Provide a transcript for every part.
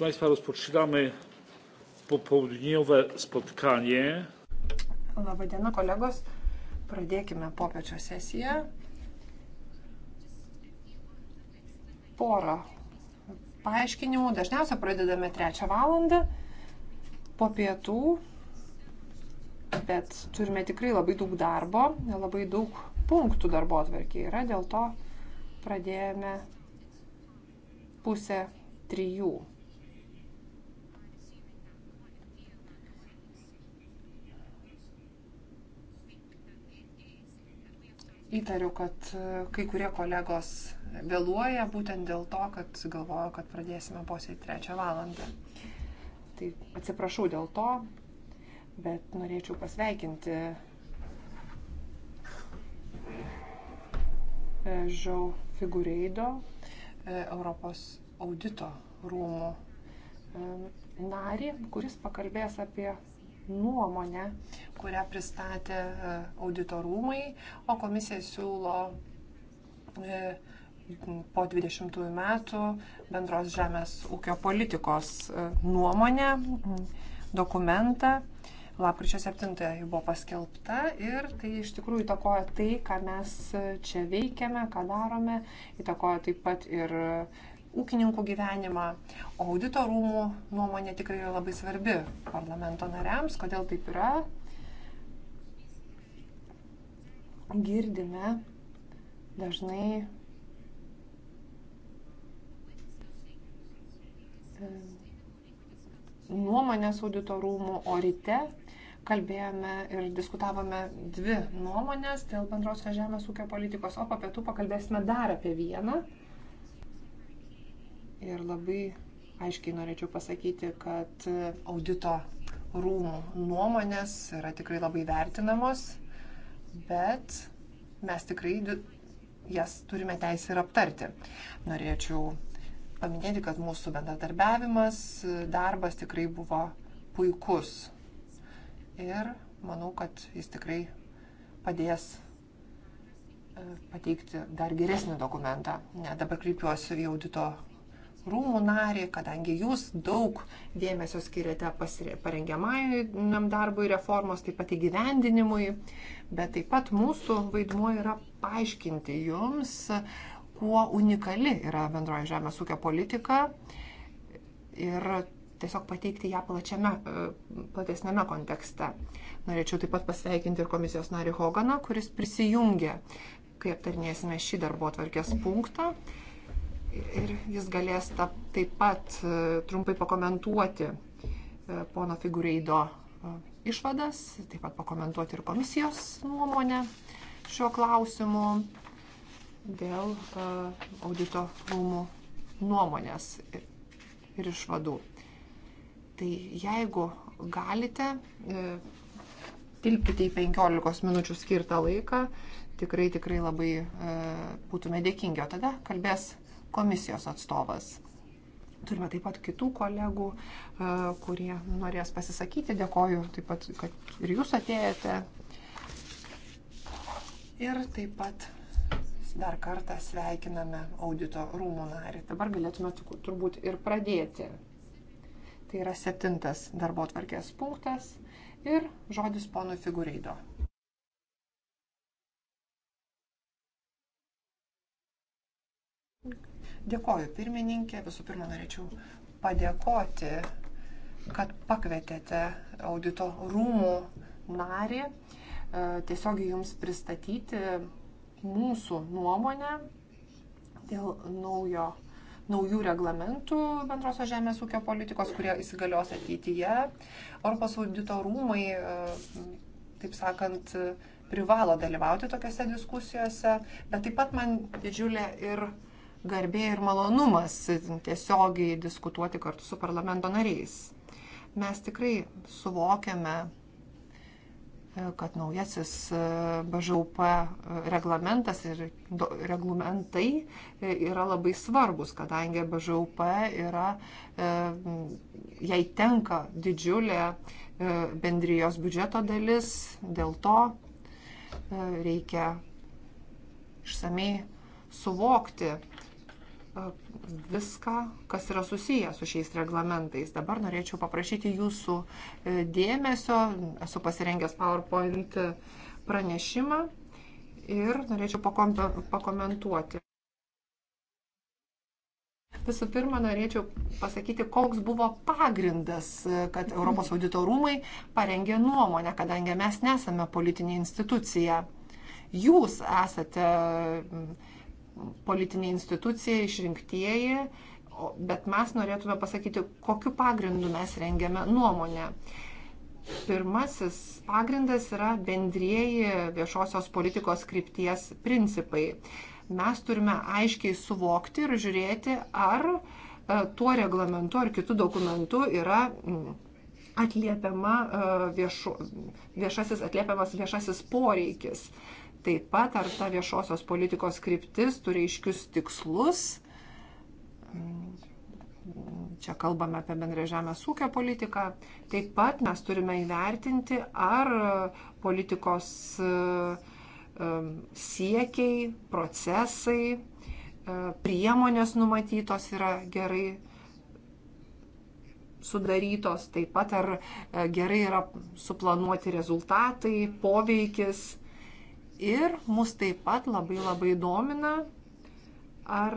Państwa, rozpoczynamy popołudniowe spotkanie. Labą dieną, kolegos. Pradėkime popiečio sesiją. Porą paaiškinimų. Dažniausiai pradedame trečią valandą po pietų, bet turime tikrai labai daug darbo, labai daug punktų darbo atverkiai yra, dėl to pradėjome pusę trijų. Įtariu, kad e, kai kurie kolegos vėluoja būtent dėl to, kad galvoju, kad pradėsime posėdį trečią valandą. Tai atsiprašau dėl to, bet norėčiau pasveikinti Žau e, Figureido, e, Europos audito rūmų narį, kuris pakalbės apie nuomonę, kurią pristatė e, auditorumai, o komisija siūlo e, po 20 metų bendros žemės ūkio politikos e, nuomonę, dokumentą. Lapkričio 7 ji buvo paskelbta ir tai iš tikrųjų įtakoja tai, ką mes čia veikiame, ką darome, įtakoja taip pat ir uh, ūkininkų gyvenimą. O audito rūmų nuomonė tikrai yra labai svarbi parlamento nariams. Kodėl taip yra? Girdime dažnai e, nuomonės audito rūmų, o ryte kalbėjome ir diskutavome dvi nuomonės dėl bendrosios žemės ūkio politikos, o po pietų pakalbėsime dar apie vieną. Ir labai aiškiai norėčiau pasakyti, kad audito rūmų nuomonės yra tikrai labai vertinamos, bet mes tikrai jas turime teisę ir aptarti. Norėčiau paminėti, kad mūsų bendradarbiavimas, darbas tikrai buvo puikus. Ir manau, kad jis tikrai padės e, pateikti dar geresnį dokumentą. Ne, dabar kreipiuosi į audito rūmų narį, kadangi jūs daug dėmesio skiriate parengiamajam darbui reformos, taip pat įgyvendinimui, bet taip pat mūsų vaidmuo yra paaiškinti jums, kuo unikali yra bendroji žemės ūkio politika ir tiesiog pateikti ją plačiame, e, platesnėme kontekste. Norėčiau taip pat pasveikinti ir komisijos narį Hoganą, kuris prisijungė, kai aptarnėsime šį darbo atvarkės punktą. Mhm ir jis galės ta, taip pat e, trumpai pakomentuoti e, pono Figureido e, išvadas, taip pat pakomentuoti ir komisijos nuomonę šiuo klausimu dėl audito rūmų nuomonės ir išvadų. Tai jeigu galite, tilpkite į 15 minučių skirtą laiką, tikrai, tikrai labai būtume dėkingi. O tada kalbės komisijos atstovas. Turime taip pat kitų kolegų, e, kurie norės pasisakyti. Dėkoju taip pat, kad ir jūs atėjote. Ir taip pat dar kartą sveikiname audito rūmų narį. Dabar galėtume turbūt ir pradėti. Tai yra septintas darbo tvarkės punktas ir žodis ponui figureido. Dėkoju pirmininkė, visų pirma norėčiau padėkoti, kad pakvietėte audito rūmų narį e, tiesiog jums pristatyti mūsų nuomonę dėl naujo, naujų reglamentų bendrosios žemės ūkio politikos, kurie įsigalios ateityje. Europos audito rūmai, e, taip sakant, privalo dalyvauti tokiuose diskusijose, bet taip pat man didžiulė ir uh, garbė ir malonumas tiesiogiai diskutuoti kartu su parlamento nariais. Mes tikrai suvokiame, e, kad naujasis e, BŽUP e, reglamentas ir reglamentai yra labai svarbus, kadangi BŽUP yra, jai tenka didžiulė bendrijos biudžeto dalis, dėl to reikia išsamei suvokti viską, kas yra susiję su šiais reglamentais. Dabar norėčiau paprašyti jūsų e, dėmesio. Esu pasirengęs PowerPoint pranešimą ir norėčiau pakomentuoti. Visų pirma, norėčiau pasakyti, koks buvo pagrindas, e, kad Europos audito rūmai parengė nuomonę, kadangi mes nesame politinė institucija. Jūs esate politinė institucija, išrinktieji, bet mes norėtume pasakyti, kokiu pagrindu mes rengiame nuomonę. Pirmasis pagrindas yra bendrieji viešosios politikos krypties principai. Mes turime aiškiai suvokti ir žiūrėti, ar e, tuo reglamentu ar kitų dokumentų yra atliepiama e, viešo, viešasis, atliepiamas viešasis poreikis. Uh, Taip pat, ar ta viešosios politikos kryptis turi aiškius tikslus. Čia kalbame apie bendrą žemės ūkio politiką. Taip pat mes turime įvertinti, ar politikos siekiai, procesai, e, priemonės numatytos yra gerai sudarytos, taip pat ar e, gerai yra suplanuoti rezultatai, poveikis Ir mus taip pat labai labai domina, ar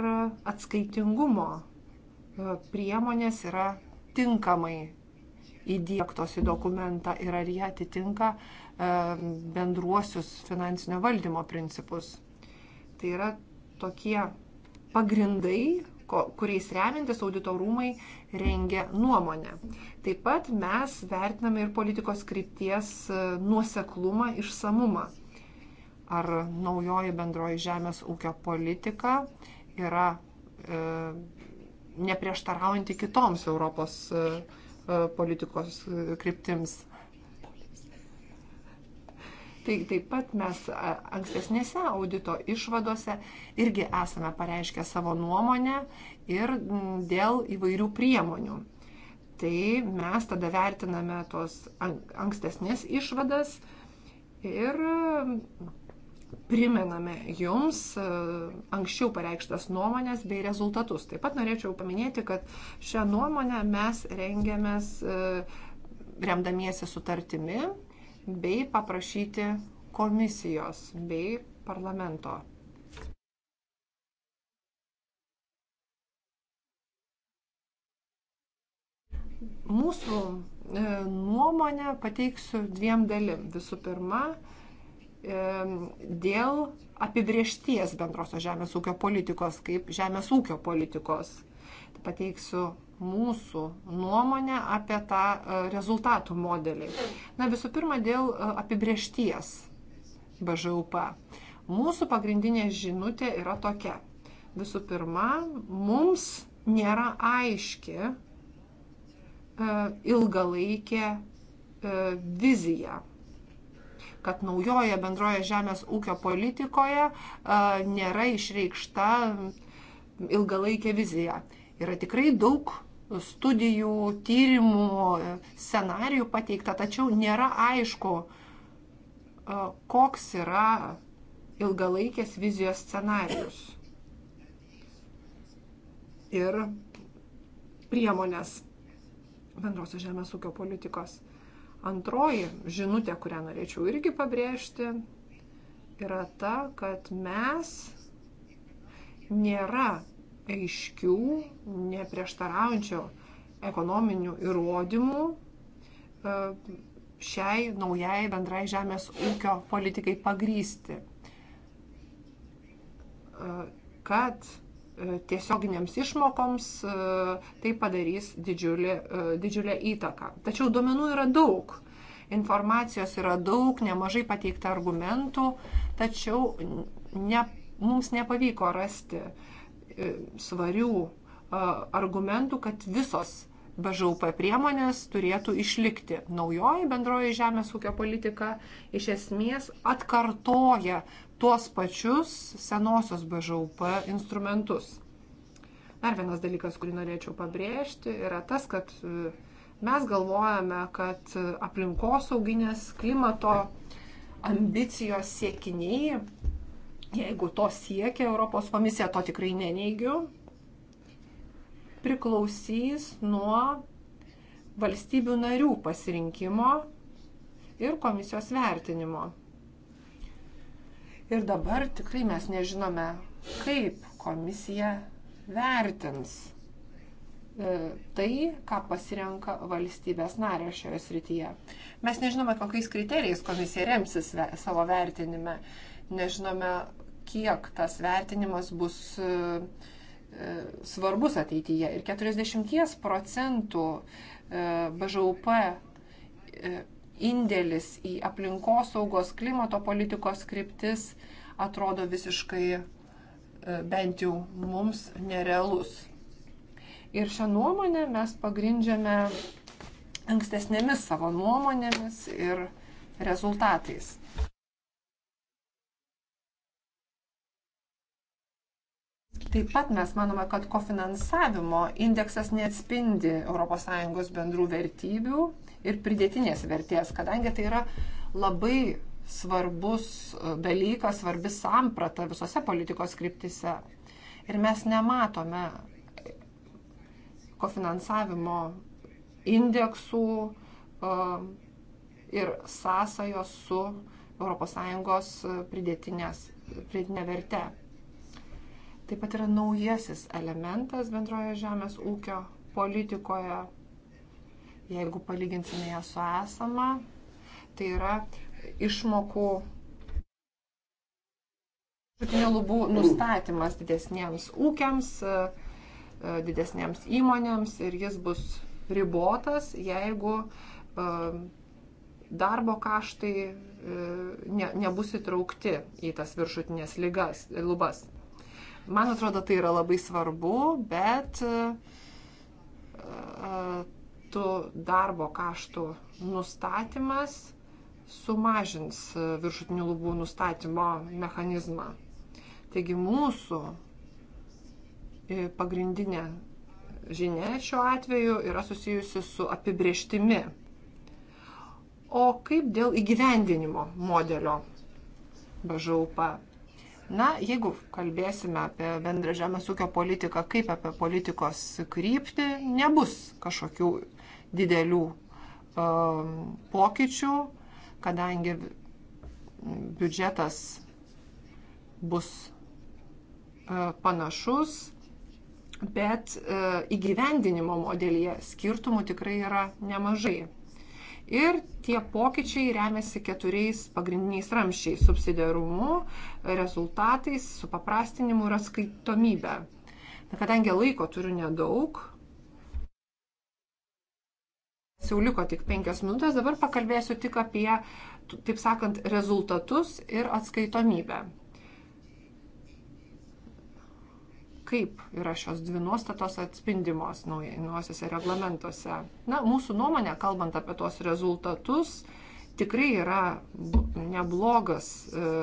atskaitingumo e, priemonės yra tinkamai įdėktos į dokumentą ir ar jie atitinka e, bendruosius finansinio valdymo principus. Tai yra tokie pagrindai, kuriais remintis auditorumai rengia nuomonę. Taip pat mes vertiname ir politikos krypties e, nuoseklumą, išsamumą ar naujoji bendroji žemės ūkio politika yra e, neprieštaraujanti kitoms Europos e, e politikos e, kryptims. Tai taip pat mes ankstesnėse audito išvadose irgi esame pareiškę savo nuomonę ir dėl įvairių priemonių. Tai mes tada vertiname tos ankstesnės išvadas ir primename jums e, anksčiau pareikštas nuomonės bei rezultatus. Taip pat norėčiau paminėti, kad šią nuomonę mes rengiamės e, remdamiesi sutartimi bei paprašyti komisijos bei parlamento. Mūsų e, nuomonę pateiksiu dviem dalim. Visų pirma, dėl apibriešties bendrosios žemės ūkio politikos kaip žemės ūkio politikos. Pateiksiu mūsų nuomonę apie tą e, rezultatų modelį. Na visų pirma, dėl e, apibriešties BŽUP. Mūsų pagrindinė žinutė yra tokia. Visų pirma, mums nėra aiški e, ilgalaikė vizija kad naujoje bendroje žemės ūkio politikoje e, nėra išreikšta ilgalaikė vizija. Yra tikrai daug studijų, tyrimų, scenarių pateikta, tačiau nėra aišku, e, koks yra ilgalaikės vizijos scenarius ir priemonės bendrosios žemės ūkio politikos. Antroji žinutė, kurią norėčiau irgi pabrėžti, yra ta, kad mes nėra aiškių, neprieštaraujančių ekonominių įrodymų e, šiai naujai bendrai žemės ūkio politikai pagrysti, e, kad E, tiesioginėms išmokoms e, tai padarys didžiulį, e, didžiulę įtaką. Tačiau duomenų yra daug, informacijos yra daug, nemažai pateikta argumentų, tačiau ne, mums nepavyko rasti svarių argumentų, kad visos BŽUP priemonės turėtų išlikti. Naujoji bendroji žemės ūkio politika iš esmės atkartoja tuos pačius senosios BŽUP instrumentus. Dar vienas dalykas, kurį norėčiau pabrėžti, yra tas, kad e, mes galvojame, kad e, aplinkosauginės klimato ambicijos siekiniai, jeigu to siekia Europos komisija, to tikrai neneigiu, priklausys nuo valstybių narių pasirinkimo ir komisijos vertinimo. Ir dabar tikrai mes nežinome, kaip komisija vertins e, tai, ką pasirenka valstybės narė šioje srityje. Mes nežinome, kokiais kriterijais komisija remsis savo vertinime, nežinome, kiek tas vertinimas bus e, e, svarbus ateityje. Ir 40 procentų BŽUP indėlis į aplinkosaugos klimato politikos kryptis atrodo visiškai e, bent jau mums nerealus. Ir šią nuomonę mes pagrindžiame ankstesnėmis savo nuomonėmis ir rezultatais. Taip pat mes manome, kad kofinansavimo indeksas neatspindi ES bendrų vertybių ir pridėtinės vertės, kadangi tai yra labai svarbus e, dalykas, svarbi samprata visose politikos kryptise. Ir mes nematome kofinansavimo indeksų e, ir sąsajos su ES e, pridėtinė vertė. Taip pat yra naujasis elementas bendroje žemės ūkio politikoje jeigu palyginsime ją su esama, tai yra išmokų šutinių lubų nustatymas didesniems ūkiams, e, didesniems įmonėms ir jis bus ribotas, jeigu e, darbo kaštai e, ne, nebus įtraukti į tas viršutinės lygas, lubas. Man atrodo, tai yra labai svarbu, bet metu darbo kaštų nustatymas sumažins viršutinių lubų nustatymo mechanizmą. Taigi mūsų e, pagrindinė žinia šiuo atveju yra susijusi su apibrieštimi. O kaip dėl įgyvendinimo modelio bažaupa? Na, jeigu kalbėsime apie bendrą žemės ūkio politiką kaip apie politikos kryptį, nebus kažkokių didelių um, pokyčių, kadangi biudžetas bus e, panašus, bet e, įgyvendinimo modelyje skirtumų tikrai yra nemažai. Ir tie pokyčiai remiasi keturiais pagrindiniais ramščiais - subsidiarumu, rezultatais, supaprastinimu ir atskaitomybė. Na, kadangi laiko turiu nedaug, Siauliko tik penkios minutės, dabar pakalbėsiu tik apie, taip sakant, rezultatus ir atskaitomybę. Kaip yra šios dvi nuostatos atspindimos naujosiuose reglamentuose? Na, mūsų nuomonė, kalbant apie tos rezultatus, tikrai yra neblogas e,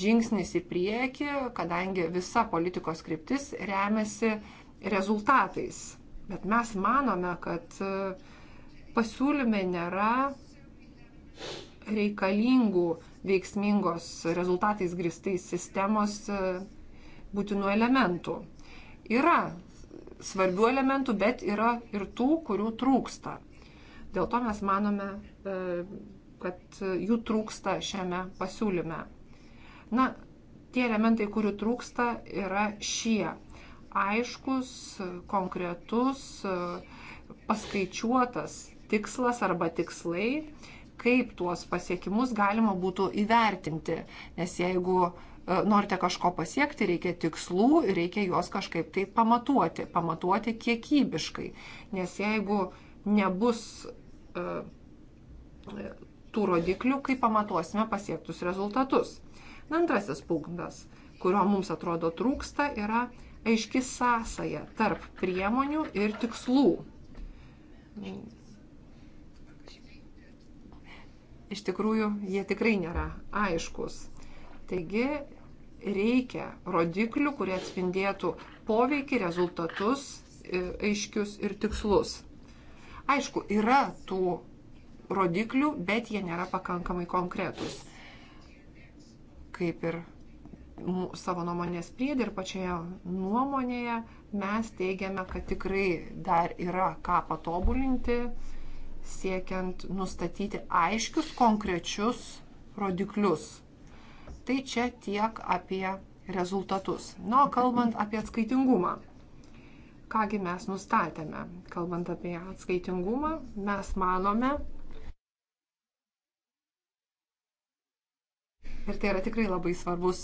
žingsnis į priekį, kadangi visa politikos kryptis remiasi rezultatais. Bet mes manome, kad uh, pasiūlyme nėra reikalingų veiksmingos rezultatais gristais sistemos e, būtinų elementų. Yra svarbių elementų, bet yra ir tų, kurių trūksta. Dėl to mes manome, e, kad jų trūksta šiame pasiūlyme. Na, tie elementai, kurių trūksta, yra šie. Aiškus, konkretus, e, paskaičiuotas tikslas arba tikslai, kaip tuos pasiekimus galima būtų įvertinti. Nes jeigu e, norite kažko pasiekti, reikia tikslų ir reikia juos kažkaip tai pamatuoti, pamatuoti kiekybiškai. Nes jeigu nebus e, e, tų rodiklių, kaip pamatuosime pasiektus rezultatus. Na, antrasis punktas, kurio mums atrodo trūksta, yra aiški sąsaja tarp priemonių ir tikslų. iš tikrųjų jie tikrai nėra aiškus. Taigi reikia rodiklių, kurie atspindėtų poveikį, rezultatus, e, aiškius ir tikslus. Aišku, yra tų rodiklių, bet jie nėra pakankamai konkretus. Kaip ir savo nuomonės priedė ir pačioje nuomonėje mes teigiame, kad tikrai dar yra ką patobulinti siekiant nustatyti aiškius, konkrečius rodiklius. Tai čia tiek apie rezultatus. Na, nu, kalbant apie atskaitingumą. Kągi mes nustatėme? Kalbant apie atskaitingumą, mes manome, ir tai yra tikrai labai svarbus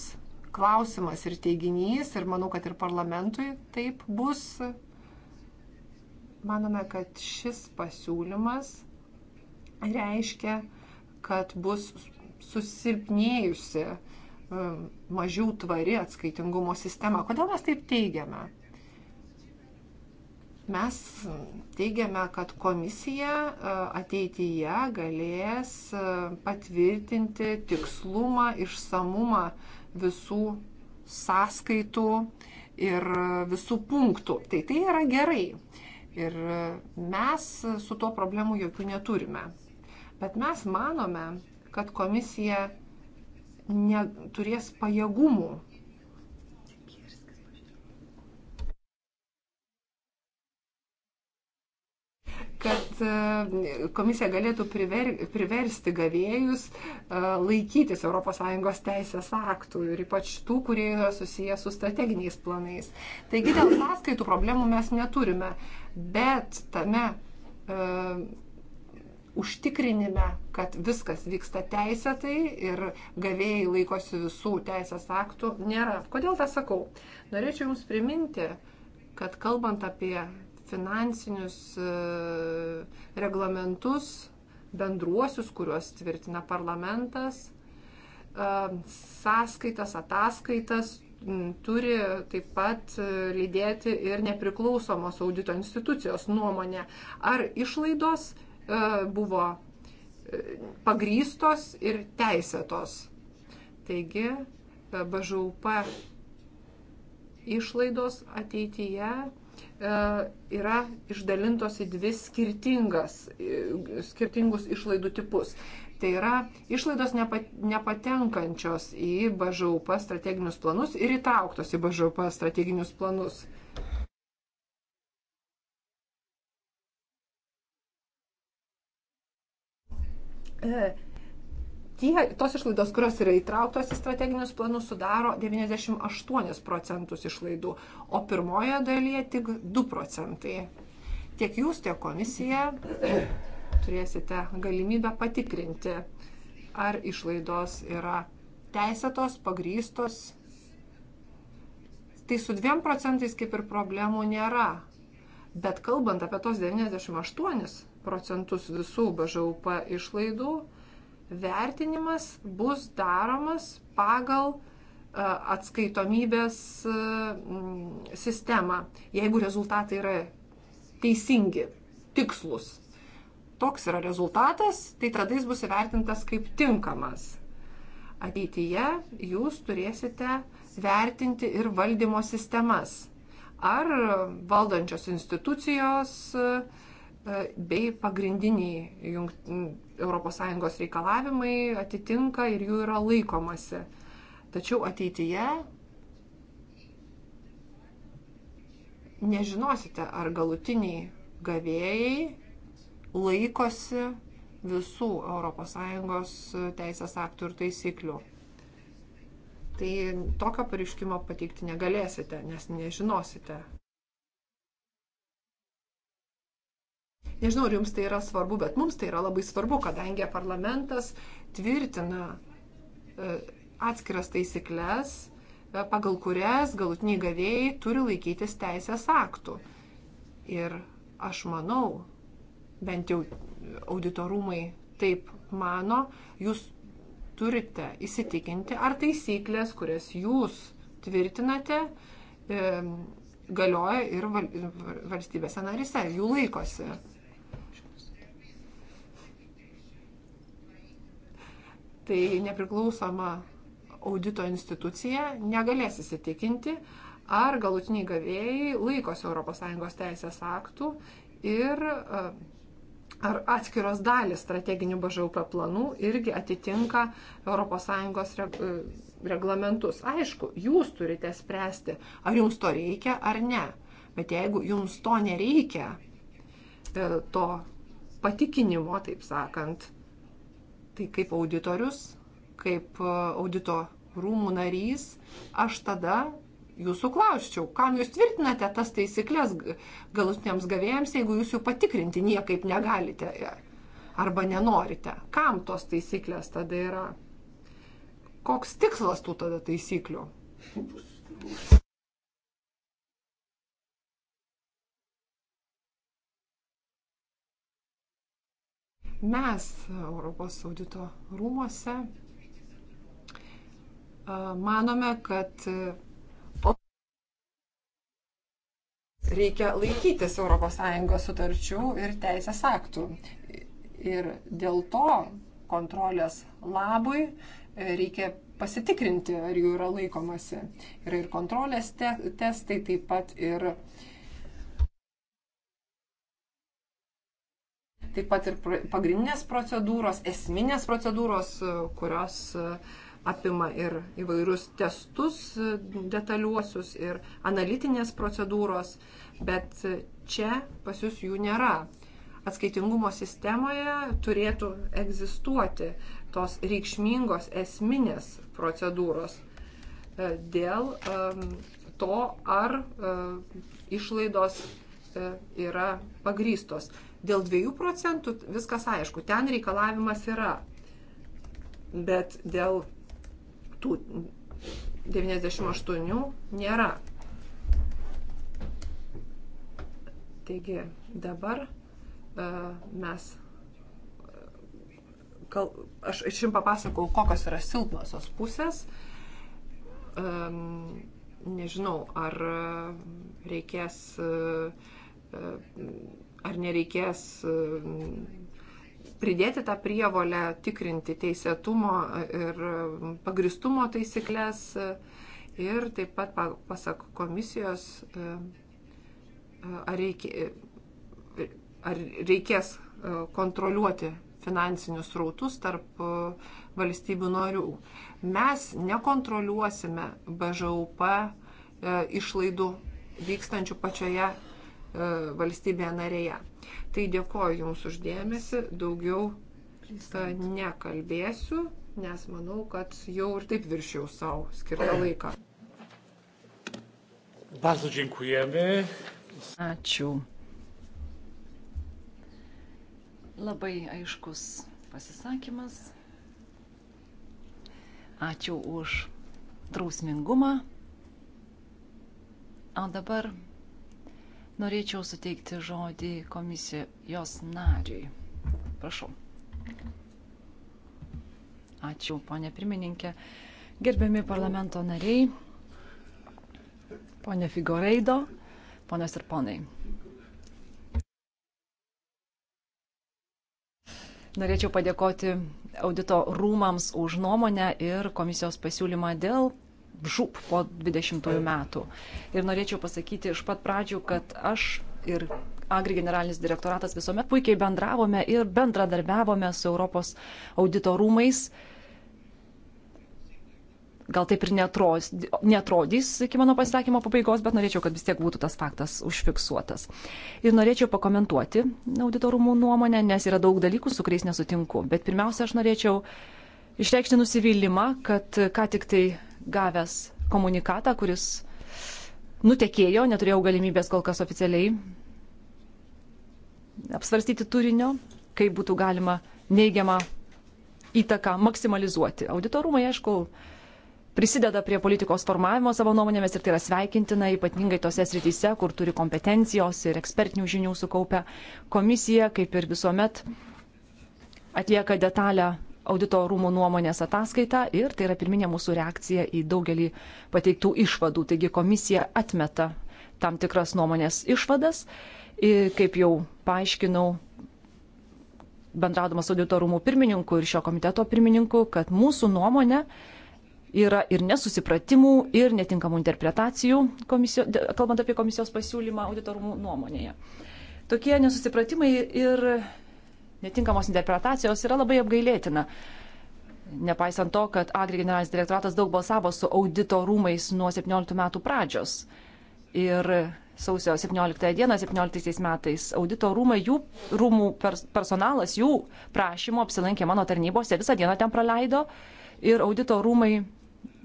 klausimas ir teiginys, ir manau, kad ir parlamentui taip bus Manome, kad šis pasiūlymas reiškia, kad bus susilpnėjusi um, mažiau tvari atskaitingumo sistema. Kodėl mes taip teigiame? Mes teigiame, kad komisija uh, ateityje galės uh, patvirtinti tikslumą, išsamumą visų sąskaitų ir uh, visų punktų. Tai tai yra gerai. Ir e, mes su tuo problemu jokių neturime. Bet mes manome, kad komisija neturės pajėgumų kad e, komisija galėtų priver, priversti gavėjus e, laikytis ES teisės aktų ir ypač tų, kurie yra susiję su strateginiais planais. Taigi dėl sąskaitų problemų mes neturime, bet tame uh, užtikrinime, kad viskas vyksta teisėtai ir gavėjai laikosi visų teisės aktų, nėra. Kodėl tą sakau? Norėčiau Jums priminti, kad kalbant apie finansinius uh, reglamentus, bendruosius, kuriuos tvirtina parlamentas, e, sąskaitas, ataskaitas turi taip pat e, lydėti ir nepriklausomos audito institucijos nuomonė, ar išlaidos e, buvo e, pagrystos ir teisėtos. Taigi, BŽUP išlaidos ateityje yra išdalintos į dvi skirtingas, skirtingus išlaidų tipus. Tai yra išlaidos nepatenkančios į BŽUP strateginius planus ir įtrauktos į BŽUP strateginius planus. E, tie, tos išlaidos, kurios yra įtrauktos į strateginius planus, sudaro 98 procentus išlaidų, o pirmoje dalyje tik 2 procentai. Tiek jūs, tiek komisija turėsite galimybę patikrinti, ar išlaidos yra teisėtos, pagrystos. Tai su 2 procentais kaip ir problemų nėra. Bet kalbant apie tos 98 procentus visų BŽUP išlaidų, vertinimas bus daromas pagal e, atskaitomybės e, sistemą, jeigu rezultatai yra teisingi, tikslus toks yra rezultatas, tai tada jis bus įvertintas kaip tinkamas. Ateityje jūs turėsite vertinti ir valdymo sistemas. Ar valdančios institucijos e, bei pagrindiniai ES reikalavimai atitinka ir jų yra laikomasi. Tačiau ateityje nežinosite, ar galutiniai gavėjai laikosi visų ES teisės aktų ir taisyklių. Tai tokio pareiškimo pateikti negalėsite, nes nežinosite. Nežinau, ar jums tai yra svarbu, bet mums tai yra labai svarbu, kadangi parlamentas tvirtina e, atskiras taisyklės, e, pagal kurias galutiniai gavėjai turi laikytis teisės aktų. Ir aš manau, bent jau auditorumai taip mano, jūs turite įsitikinti, ar taisyklės, kurias jūs tvirtinate, galioja ir valstybėse narise, jų laikosi. Tai nepriklausoma audito institucija negalės įsitikinti, ar galutiniai gavėjai laikosi ES teisės aktų ir uh, ar atskiros dalys strateginių BŽUP planų irgi atitinka ES e, reglamentus. Aišku, jūs turite spręsti, ar jums to reikia ar ne. Bet jeigu jums to nereikia, e, to patikinimo, taip sakant, tai kaip auditorius, kaip e, audito rūmų narys, aš tada jūsų klausčiau, kam jūs tvirtinate tas taisyklės galutiniams gavėjams, jeigu jūs jų patikrinti niekaip negalite e, arba nenorite. Kam tos taisyklės tada yra? Koks tikslas tų tada taisyklių? Mes Europos audito rūmose e, manome, kad reikia laikytis ES sutarčių ir teisės aktų. Ir dėl to kontrolės labui e, reikia pasitikrinti, ar jų yra laikomasi. Yra ir kontrolės te testai, taip pat ir, taip pat ir pagrindinės procedūros, esminės procedūros, e, kurios uh, apima ir įvairius testus detaliuosius ir analitinės procedūros, bet čia pas jūs jų nėra. Atskaitingumo sistemoje turėtų egzistuoti tos reikšmingos esminės procedūros e, dėl to, ar e, išlaidos e, yra pagrystos. Dėl 2 procentų viskas aišku, ten reikalavimas yra. Bet dėl tų 98 nėra. Taigi dabar e, mes. E, kal, aš iš jums papasakau, kokios yra silpnosios pusės. Um, nežinau, ar reikės, ar nereikės pridėti tą prievolę tikrinti teisėtumo ir pagristumo taisyklės ir taip pat, pasak komisijos, ar, reikia, ar reikės e, kontroliuoti finansinius rautus tarp e, valstybių norių. Mes nekontroliuosime BŽUP e, išlaidų vykstančių pačioje E, valstybėje narėje. Tai dėkoju Jums uždėmesi, daugiau e, nekalbėsiu, nes manau, kad jau ir taip viršiau savo skirtą laiką. Bardzo dziękujemy. Ačiū. Labai aiškus pasisakymas. Ačiū už drausmingumą. O dabar Norėčiau suteikti žodį komisijos nariui. Prašau. Ačiū, ponė pirmininkė. Gerbiami parlamento nariai, ponė Figoreido, ponės ir ponai. Norėčiau padėkoti audito rūmams už nuomonę ir komisijos pasiūlymą dėl žūp po 20 metų. Ir norėčiau pasakyti iš pat pradžių, kad aš ir Agri generalinis direktoratas visuomet puikiai bendravome ir bendradarbiavome su Europos audito rūmais. Gal taip ir netros, netrodys iki mano pasisakymo pabaigos, bet norėčiau, kad vis tiek būtų tas faktas užfiksuotas. Ir norėčiau pakomentuoti auditorumų nuomonę, nes yra daug dalykų, su kuriais nesutinku. Bet pirmiausia, aš norėčiau išreikšti nusivylimą, kad ką tik tai gavęs komunikatą, kuris nutekėjo, neturėjau galimybės kol kas oficialiai apsvarstyti turinio, kaip būtų galima neigiamą įtaką maksimalizuoti. Auditorumai, aišku, prisideda prie politikos formavimo savo nuomonėmis ir tai yra sveikintina, ypatingai tose srityse, kur turi kompetencijos ir ekspertinių žinių sukaupę. Komisija, kaip ir visuomet, atlieka detalę audito rūmų nuomonės ataskaitą ir tai yra pirminė mūsų reakcija į daugelį pateiktų išvadų. Taigi komisija atmeta tam tikras nuomonės išvadas ir kaip jau paaiškinau bendraudamas audito rūmų pirmininku ir šio komiteto pirmininku, kad mūsų nuomonė yra ir nesusipratimų, ir netinkamų interpretacijų, komisijo, kalbant apie komisijos pasiūlymą auditorumų nuomonėje. Tokie nesusipratimai ir netinkamos interpretacijos yra labai apgailėtina. Nepaisant to, kad Agri generalinis direktoratas daug balsavo su audito rūmais nuo 17 metų pradžios. Ir sausio 17 dieną, 17 metais audito rūmai, jų rūmų pers personalas, jų prašymo apsilankė mano tarnybose, visą dieną ten praleido. Ir audito rūmai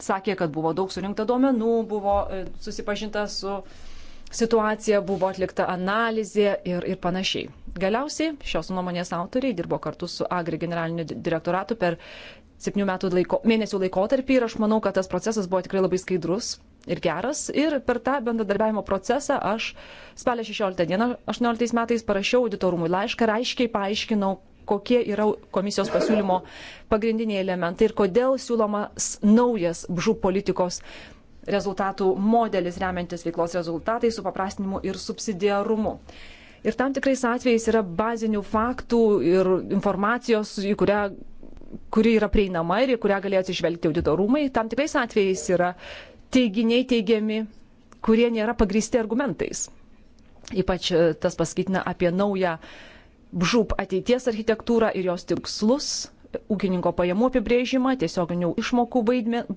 sakė, kad buvo daug surinkta duomenų, buvo e, susipažinta su uh, situacija, buvo atlikta analizė ir, ir panašiai. Galiausiai šios nuomonės autoriai dirbo kartu su Agri generaliniu direktoratu per 7 laiko, mėnesių laikotarpį ir aš manau, kad tas procesas buvo tikrai labai skaidrus ir geras. Ir per tą bendradarbiavimo procesą aš spalio 16 dieną 18 metais parašiau auditorumui laišką ir aiškiai paaiškinau, kokie yra komisijos pasiūlymo pagrindiniai elementai ir kodėl siūlomas naujas bžų politikos rezultatų modelis remiantis veiklos rezultatais, supaprastinimu ir subsidiarumu. Ir tam tikrais atvejais yra bazinių faktų ir informacijos, į kurią kuri yra prieinama ir į kurią galėjo atsižvelgti auditorumai, tam tikrais atvejais yra teiginiai teigiami, kurie nėra pagristi argumentais. Ypač e, tas paskaitina apie naują bžūp ateities architektūrą ir jos tikslus, ūkininko pajamų apibrėžimą, tiesioginių išmokų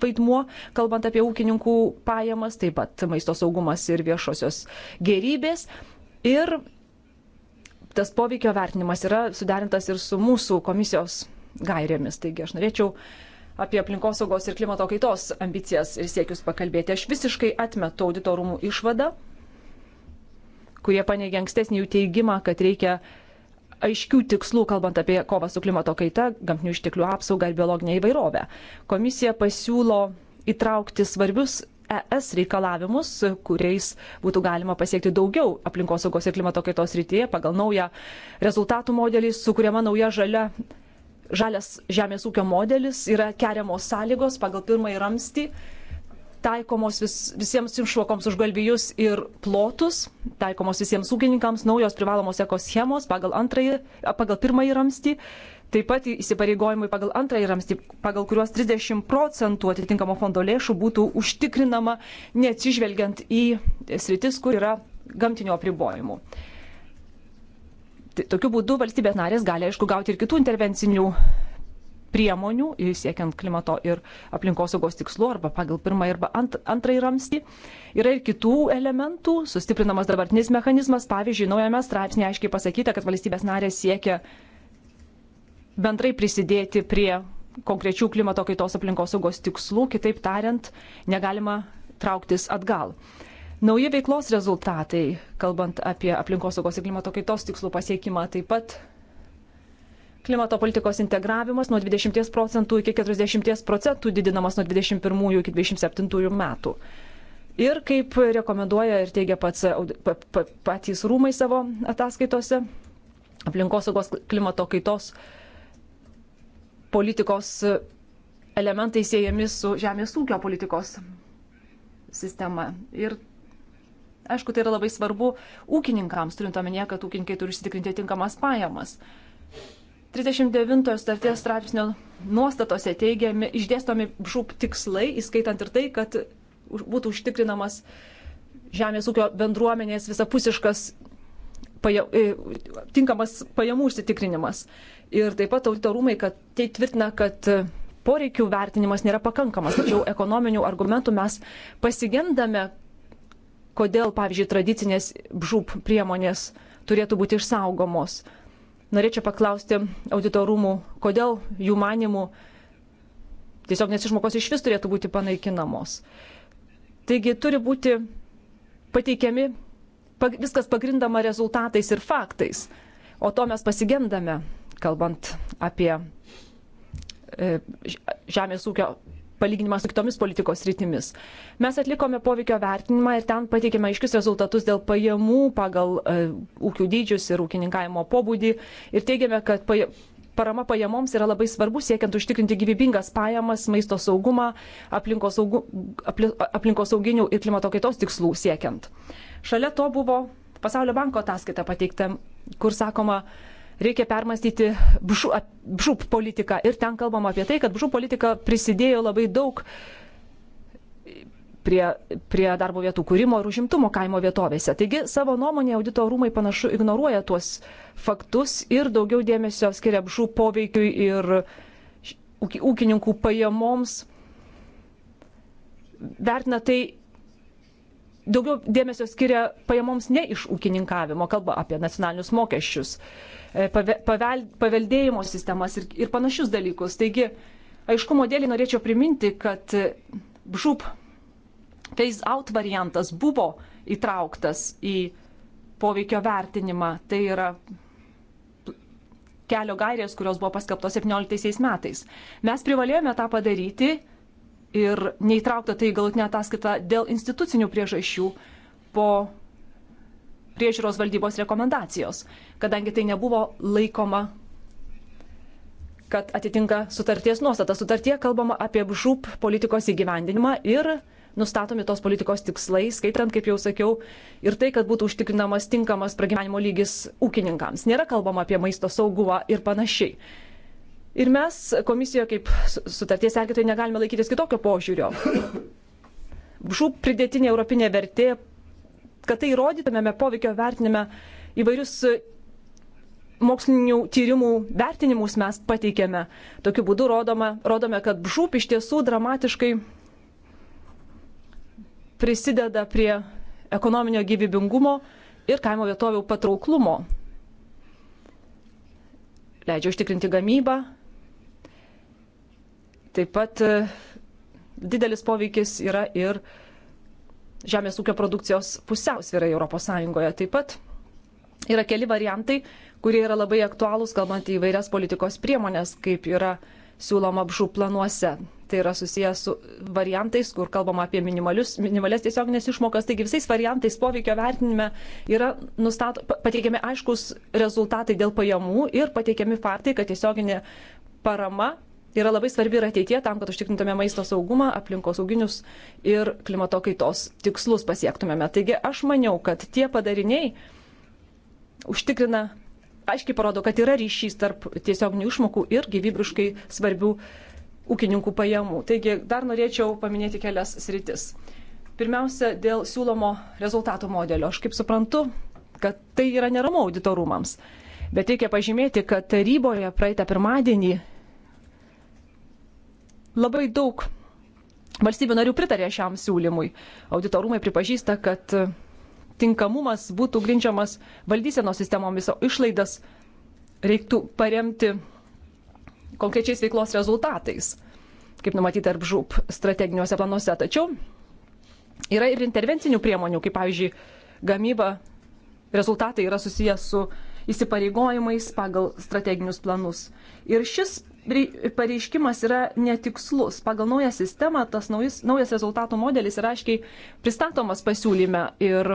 vaidmuo, kalbant apie ūkininkų pajamas, taip pat maisto saugumas ir viešosios gerybės. Ir tas poveikio vertinimas yra suderintas ir su mūsų komisijos gairėmis. Taigi aš norėčiau apie aplinkosaugos ir klimato kaitos ambicijas ir siekius pakalbėti. Aš visiškai atmetu auditorumų išvadą, kurie paneigė ankstesnį jų teigimą, kad reikia aiškių tikslų, kalbant apie kovą su klimato kaita, gamtinių išteklių apsaugą ir biologinę įvairovę. Komisija pasiūlo įtraukti svarbius ES reikalavimus, kuriais būtų galima pasiekti daugiau aplinkosaugos ir klimato kaitos rytyje pagal naują rezultatų modelį, sukuriama nauja žalia. Žalias žemės ūkio modelis yra keriamos sąlygos pagal pirmąjį ramstį taikomos vis, visiems iššvokoms už galvijus ir plotus, taikomos visiems ūkininkams naujos privalomos ekoschemos pagal, antrąjį, pagal pirmąjį ramstį. Taip pat įsipareigojimai pagal antrąjį ramstį, pagal kuriuos 30 procentų atitinkamo fondo lėšų būtų užtikrinama, neatsižvelgiant į sritis, kur yra gamtinio apribojimų. Tokiu būdu valstybės narės gali, aišku, gauti ir kitų intervencinių priemonių siekiant klimato ir aplinkosaugos tikslų arba pagal pirmą ir ant, antrąjį ramstį. Yra ir kitų elementų, sustiprinamas dabartinis mechanizmas, pavyzdžiui, naujame straipsnėje aiškiai pasakyta, kad valstybės narės siekia bendrai prisidėti prie konkrečių klimato kaitos aplinkosaugos tikslų, kitaip tariant, negalima trauktis atgal. Nauji veiklos rezultatai, kalbant apie aplinkosaugos ir klimato kaitos tikslų pasiekimą, taip pat Klimato politikos integravimas nuo 20 procentų iki 40 procentų didinamas nuo 21 iki 27 metų. Ir kaip rekomenduoja ir teigia pats, patys rūmai savo ataskaitose, aplinkosaugos klimato kaitos politikos elementai siejami su žemės ūkio politikos sistema. Ir aišku, tai yra labai svarbu ūkininkams, turint omenyje, kad ūkininkai turi užsitikrinti tinkamas pajamas. 39 starties straipsnio nuostatose teigiami, išdėstomi žūp tikslai, įskaitant ir tai, kad būtų užtikrinamas žemės ūkio bendruomenės visapusiškas paja, e, tinkamas pajamų užsitikrinimas. Ir taip pat auditorumai, kad tai tvirtina, kad poreikių vertinimas nėra pakankamas, tačiau ekonominių argumentų mes pasigendame, kodėl, pavyzdžiui, tradicinės žūp priemonės turėtų būti išsaugomos. Norėčiau paklausti auditorumų, kodėl jų manimų tiesiog nes išmokos iš vis turėtų būti panaikinamos. Taigi turi būti pateikiami pag, viskas pagrindama rezultatais ir faktais, o to mes pasigendame, kalbant apie e, žemės ūkio palyginimą su kitomis politikos rytimis. Mes atlikome poveikio vertinimą ir ten pateikėme aiškius rezultatus dėl pajamų pagal e, ūkių dydžius ir ūkininkavimo pobūdį ir teigiame, kad paja, parama pajamoms yra labai svarbu siekiant užtikrinti gyvybingas pajamas, maisto saugumą, aplinkos, saugu, apli, aplinkos sauginių ir klimato kaitos tikslų siekiant. Šalia to buvo Pasaulio banko ataskaita pateikta, kur sakoma, reikia permastyti bžūp politiką. Ir ten kalbama apie tai, kad bžūp politika prisidėjo labai daug prie, prie darbo vietų kūrimo ir užimtumo kaimo vietovėse. Taigi savo nuomonė audito rūmai panašu ignoruoja tuos faktus ir daugiau dėmesio skiria bžų poveikiui ir ūkininkų pajamoms. Vertina tai daugiau dėmesio skiria pajamoms ne iš ūkininkavimo, kalba apie nacionalinius mokesčius, e, pavel, paveldėjimo sistemas ir, ir panašius dalykus. Taigi, aiškumo dėlį norėčiau priminti, kad e, žūp phase out variantas buvo įtrauktas į poveikio vertinimą. Tai yra kelio gairės, kurios buvo paskelbtos 17 metais. Mes privalėjome tą padaryti ir neįtraukta tai galutinė ataskaita dėl institucinių priežasčių po priežiūros valdybos rekomendacijos, kadangi tai nebuvo laikoma, kad atitinka sutarties nuostata. Sutartie kalbama apie žūp politikos įgyvendinimą ir nustatomi tos politikos tikslai, skaitant, kaip jau sakiau, ir tai, kad būtų užtikrinamas tinkamas pragyvenimo lygis ūkininkams. Nėra kalbama apie maisto saugumą ir panašiai. Ir mes komisijoje kaip sutarties sergėtojai negalime laikytis kitokio požiūrio. Žūp pridėtinė europinė vertė, kad tai įrodytumėme poveikio vertinime įvairius mokslinių tyrimų vertinimus mes pateikėme. Tokiu būdu rodome, rodome kad žūp iš tiesų dramatiškai prisideda prie ekonominio gyvybingumo ir kaimo vietovių patrauklumo. Leidžia užtikrinti gamybą, Taip pat e, didelis poveikis yra ir žemės ūkio produkcijos pusiausvyrai ES. Taip pat yra keli variantai, kurie yra labai aktualūs, kalbant į vairias politikos priemonės, kaip yra siūloma apžų planuose. Tai yra susijęs su variantais, kur kalbama apie minimalias tiesioginės išmokas. Taigi visais variantais poveikio vertinime yra nustato, pateikiami aiškus rezultatai dėl pajamų ir pateikiami faktai, kad tiesioginė parama yra labai svarbi ir ateitie tam, kad užtikrintume maisto saugumą, aplinkos sauginius ir klimato kaitos tikslus pasiektumėme. Taigi aš maniau, kad tie padariniai užtikrina, aiškiai parodo, kad yra ryšys tarp tiesioginių išmokų ir gyvybiškai svarbių ūkininkų pajamų. Taigi dar norėčiau paminėti kelias sritis. Pirmiausia, dėl siūlomo rezultatų modelio. Aš kaip suprantu, kad tai yra neramu auditorumams. Bet reikia pažymėti, kad taryboje praeitą pirmadienį Labai daug valstybių narių pritarė šiam siūlymui. Auditorumai pripažįsta, kad e, tinkamumas būtų grindžiamas valdysenos sistemomis, o išlaidas reiktų paremti konkrečiais veiklos rezultatais, kaip numatyta ir žūp strateginiuose planuose. Tačiau yra ir intervencinių priemonių, kaip pavyzdžiui, gamyba, rezultatai yra susijęs su įsipareigojimais pagal strateginius planus. Ir šis pareiškimas yra netikslus. Pagal naują sistemą tas naujas, naujas rezultatų modelis yra aiškiai pristatomas pasiūlyme ir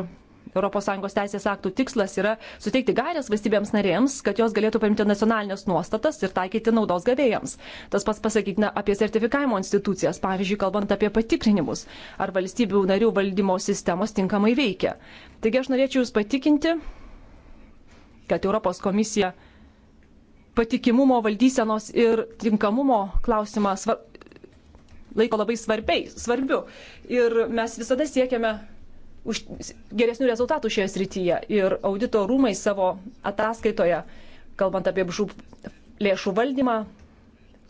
ES teisės aktų tikslas yra suteikti gairias valstybėms narėms, kad jos galėtų paimti nacionalinės nuostatas ir taikyti naudos gavėjams. Tas pats pasakytina apie sertifikavimo institucijas, pavyzdžiui, kalbant apie patikrinimus, ar valstybių narių valdymo sistemos tinkamai veikia. Taigi aš norėčiau Jūs patikinti, kad Europos komisija patikimumo valdysenos ir tinkamumo klausimą svar... laiko labai svarbiai, svarbiu. Ir mes visada siekiame už geresnių rezultatų šioje srityje. Ir audito rūmai savo ataskaitoje, kalbant apie žūb lėšų valdymą,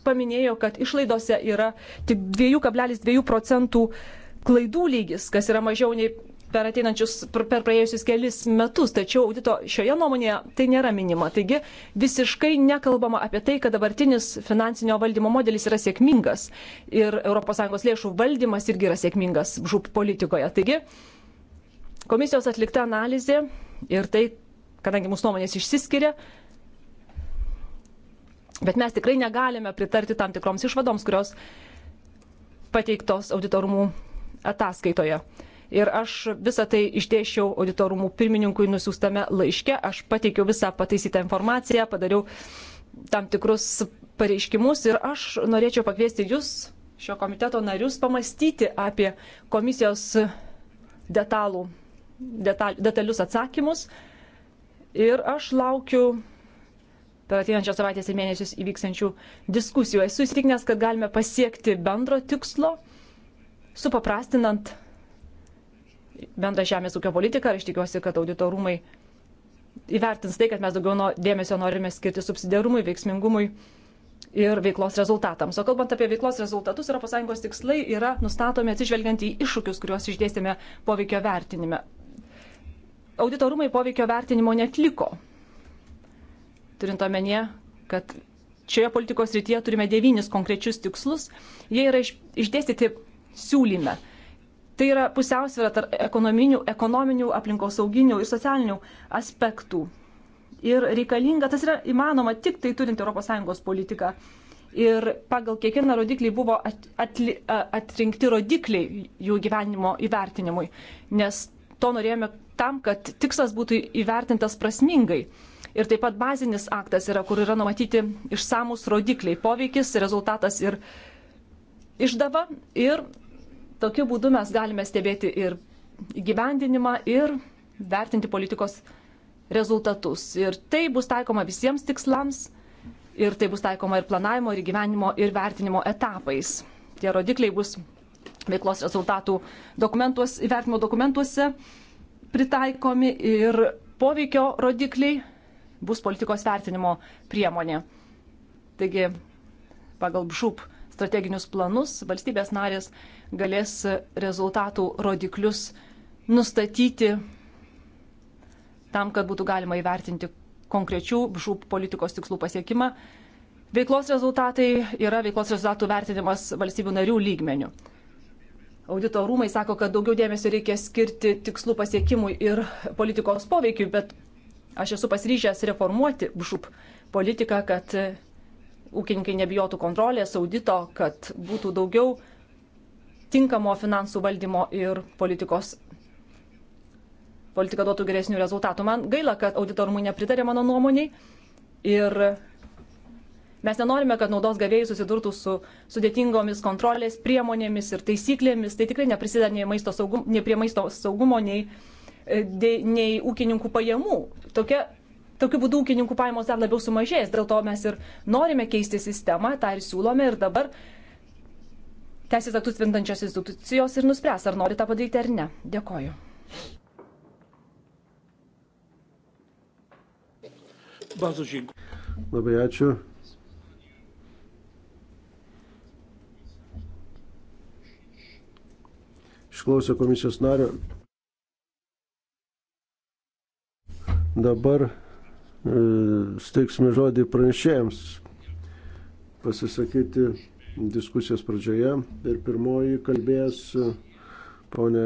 paminėjo, kad išlaidose yra tik 2,2 procentų klaidų lygis, kas yra mažiau nei per ateinančius, per praėjusius kelis metus, tačiau audito šioje nuomonėje tai nėra minima. Taigi visiškai nekalbama apie tai, kad dabartinis finansinio valdymo modelis yra sėkmingas ir ES lėšų valdymas irgi yra sėkmingas žūp politikoje. Taigi komisijos atlikta analizė ir tai, kadangi mūsų nuomonės išsiskiria, bet mes tikrai negalime pritarti tam tikroms išvadoms, kurios pateiktos auditorumų ataskaitoje. Ir aš visą tai išdėšiau auditorumų pirmininkui nusiųstame laiške. Aš pateikiau visą pataisytą informaciją, padariau tam tikrus pareiškimus ir aš norėčiau pakviesti jūs, šio komiteto narius, pamastyti apie komisijos detalų, detal, detalius atsakymus. Ir aš laukiu per ateinančios savaitės ir mėnesius įvyksančių diskusijų. Esu įsitikinęs, kad galime pasiekti bendro tikslo, supaprastinant bendrą žemės ūkio politiką ir aš tikiuosi, kad auditorumai įvertins tai, kad mes daugiau dėmesio norime skirti subsidiarumui, veiksmingumui ir veiklos rezultatams. O kalbant apie veiklos rezultatus, ES tikslai yra nustatomi atsižvelgiant į iššūkius, kuriuos išdėstėme poveikio vertinime. Auditorumai poveikio vertinimo netliko. Turint omenyje, kad šioje politikos rytyje turime devynis konkrečius tikslus, jie yra išdėstyti siūlyme. Tai yra pusiausvėra tarp ekonominių, ekonominių aplinkosauginių ir socialinių aspektų. Ir reikalinga, tas yra įmanoma tik tai turint ES politiką. Ir pagal kiekvieną rodiklį buvo atli, atrinkti rodikliai jų gyvenimo įvertinimui, nes to norėjome tam, kad tikslas būtų įvertintas prasmingai. Ir taip pat bazinis aktas yra, kur yra numatyti išsamūs rodikliai - poveikis, rezultatas ir išdava. Ir Tokiu būdu mes galime stebėti ir gyvendinimą, ir vertinti politikos rezultatus. Ir tai bus taikoma visiems tikslams, ir tai bus taikoma ir planavimo, ir gyvenimo, ir vertinimo etapais. Tie rodikliai bus veiklos rezultatų dokumentuos, vertinimo dokumentuose pritaikomi ir poveikio rodikliai bus politikos vertinimo priemonė. Taigi, pagal BŽUP strateginius planus valstybės narės galės rezultatų rodiklius nustatyti tam, kad būtų galima įvertinti konkrečių žūp politikos tikslų pasiekimą. Veiklos rezultatai yra veiklos rezultatų vertinimas valstybių narių lygmenių. Audito rūmai sako, kad daugiau dėmesio reikia skirti tikslų pasiekimui ir politikos poveikiu, bet aš esu pasiryžęs reformuoti žūp politiką, kad ūkininkai nebijotų kontrolės, audito, kad būtų daugiau tinkamo finansų valdymo ir politikos politika duotų geresnių rezultatų. Man gaila, kad auditorumai nepritarė mano nuomoniai ir mes nenorime, kad naudos gavėjai susidurtų su sudėtingomis kontrolės priemonėmis ir taisyklėmis. Tai tikrai neprisideda nei, maisto saugum, nei prie maisto saugumo, nei, de, nei ūkininkų pajamų. Tokia, tokiu būdu ūkininkų pajamos dar labiau sumažės. Dėl to mes ir norime keisti sistemą, tą ir siūlome ir dabar teisės aktus tvirtinančios institucijos ir nuspręs, ar nori tą padaryti ar ne. Dėkoju. Labai ačiū. Išklausė komisijos nario. Dabar e, steiksime žodį pranešėjams pasisakyti diskusijos pradžioje ir pirmoji kalbės e, ponė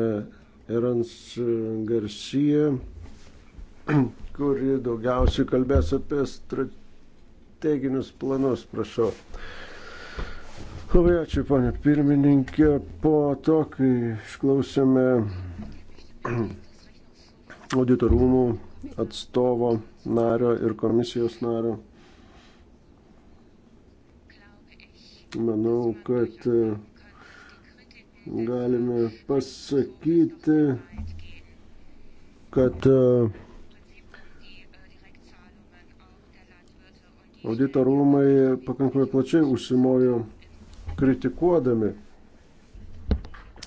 Erans e, Garcia, kuri daugiausiai kalbės apie strateginius planus, prašau. Labai ačiū, ponė pirmininkė. Po to, kai išklausėme auditorumų atstovo nario ir komisijos nario Manau, kad e, galime pasakyti, kad e, audito rūmai pakankamai plačiai užsimojo kritikuodami.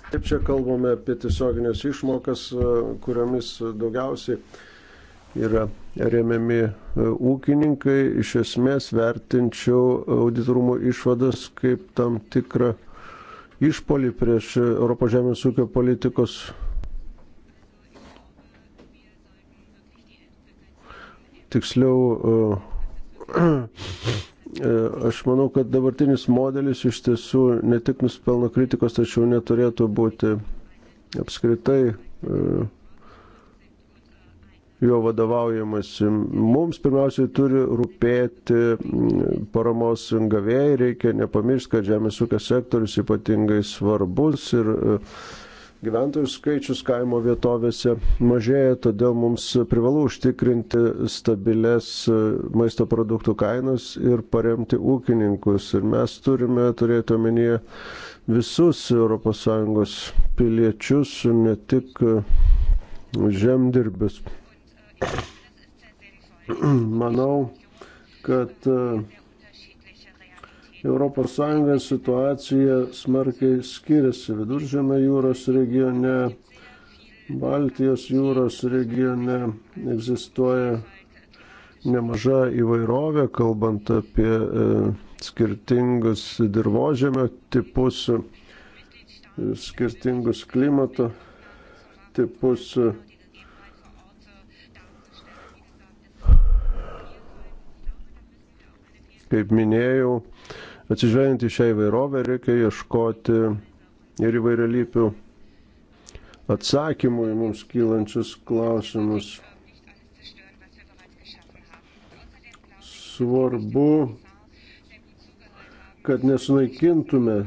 Taip čia kalbame apie tiesioginės išmokas, e, kuriomis daugiausiai yra remiami e, ūkininkai, iš esmės vertinčiau auditorumo išvadas kaip tam tikrą išpolį prieš Europos žemės ūkio politikos tiksliau, e, e, aš manau, kad dabartinis modelis iš tiesų ne tik nuspelno kritikos, tačiau neturėtų būti apskritai jo vadovaujamasi. Mums pirmiausiai turi rūpėti mm, paramos gavėjai, reikia nepamiršti, kad žemės ūkio sektorius ypatingai svarbus ir e, gyventojų skaičius kaimo vietovėse mažėja, todėl mums privalu užtikrinti stabiles e, maisto produktų kainas ir paremti ūkininkus. Ir mes turime turėti omenyje visus ES piliečius, ne tik e, žemdirbius. Manau, kad ES situacija smarkiai skiriasi Viduržėme jūros regione, Baltijos jūros regione egzistuoja nemaža įvairovė, kalbant apie e, skirtingus dirbožėmio tipus, skirtingus klimato tipus. Kaip minėjau, atsižvelgiant į šią įvairovę reikia ieškoti ir įvairialypių atsakymų į mums kylančius klausimus. Svarbu, kad nesunaikintume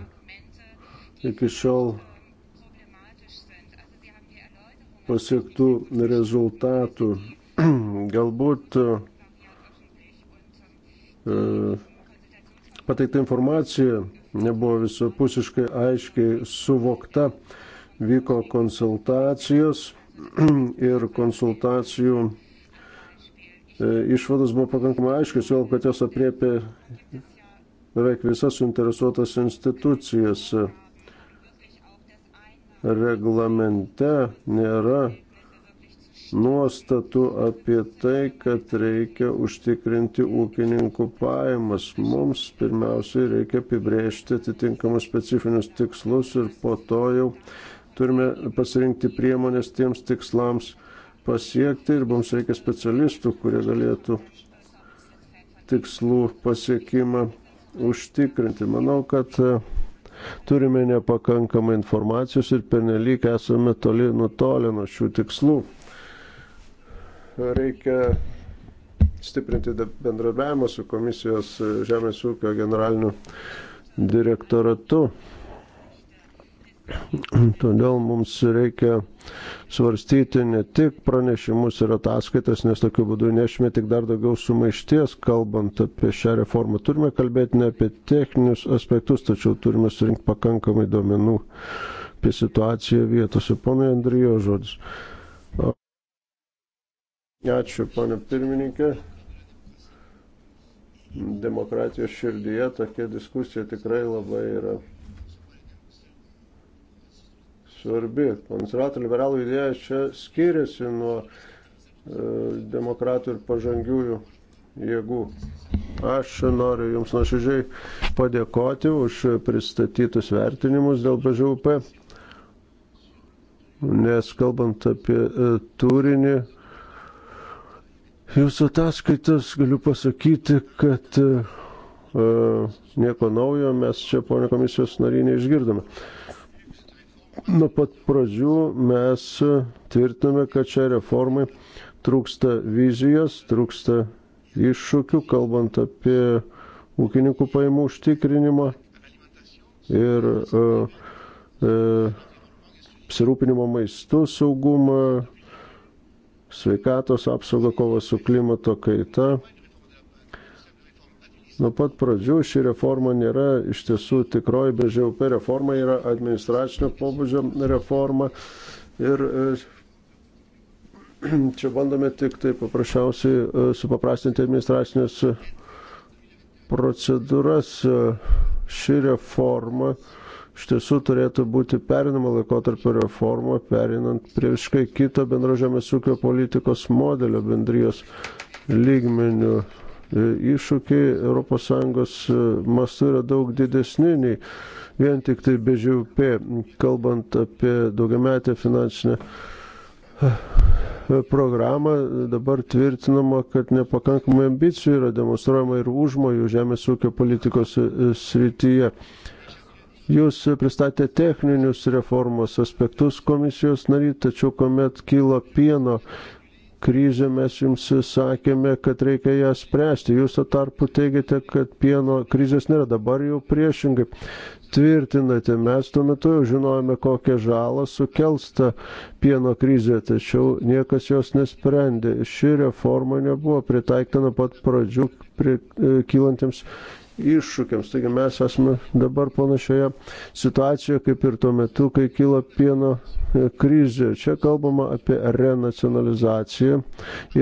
iki šiol pasiektų rezultatų. Galbūt uh, E, pateikta informacija nebuvo visapusiškai aiškiai suvokta, vyko konsultacijos ir konsultacijų e, išvados buvo pakankamai aiškios, jau kad jos apriepė beveik visas suinteresuotas institucijas. Reglamente nėra nuostatų apie tai, kad reikia užtikrinti ūkininkų pajamas. Mums pirmiausiai reikia apibrėžti atitinkamus specifinius tikslus ir po to jau turime pasirinkti priemonės tiems tikslams pasiekti ir mums reikia specialistų, kurie galėtų tikslų pasiekimą užtikrinti. Manau, kad e, turime nepakankamą informacijos ir pernelyg esame toli nutolę nuo šių tikslų reikia stiprinti bendradarbiavimą su komisijos e, Žemės ūkio generaliniu direktoratu. Todėl mums reikia svarstyti ne tik pranešimus ir ataskaitas, nes tokiu būdu nešime tik dar daugiau sumaišties, kalbant apie šią reformą. Turime kalbėti ne apie techninius aspektus, tačiau turime surinkti pakankamai duomenų apie situaciją vietose. Pana Andrijo žodis. Ačiū, ponė pirmininkė. Demokratijos širdyje tokia diskusija tikrai labai yra svarbi. Konservatorių liberalų idėja čia skiriasi nuo e, demokratų ir pažangiųjų jėgų. Aš noriu Jums nuoširdžiai padėkoti už pristatytus vertinimus dėl BŽUP, nes kalbant apie e, turinį, Jūsų ataskaitos galiu pasakyti, kad e, e, nieko naujo mes čia, ponė komisijos nariai, neišgirdome. Nuo pat pradžių mes tvirtiname, kad čia reformai trūksta vizijos, trūksta iššūkių, kalbant apie ūkininkų paimų užtikrinimą ir e, e, apsirūpinimo maistu saugumą, sveikatos apsaugą, kovą su klimato kaita. Nuo pat pradžių ši reforma nėra iš tiesų tikroji BŽUP reforma, yra administracinio pobūdžio reforma. Ir e, čia bandome tik tai paprasčiausiai e, supaprastinti administracinės procedūras. E, ši reforma uh, iš tiesų turėtų būti perinama laikotarpio reforma, perinant prie visiškai kito bendro žemės ūkio politikos modelio bendrijos lygmenių. E, iššūkiai ES e, mastu yra daug didesni nei vien tik tai BŽUP, kalbant apie daugiametę finansinę e, programą dabar tvirtinama, kad nepakankamai ambicijų yra demonstruojama ir užmojų žemės ūkio politikos srityje. Jūs pristatėte techninius reformos aspektus komisijos nariai, tačiau kuomet kyla pieno krizė, mes jums sakėme, kad reikia ją spręsti. Jūs to tarpu teigiate, kad pieno krizės nėra, dabar jau priešingai tvirtinate. Mes tuo metu jau žinojame, kokią žalą sukelsta pieno krizė, tačiau niekas jos nesprendė. Ši reforma nebuvo pritaikyta nuo pat pradžių prie, e, kylantiems iššūkiams. Taigi mes esame dabar panašioje situacijoje kaip ir tuo metu, kai kilo pieno e, krizė. Čia kalbama apie renacionalizaciją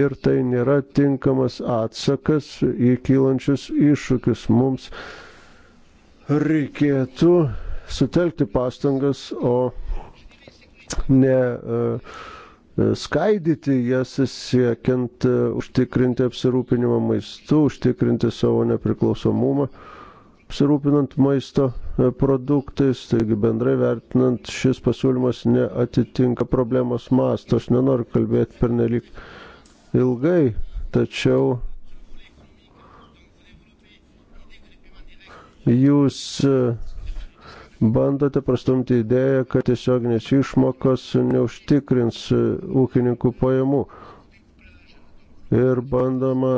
ir tai nėra tinkamas atsakas į kylančius iššūkius. Mums reikėtų sutelkti pastangas, o ne uh, skaidyti jas siekiant e, užtikrinti apsirūpinimą maistu, užtikrinti savo nepriklausomumą, apsirūpinant maisto e, produktais, taigi bendrai vertinant šis pasiūlymas neatitinka problemos masto. Aš nenoriu kalbėti per nelik ilgai, tačiau jūs e, bandote prastumti idėją, kad tiesioginės išmokos neužtikrins e, ūkininkų pajamų. Ir bandoma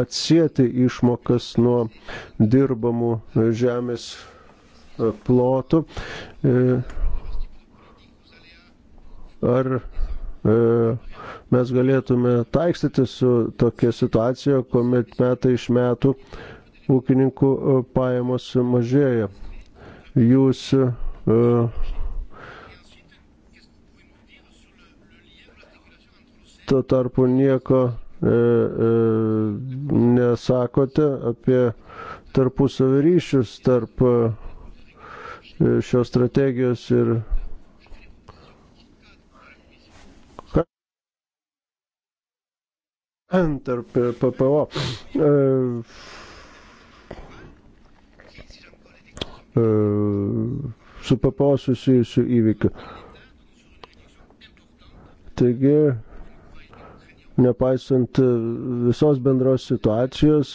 atsijėti išmokas nuo dirbamų žemės e, plotų. E, ar mes galėtume taikstyti su tokia situacija, kuomet metai iš metų ūkininkų pajamos mažėja jūs e, tuo tarpu nieko e, e, nesakote apie tarpusavį ryšius tarp šios strategijos ir tarp PPO. E, su PPO susijusių įvykių. Taigi, nepaisant visos bendros situacijos,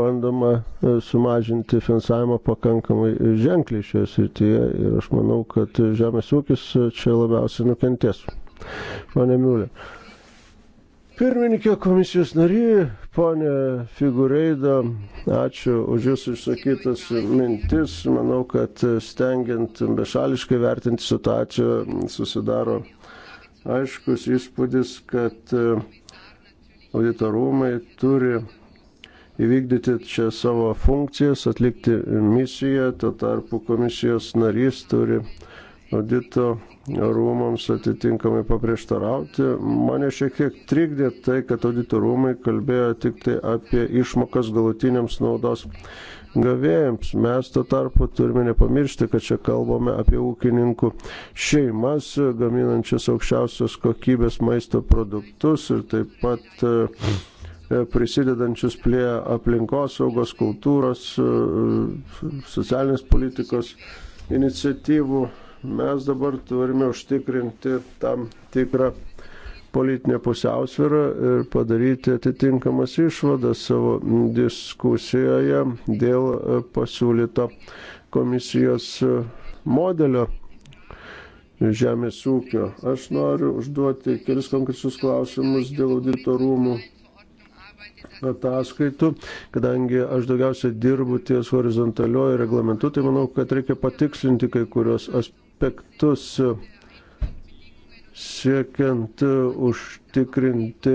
bandoma e, sumažinti finansavimą pakankamai ženkliai šioje srityje ir aš manau, kad žemės ūkis čia labiausiai nukentės. Pane Miulė. Pirmininkė komisijos nary, ponė Figureida, ačiū už Jūsų išsakytas mintis. Manau, kad stengiant bešališkai vertinti situaciją susidaro aiškus įspūdis, kad auditorumai turi įvykdyti čia savo funkcijas, atlikti misiją, tuo tarpu komisijos narys turi audito rūmams atitinkamai paprieštarauti. Mane šiek tiek trikdė tai, kad audito rūmai kalbėjo tik tai apie išmokas galutiniams naudos gavėjams. Mes tuo tarpu turime nepamiršti, kad čia kalbame apie ūkininkų šeimas, gaminančias aukščiausios kokybės maisto produktus ir taip pat e, prisidedančius prie aplinkosaugos, kultūros, e, socialinės politikos iniciatyvų Mes dabar turime užtikrinti tam tikrą politinę pusiausvyrą ir padaryti atitinkamas išvadas savo diskusijoje dėl pasiūlyto komisijos modelio žemės ūkio. Aš noriu užduoti kelis konkrečius klausimus dėl auditorumų ataskaitų, kadangi aš daugiausia dirbu ties horizontalioju reglamentu, tai manau, kad reikia patikslinti kai kurios aspektus aspektus siekiant užtikrinti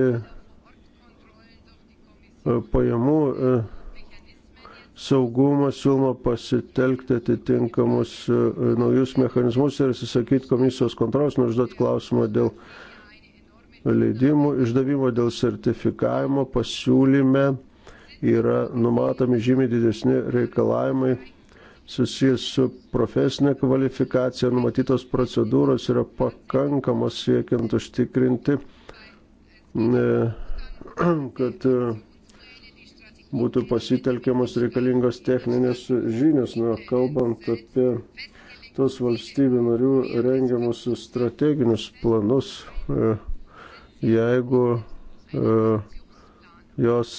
pajamų e, saugumą, siūloma pasitelkti atitinkamus e, naujus mechanizmus ir atsisakyti komisijos kontrolės, nors duoti klausimą dėl leidimų išdavimo, dėl sertifikavimo pasiūlyme yra numatomi žymiai didesni reikalavimai susijęs su profesinė kvalifikacija, numatytos procedūros yra pakankamos siekiant užtikrinti, kad e, būtų pasitelkiamos reikalingos techninės žinios, na, kalbant apie tos valstybių narių rengiamus strateginius planus, e, jeigu e, jos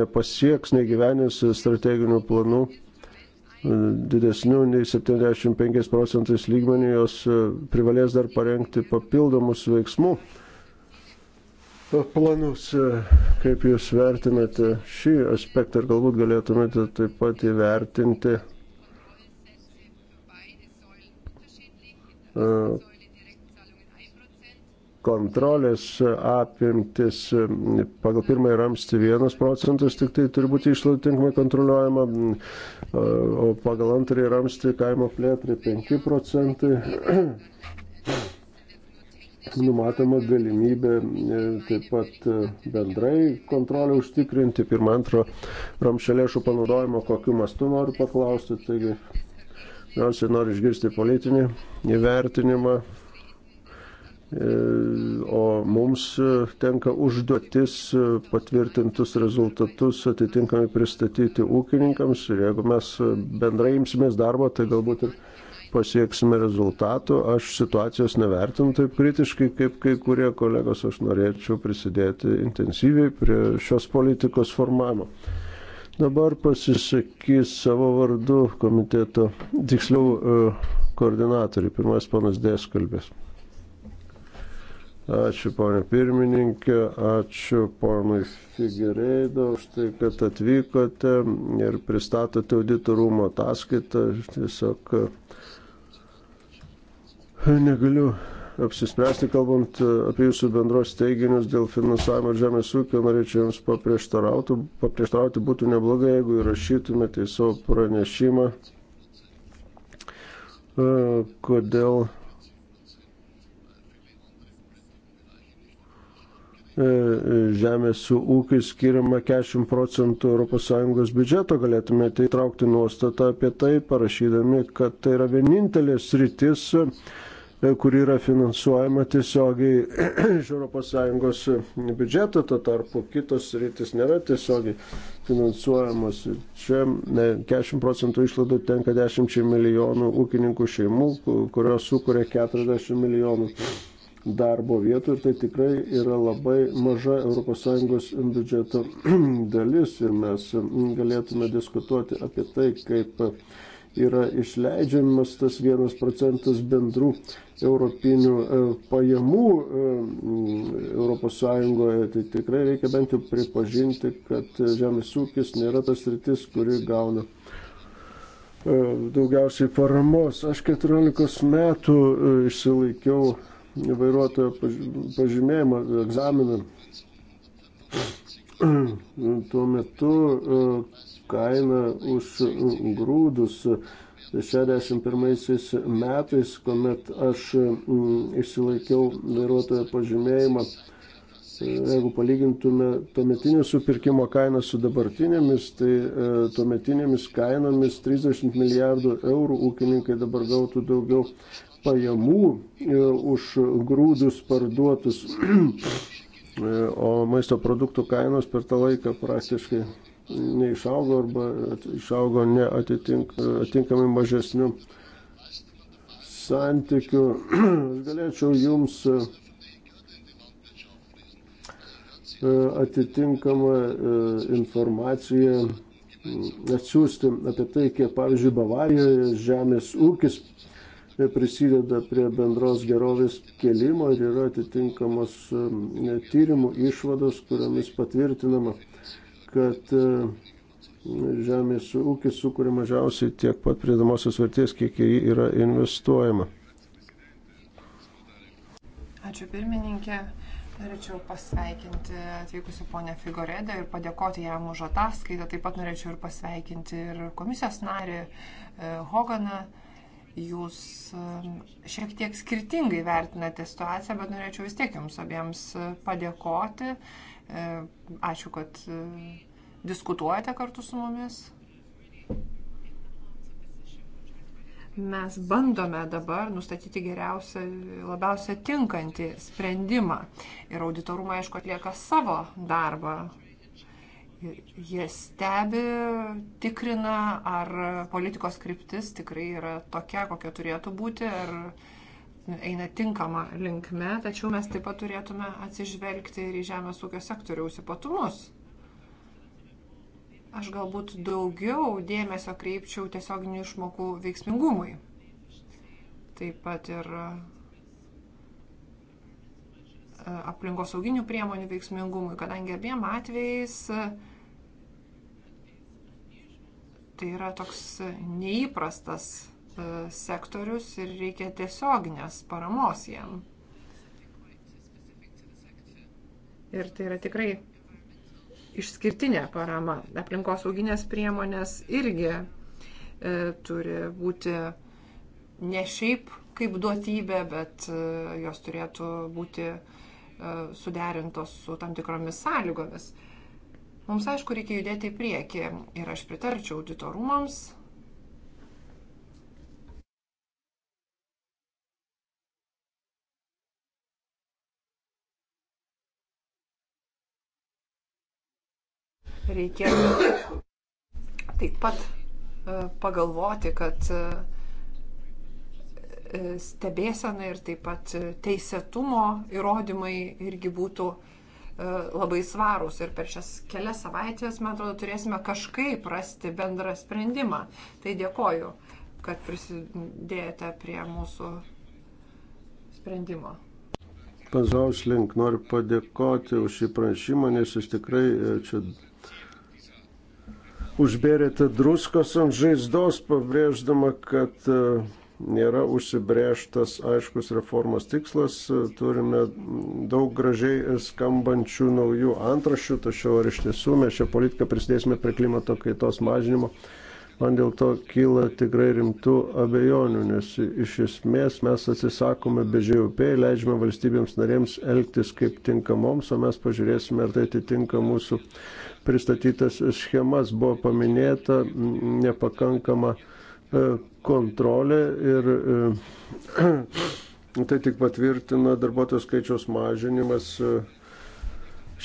nepasieks negyvenės strateginių planų didesnių nei 75 procentais lygmenį, jos e, privalės dar parengti papildomus veiksmų planus, e, kaip jūs vertinate šį aspektą ir galbūt galėtumėte taip pat įvertinti, e, kontrolės apimtis pagal pirmąjį ramstį 1 procentas tik tai turi būti išlaidų tinkamai kontroliuojama, o pagal antrąjį ramstį kaimo plėtrai 5 procentai. Numatoma galimybė e, taip pat e, bendrai kontrolę užtikrinti pirmą antro ramšio lėšų panaudojimo, kokiu mastu noriu paklausti. Taigi, Pirmiausia, noriu išgirsti politinį įvertinimą E, o mums e, tenka užduotis e, patvirtintus rezultatus atitinkamai pristatyti ūkininkams ir jeigu mes bendrai imsimės darbo, tai galbūt ir pasieksime rezultatų. Aš situacijos nevertinu taip kritiškai, kaip kai kurie kolegos, aš norėčiau prisidėti intensyviai prie šios politikos formavimo. Dabar pasisakys savo vardu komiteto, tiksliau koordinatoriai. Pirmas panas Dėskalbės. Ačiū ponė pirmininkė, ačiū ponui Figereido už tai, kad atvykote ir pristatote auditorumo ataskaitą. Aš tiesiog e, negaliu apsispręsti, kalbant e, apie jūsų bendros teiginius dėl finansavimo žemės ūkio, norėčiau Jums paprieštarauti. Paprieštarauti būtų neblogai, jeigu įrašytumėte į savo pranešimą, e, kodėl E, e, žemės ūkiui skiriama 40 procentų ES biudžeto, galėtumėte įtraukti nuostatą apie tai, parašydami, kad tai yra vienintelė sritis, e, kuri yra finansuojama tiesiogiai iš ES biudžeto, to tarpu kitos sritis nėra tiesiogiai finansuojamos. Čia 40 procentų išlaidų tenka 10 milijonų ūkininkų šeimų, kurios sukuria 40 milijonų darbo vietų ir tai tikrai yra labai maža ES biudžeto dalis ir mes galėtume diskutuoti apie tai, kaip yra išleidžiamas tas vienas procentas bendrų europinių e, pajamų e, ES. Tai tikrai reikia bent jau pripažinti, kad žemės ūkis nėra tas rytis, kuri gauna e, daugiausiai paramos. Aš 14 metų išsilaikiau vairuotojo pažymėjimą, egzaminą. Tuo metu e, kaina už grūdus 61 metais, kuomet aš mm, išsilaikiau vairuotojo pažymėjimą, e, jeigu palygintume tuometinį supirkimo kainą su dabartinėmis, tai e, tuometinėmis kainomis 30 milijardų eurų ūkininkai dabar gautų daugiau pajamų e, už grūdus parduotus, e, o maisto produktų kainos per tą laiką praktiškai neišaugo arba išaugo neatitinkamai mažesnių santykių. Aš galėčiau jums e, atitinkamą informaciją atsiųsti apie tai, kiek, pavyzdžiui, Bavarijoje žemės ūkis prisideda prie bendros gerovės kelimo ir yra atitinkamos um, tyrimų išvados, kuriamis patvirtinama, kad um, žemės ūkis sukuria mažiausiai tiek pat pridamosios vertės, kiek į jį yra investuojama. Ačiū pirmininkė. Norėčiau pasveikinti atvykusią ponę Figoredą ir padėkoti jam už ataskaitą. Taip pat norėčiau ir pasveikinti ir komisijos narį e, Hoganą. E, jūs um, šiek tiek skirtingai vertinate situaciją, bet norėčiau vis tiek jums abiems uh, padėkoti. Uh, ačiū, kad uh, diskutuojate kartu su mumis. Mes bandome dabar nustatyti geriausią, labiausiai tinkantį sprendimą. Ir auditorumai, aišku, atlieka savo darbą, Jie stebi, tikrina, ar politikos kryptis tikrai yra tokia, kokia turėtų būti, ar eina tinkama linkme, tačiau mes taip pat turėtume atsižvelgti ir į žemės ūkio sektoriaus ypatumus. Aš galbūt daugiau dėmesio kreipčiau tiesioginių išmokų veiksmingumui. Taip pat ir e, aplinkosauginių priemonių veiksmingumui, kadangi abiem atvejais tai yra toks neįprastas e, sektorius ir reikia tiesioginės paramos jam. Ir tai yra tikrai išskirtinė parama. Aplinkosauginės priemonės irgi e, turi būti ne šiaip kaip duotybė, bet e, jos turėtų būti e, suderintos su tam tikromis sąlygomis. E, Mums aišku, reikia judėti į priekį ir aš pritarčiau auditorumams. Reikėtų taip pat e, pagalvoti, kad e, e, stebėsena ir taip pat teisėtumo įrodymai irgi būtų uh, E, labai svarūs ir per šias kelias savaitės, man atrodo, turėsime kažkaip rasti bendrą sprendimą. Tai dėkoju, kad prisidėjote prie mūsų sprendimo. Pazaus link noriu padėkoti už šį pranešimą, nes jūs tikrai e, čia užbėrėte druskos ant žaizdos, pabrėždama, kad uh, nėra užsibrėžtas aiškus reformos tikslas, turime daug gražiai skambančių naujų antrašių, tačiau ar iš tiesų mes šią politiką prisidėsime prie klimato kaitos mažinimo, man dėl to kyla tikrai rimtų abejonių, nes iš esmės mes atsisakome be ŽUP, leidžiame valstybėms narėms elgtis kaip tinkamoms, o mes pažiūrėsime, ar tai atitinka mūsų pristatytas schemas, buvo paminėta nepakankama E, kontrolė ir e, tai tik patvirtina darbuotojų skaičiaus mažinimas e,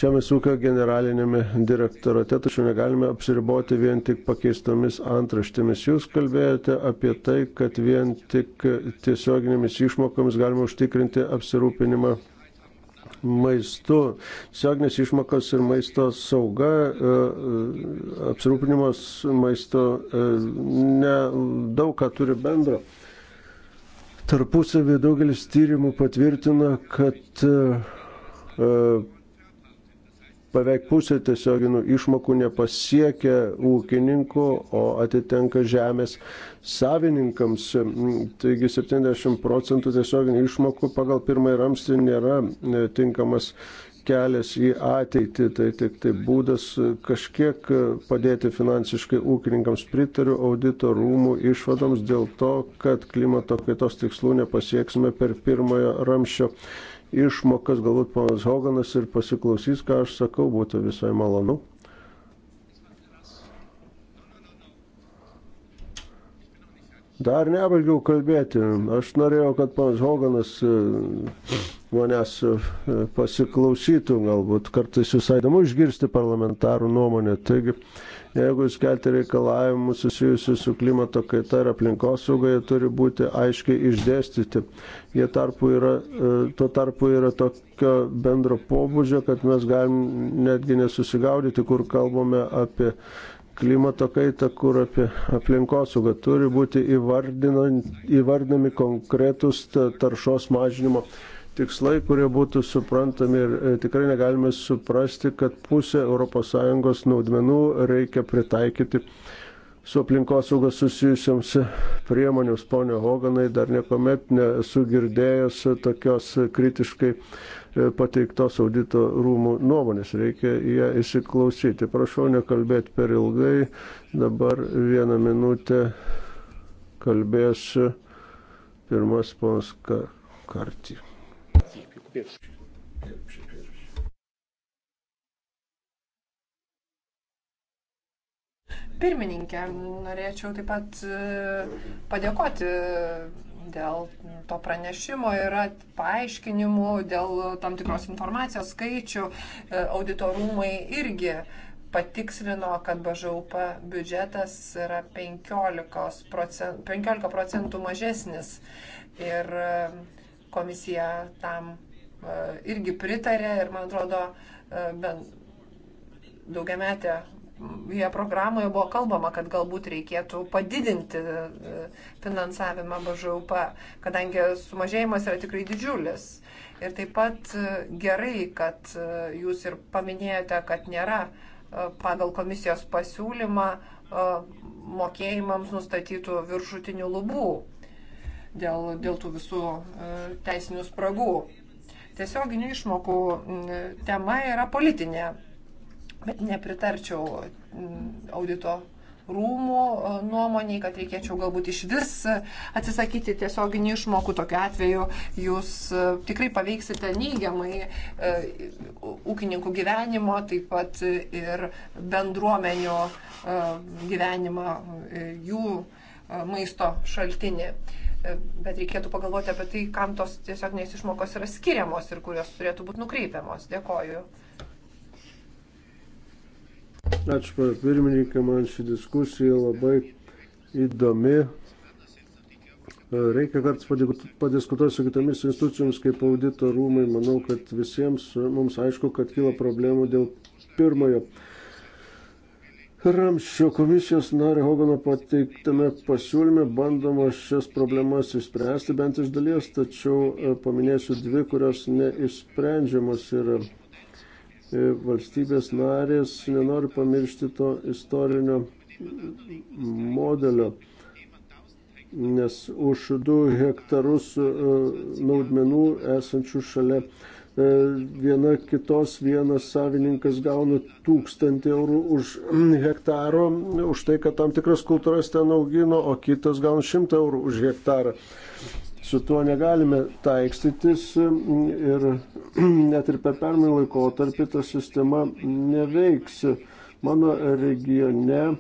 Žemės ūkio generalinėme direktorate, tačiau negalime apsiriboti vien tik pakeistomis antraštėmis. Jūs kalbėjote apie tai, kad vien tik tiesioginėmis išmokomis galima užtikrinti apsirūpinimą maistu. Sėgnės išmokos ir maisto sauga, e, e, apsirūpinimas maisto e, nedaug ką turi bendro. Tarpusavį daugelis tyrimų patvirtina, kad Beveik pusė tiesioginių išmokų nepasiekia ūkininkų, o atitenka žemės savininkams. Taigi 70 procentų tiesioginių išmokų pagal pirmąjį ramstį nėra e, tinkamas kelias į ateitį, tai tik tai būdas e, kažkiek e, padėti finansiškai ūkininkams. Pritariu audito rūmų išvadoms dėl to, kad klimato kaitos tikslų nepasieksime per pirmojo ramščio išmokas, galbūt ponas Hoganas ir pasiklausys, ką aš sakau, būtų visai malonu. Dar nebaigiau kalbėti. Aš norėjau, kad ponas Hoganas e, manęs e, pasiklausytų, galbūt kartais visai įdomu išgirsti parlamentarų nuomonę. Taigi, Jeigu jūs kelti reikalavimus susijusius su klimato kaita ir aplinkosauga, jie turi būti aiškiai išdėstyti. Jie tarpu yra, e, tuo tarpu yra tokio bendro pobūdžio, kad mes galim netgi nesusigaudyti, kur kalbame apie klimato kaitą, kur apie aplinkosaugą. Turi būti įvardinami konkretus taršos mažinimo tikslai, kurie būtų suprantami ir e, tikrai negalime suprasti, kad pusę ES naudmenų reikia pritaikyti su aplinkosaugos susijusiams priemonėms. Pone Hoganai, dar niekuomet nesu girdėjęs tokios kritiškai e, pateiktos audito rūmų nuomonės. Reikia ją įsiklausyti. Prašau nekalbėti per ilgai. Dabar vieną minutę kalbės pirmas ponas Kartį pierwszy. Pierwszy, pierwszy. Pirmininkė, norėčiau taip pat e, padėkoti dėl to pranešimo, yra paaiškinimų dėl tam tikros informacijos skaičių. E, auditorumai irgi patikslino, kad BŽUP biudžetas yra 15 procentų, 15 procentų mažesnis ir e, komisija tam E, irgi pritarė ir, man atrodo, e, bent daugiametė jie programoje buvo kalbama, kad galbūt reikėtų padidinti e, finansavimą BŽUP, kadangi sumažėjimas yra tikrai didžiulis. Ir taip pat gerai, kad jūs ir paminėjote, kad nėra pagal komisijos pasiūlymą mokėjimams nustatytų viršutinių lubų dėl, dėl tų visų teisinių spragų tiesioginių išmokų tema yra politinė, bet nepritarčiau audito rūmų e, nuomoniai, kad reikėčiau galbūt iš vis atsisakyti tiesioginių išmokų. Tokiu atveju jūs e, tikrai paveiksite neigiamai e, ūkininkų gyvenimo, taip pat ir bendruomenio gyvenimą, jų maisto šaltinį. E, bet reikėtų pagalvoti apie tai, kam tos tiesioginės išmokos yra skiriamos ir kurios turėtų būti nukreipiamos. Dėkoju. Ačiū, pana pirmininkė, man ši diskusija labai įdomi. E, reikia kartais padiskutuoti su kitomis institucijomis, kaip audito rūmai. Manau, kad visiems mums aišku, kad kyla problemų dėl pirmojo ramščio komisijos nario Hogano pateiktame pasiūlyme bandoma šias problemas išspręsti bent iš dalies, tačiau e, paminėsiu dvi, kurios neišsprendžiamos yra. E, valstybės narės nenori pamiršti to istorinio modelio, nes už 2 hektarus e, naudmenų esančių šalia E, viena kitos vienas savininkas gauna tūkstantį eurų už hektaro, už tai, kad tam tikras kultūras ten augino, o kitas gauna šimtą eurų už hektarą. Su tuo negalime taikstytis ir net ir per pernai laikotarpį ta sistema neveiks. Mano regione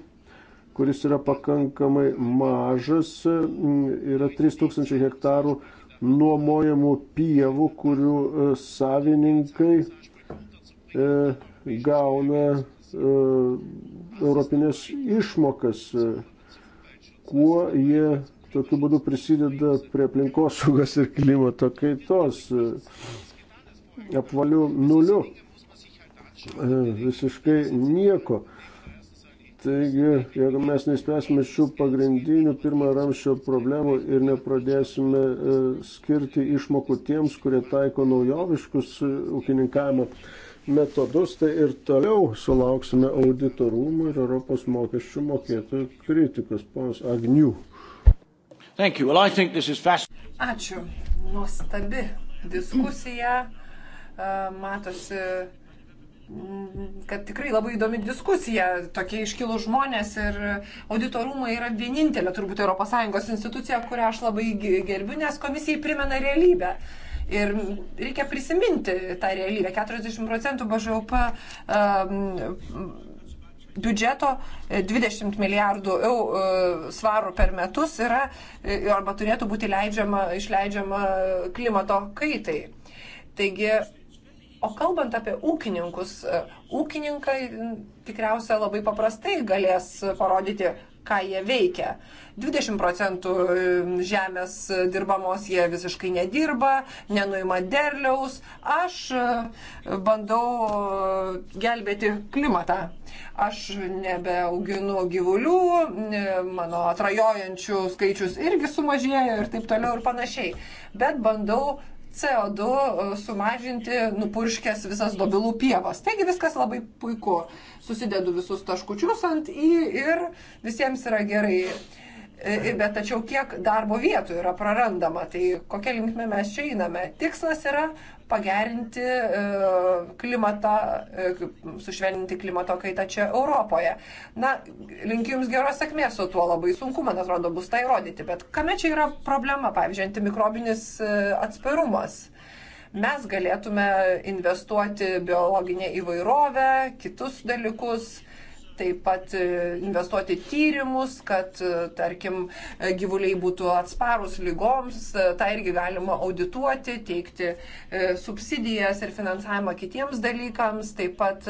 kuris yra pakankamai mažas, yra 3000 hektarų nuomojamų pievų, kurių e, savininkai e, gauna e, europinės išmokas, kuo jie tokiu būdu prisideda prie aplinkosaugos ir klimato kaitos apvalių nulių. Visiškai nieko. Taigi, jeigu mes neįspręsime šių pagrindinių pirmojo ramščio problemų ir nepradėsime e, skirti išmokų tiems, kurie taiko naujoviškus e, ūkininkavimo metodus, tai ir toliau sulauksime auditorumų ir Europos mokesčių mokėtojų kritikus, ponas Agnių. Well, Ačiū. Nuostabi diskusija. E, matosi kad tikrai labai įdomi diskusija. Tokie iškilų žmonės ir auditorumai yra vienintelė turbūt ES institucija, kurią aš labai gerbiu, nes komisijai primena realybę. Ir reikia prisiminti tą realybę. 40 procentų BŽOP um, ehm, biudžeto 20 milijardų eur, e, svarų per metus yra e, arba turėtų būti leidžiama, išleidžiama klimato kaitai. Taigi O kalbant apie ūkininkus, e, ūkininkai tikriausia labai paprastai galės parodyti, ką jie veikia. 20 procentų žemės dirbamos jie visiškai nedirba, nenuima derliaus. Aš e, bandau e, gelbėti klimatą. Aš nebeauginu gyvulių, mano atrajojančių skaičius irgi sumažėjo ir taip toliau ir panašiai. Bet bandau CO2 e, sumažinti, nupurškęs visas dobilų pievas. Taigi viskas labai puiku. Susidedu visus taškučius ant į ir visiems yra gerai. E, e, bet tačiau kiek darbo vietų yra prarandama, tai kokia linkme mes čia einame. Tikslas yra pagerinti e, klimatą, sušvelninti klimato kaitą čia Europoje. Na, linkiu Jums geros sėkmės su tuo, labai sunku, man atrodo, bus tai įrodyti, bet kame čia yra problema, pavyzdžiui, antimikrobinis atsparumas. Mes galėtume investuoti biologinę įvairovę, kitus dalykus taip pat e, investuoti tyrimus, kad, e, tarkim, e, gyvuliai būtų atsparus lygoms, tą irgi galima audituoti, teikti subsidijas ir finansavimą kitiems dalykams, taip pat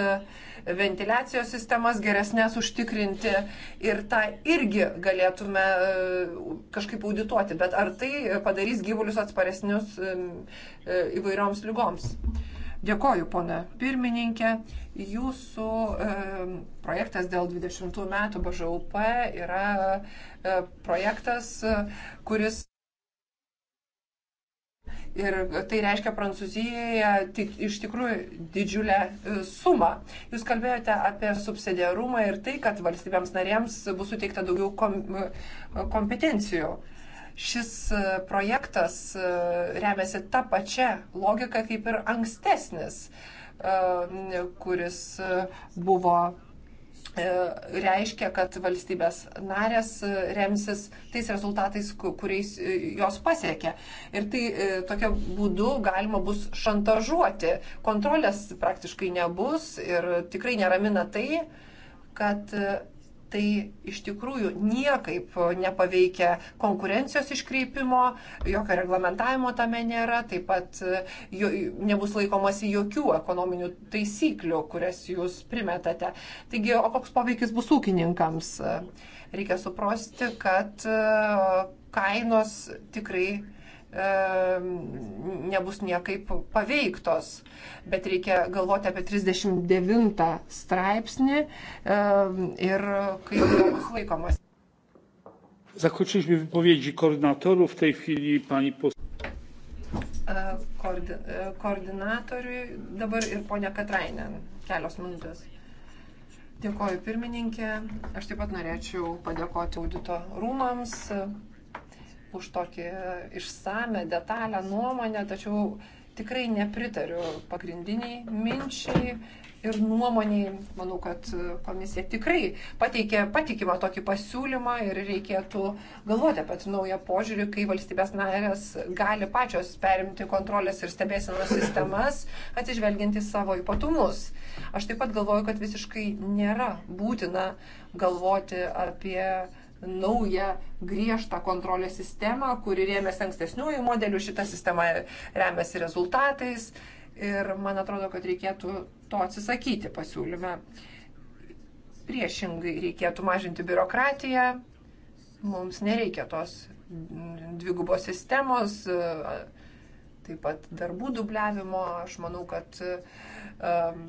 ventiliacijos sistemas geresnės užtikrinti ir tą irgi galėtume kažkaip audituoti, bet ar tai padarys gyvulius atsparesnius įvairioms lygoms? Dėkoju, pone pirmininkė. Jūsų e, projektas dėl 20 metų BŽUP yra e, projektas, e, kuris. Ir tai reiškia Prancūzijoje tik, iš tikrųjų didžiulę e, sumą. Jūs kalbėjote apie subsidiarumą ir tai, kad valstybėms narėms bus suteikta daugiau kom, e, kompetencijų. E, Šis e, projektas e, remiasi tą pačią logiką kaip ir ankstesnis, e, kuris buvo reiškia, kad valstybės narės remsis tais rezultatais, kuriais jos pasiekia. Ir tai tokia būdu galima bus šantažuoti. Kontrolės praktiškai nebus ir tikrai neramina tai, kad tai iš tikrųjų niekaip nepaveikia konkurencijos iškreipimo, jokio reglamentavimo tame nėra, taip pat e, jo, nebus laikomasi jokių ekonominių taisyklių, kurias jūs primetate. Taigi, o koks poveikis bus ūkininkams? Reikia suprasti, kad e, kainos tikrai nebus niekaip paveiktos. Bet reikia galvoti apie 39 straipsnį ir kaip jo bus laikomas. Zakończyliśmy wypowiedzi koordynatorów. W tej chwili pani poseł. Koordi e, koordinatoriui dabar ir ponia Katrainen. Kelios minutės. Dėkoju pirmininkė. Aš taip pat norėčiau padėkoti audito rūmams, už tokį išsame, detalę nuomonę, tačiau tikrai nepritariu pagrindiniai minčiai ir nuomoniai. Manau, kad komisija tikrai pateikė patikimą tokį pasiūlymą ir reikėtų galvoti apie naują požiūrį, kai valstybės narės gali pačios perimti kontrolės ir stebėsenos sistemas, atsižvelgiant į savo ypatumus. Aš taip pat galvoju, kad visiškai nėra būtina galvoti apie naują griežtą kontrolės sistemą, kuri rėmėsi ankstesniųjų modelių, šita sistema remiasi rezultatais ir man atrodo, kad reikėtų to atsisakyti pasiūlyme. Priešingai reikėtų mažinti biurokratiją, mums nereikia tos dvigubos sistemos, taip pat darbų dubliavimo, aš manau, kad um,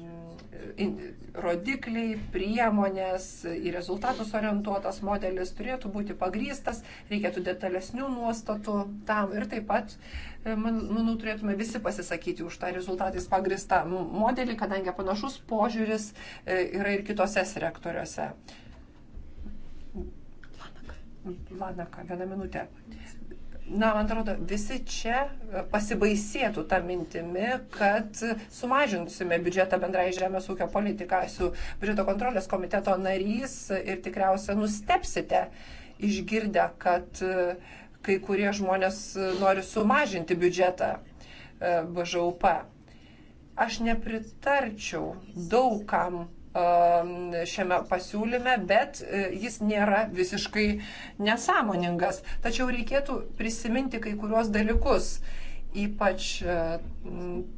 rodikliai, priemonės į rezultatus orientuotas modelis turėtų būti pagrystas, reikėtų detalesnių nuostatų tam ir taip pat, e, manau, turėtume visi pasisakyti už tą rezultatais pagristą modelį, kadangi panašus požiūris e, yra ir kitose sektoriuose. Lanaka, viena minutė. Na, man atrodo, visi čia e, pasibaisėtų tą mintimi, kad sumažinsime biudžetą bendrai žemės ūkio politiką su biudžeto kontrolės komiteto narys ir tikriausia nustepsite išgirdę, kad e, kai kurie žmonės nori sumažinti biudžetą e, BŽUP. Aš nepritarčiau daugam šiame pasiūlyme, bet e, jis nėra visiškai nesąmoningas. Tačiau reikėtų prisiminti kai kuriuos dalykus, ypač e,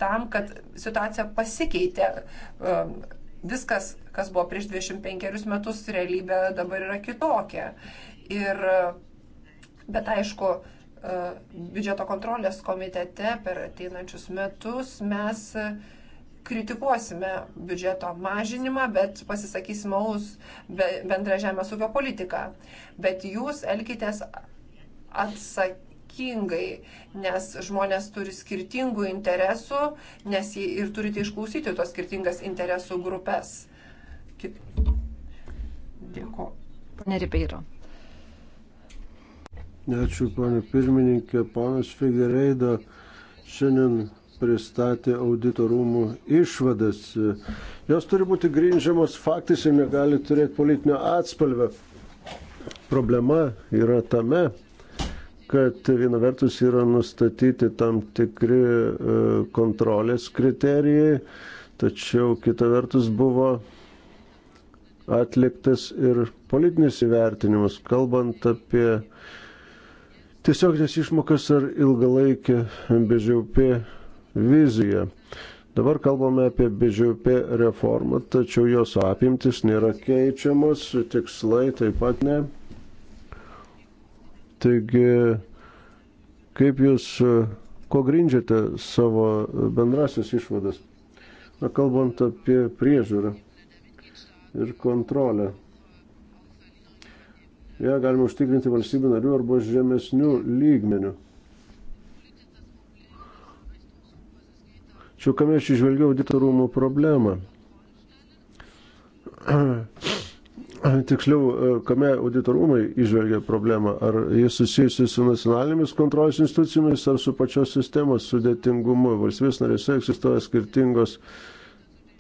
tam, kad situacija pasikeitė. E, viskas, kas buvo prieš 25 metus, realybė dabar yra kitokia. Ir, bet aišku, biudžeto kontrolės komitete per ateinančius metus mes uh, kritikuosime biudžeto mažinimą, bet pasisakysime už bendrą žemės ūkio politiką. Bet jūs elkitės atsakingai, nes žmonės turi skirtingų interesų, nes jie ir turite išklausyti tos skirtingas interesų grupės. Kit... Dėkuoju. Neripeiro. Ačiū, panė pirmininkė, panas Figereido šiandien pristatė auditorumų išvadas. Jos turi būti grindžiamos faktais ir negali turėti politinio atspalvio. Problema yra tame, kad viena vertus yra nustatyti tam tikri e, kontrolės kriterijai, tačiau kita vertus buvo atliktas ir politinis įvertinimas, kalbant apie tiesioginės išmokas ar ilgalaikį BŽP viziją. Dabar kalbame apie BŽP reformą, tačiau jos apimtis nėra keičiamos, tikslai taip pat ne. Taigi, kaip jūs, ko grindžiate savo bendrasias išvadas, na, kalbant apie priežiūrą ir kontrolę? ją ja, galima užtikrinti valstybių narių arba žemesnių lygmenių. Čia kame aš išvelgiau auditorumų problemą. Tiksliau, kame auditorumai išvelgia problemą, ar jis susijusi su nacionalinėmis kontrolės institucijomis, ar su pačios sistemos sudėtingumu. Valstybės narėse egzistuoja skirtingos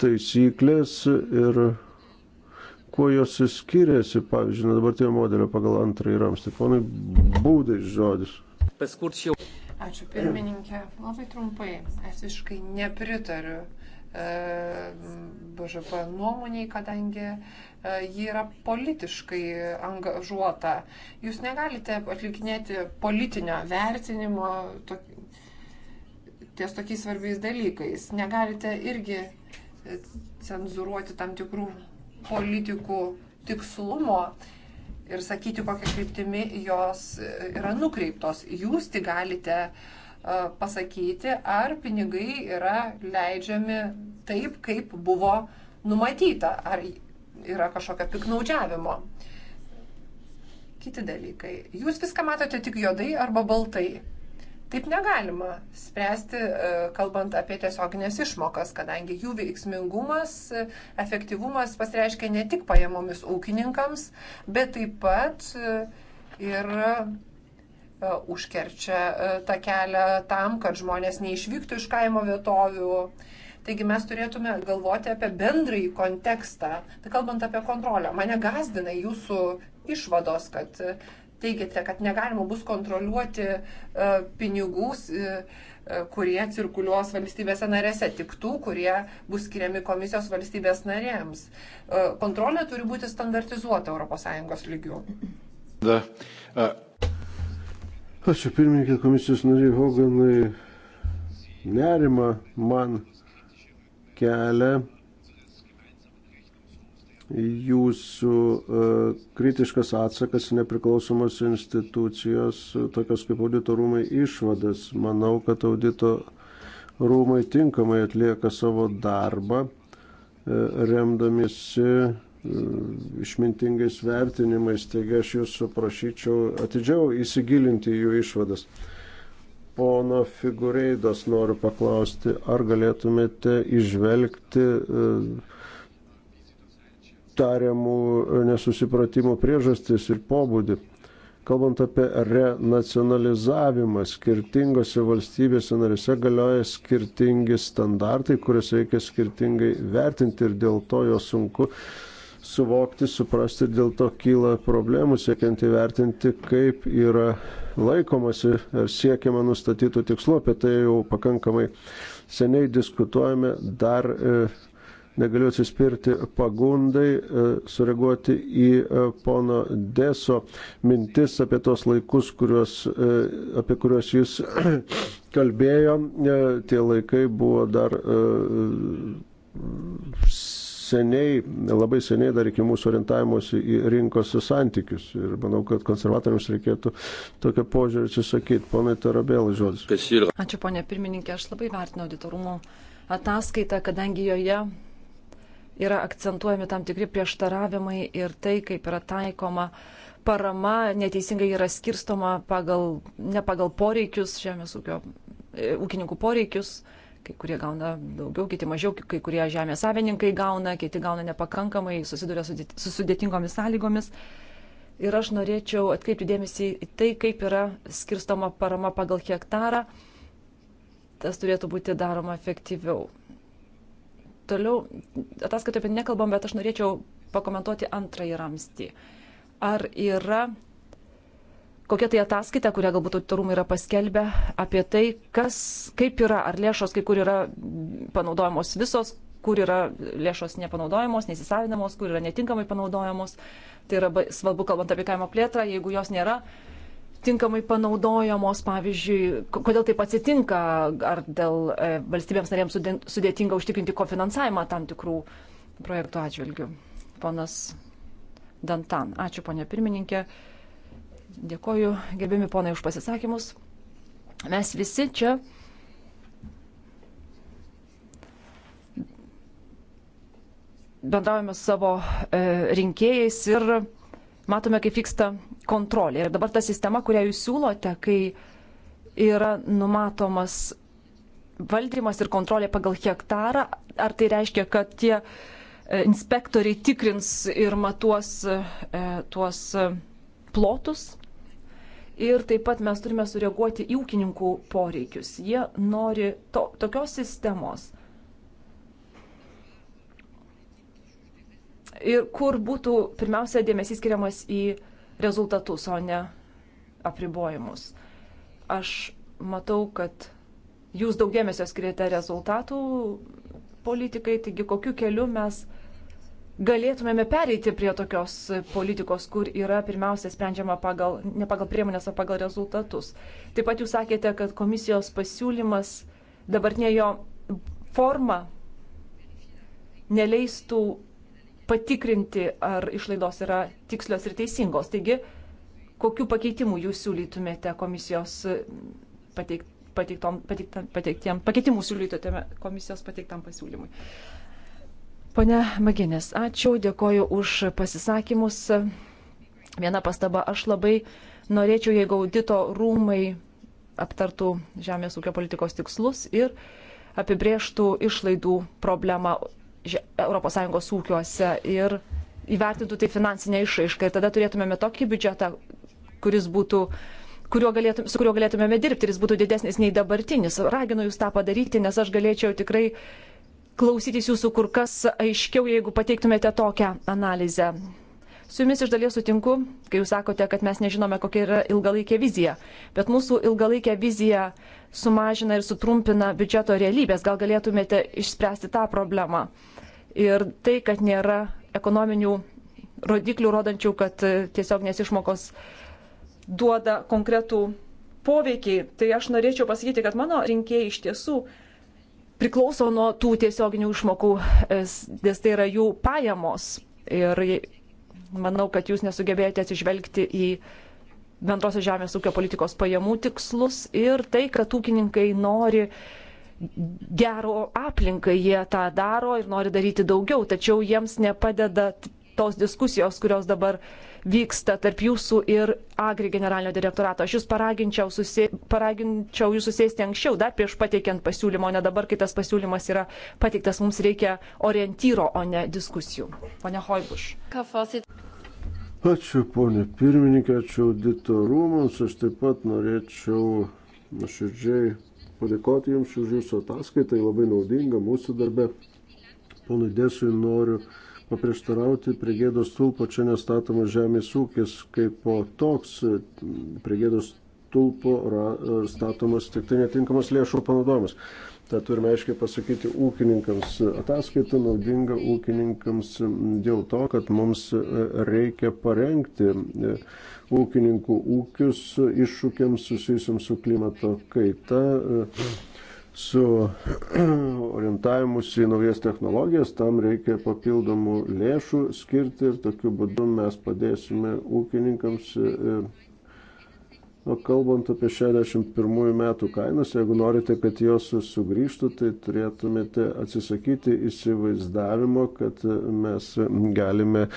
taisyklės ir kuo jos skiriasi, pavyzdžiui, dabartinio modelio pagal antrąjį ramstį. Ponai, būdai žodis. Paskirčiau. Ačiū pirmininkė. Labai trumpai. Aš visiškai nepritariu e, BŽP nuomoniai, kadangi e, ji yra politiškai angažuota. Jūs negalite atlikinėti politinio vertinimo tok, ties tokiais svarbiais dalykais. Negalite irgi e, cenzuruoti tam tikrų politikų tikslumo. Uh, ir sakyti, kokia kryptimi jos yra nukreiptos. Jūs tik galite e, pasakyti, ar pinigai yra leidžiami taip, kaip buvo numatyta, ar yra kažkokio piknaudžiavimo. Kiti dalykai. Jūs viską matote tik juodai arba baltai. Taip negalima spręsti, e, kalbant apie tiesioginės išmokas, kadangi jų veiksmingumas, e, efektyvumas pasireiškia ne tik pajamomis ūkininkams, bet taip pat e, ir užkerčia tą kelią tam, kad žmonės neišvyktų iš kaimo vietovių. Taigi mes turėtume galvoti apie bendrąjį kontekstą. Tai kalbant apie kontrolę, mane gazdina jūsų išvados, kad teigiate, kad negalima bus kontroliuoti e, pinigus, e, e, kurie cirkuliuos valstybėse narėse, tik tų, kurie bus skiriami komisijos valstybės narėms. Kontrolė turi būti standartizuota ES lygių. Da. A. Ačiū pirmininkė komisijos nariai Hoganai. Nerima man kelia jūsų e, kritiškas atsakas nepriklausomos institucijos, e, tokios kaip audito rūmai, išvadas. Manau, kad audito rūmai tinkamai atlieka savo darbą, e, remdamiesi išmintingais vertinimais, taigi aš jūsų prašyčiau atidžiau įsigilinti jų išvadas. Pono figureidos noriu paklausti, ar galėtumėte išvelgti uh, tariamų nesusipratimų priežastis ir pobūdį. Kalbant apie renacionalizavimą, skirtingose valstybėse narise galioja skirtingi standartai, kurias reikia skirtingai vertinti ir dėl to jo sunku suvokti, suprasti ir dėl to kyla problemų siekiant įvertinti, kaip yra laikomasi ar siekiama nustatytų tikslų. Apie tai jau pakankamai seniai diskutuojame, dar e, negaliu atsispirti pagundai e, sureaguoti į e, pono Deso mintis apie tos laikus, kuriuos, e, apie kuriuos jis kalbėjo. Tie laikai buvo dar seniai, labai seniai dar iki mūsų orientavimuose į rinkos santykius. Ir manau, kad konservatoriams reikėtų tokio požiūrį atsisakyti. Ponai Tarabėlai žodis. Ačiū, ponė pirmininkė, aš labai vertinu auditorumo ataskaitą, kadangi joje yra akcentuojami tam tikri prieštaravimai ir tai, kaip yra taikoma parama, neteisingai yra skirstoma pagal, ne pagal poreikius, žemės ūkio, e, ūkininkų poreikius, kai kurie gauna daugiau, kiti mažiau, kai kurie žemės savininkai gauna, kiti gauna nepakankamai, susiduria su sudėtingomis sąlygomis. Ir aš norėčiau atkreipti dėmesį į tai, kaip yra skirstoma parama pagal hektarą. Tas turėtų būti daroma efektyviau. Toliau, ataskaitoje apie tai nekalbam, bet aš norėčiau pakomentuoti antrąjį ramstį. Ar yra kokia tai ataskaita, kurią galbūt auditorumai yra paskelbę apie tai, kas, kaip yra, ar lėšos kai kur yra panaudojamos visos, kur yra lėšos nepanaudojamos, nesisavinamos, kur yra netinkamai panaudojamos. Tai yra svarbu, kalbant apie kaimo plėtrą, jeigu jos nėra, tinkamai panaudojamos, pavyzdžiui, kodėl taip atsitinka, ar dėl e, valstybėms narėms sudėtinga užtikrinti kofinansavimą tam tikrų projektų atžvilgių. Ponas Dantan. Ačiū, ponė pirmininkė. Dėkoju, gerbimi ponai, už pasisakymus. Mes visi čia bendraujame savo e, rinkėjais ir matome, kaip vyksta kontrolė. Ir dabar ta sistema, kurią jūs siūlote, kai yra numatomas valdymas ir kontrolė pagal hektarą, ar tai reiškia, kad tie e, inspektoriai tikrins ir matuos e, tuos e, plotus? Ir taip pat mes turime sureaguoti į ūkininkų poreikius. Jie nori to, tokios sistemos, ir kur būtų pirmiausia dėmesys skiriamas į rezultatus, o ne apribojimus. Aš matau, kad jūs daug dėmesio skiriate rezultatų politikai, taigi kokiu keliu mes galėtumėme pereiti prie tokios politikos, kur yra pirmiausia sprendžiama pagal, ne pagal priemonės, o pagal rezultatus. Taip pat jūs sakėte, kad komisijos pasiūlymas dabartinėjo forma neleistų patikrinti, ar išlaidos yra tikslios ir teisingos. Taigi, kokiu pakeitimu jūs siūlytumėte komisijos e, pateikt, pateiktom, pateiktam, pateiktiem, pakeitimų siūlytumėte komisijos pateiktam pasiūlymui. Pone Maginės, ačiū, dėkoju už pasisakymus. Viena pastaba, aš labai norėčiau, jeigu audito rūmai aptartų žemės ūkio politikos tikslus ir apibrieštų išlaidų problemą ES ūkiuose ir įvertintų tai finansinę išraišką. Ir tada turėtumėme tokį biudžetą, kuris būtų kuriuo galėtum, su kuriuo galėtumėme dirbti ir jis būtų didesnis nei dabartinis. Raginu jūs tą padaryti, nes aš galėčiau tikrai klausytis jūsų kur kas aiškiau, jeigu pateiktumėte tokią analizę. Su jumis iš dalies sutinku, kai jūs sakote, kad mes nežinome, kokia yra ilgalaikė vizija, bet mūsų ilgalaikė vizija sumažina ir sutrumpina biudžeto realybės. Gal galėtumėte išspręsti tą problemą? Ir tai, kad nėra ekonominių rodiklių rodančių, kad tiesiog nesišmokos duoda konkretų poveikį, tai aš norėčiau pasakyti, kad mano rinkėjai iš tiesų priklauso nuo tų tiesioginių išmokų, nes tai yra jų pajamos. Ir manau, kad jūs nesugebėjote atsižvelgti į bendrosios žemės ūkio politikos pajamų tikslus ir tai, kad ūkininkai nori gero aplinkai, jie tą daro ir nori daryti daugiau, tačiau jiems nepadeda tos diskusijos, kurios dabar vyksta vyksta tarp jūsų ir Agri generalinio direktorato. Aš jūs paraginčiau, susė, paraginčiau jūs susėsti anksčiau, dar prieš pateikiant pasiūlymą, o ne dabar, kai tas pasiūlymas yra pateiktas, mums reikia orientyro, o ne diskusijų. Pone Hoibuš. Ačiū, ponė pirmininkė, ačiū audito rūmams. Aš taip pat norėčiau nuoširdžiai padėkoti Jums už Jūsų ataskaitą, tai labai naudinga mūsų darbe. Ponui Desui noriu paprieštarauti, prie gėdos tulpo čia nestatomas žemės ūkis kaip po toks, prie gėdos tulpo ra, statomas tik tai netinkamas lėšų panaudojimas. Tad turime aiškiai pasakyti ūkininkams ataskaitą naudinga ūkininkams dėl to, kad mums reikia parengti ūkininkų ūkius iššūkiams susijusiam su klimato kaita. Mm su orientavimus į naujas technologijas, tam reikia papildomų lėšų skirti ir tokiu būdu mes padėsime ūkininkams. O e, nu, kalbant apie 61 metų kainas, jeigu norite, kad jos sugrįžtų, tai turėtumėte atsisakyti įsivaizdavimo, kad mes galime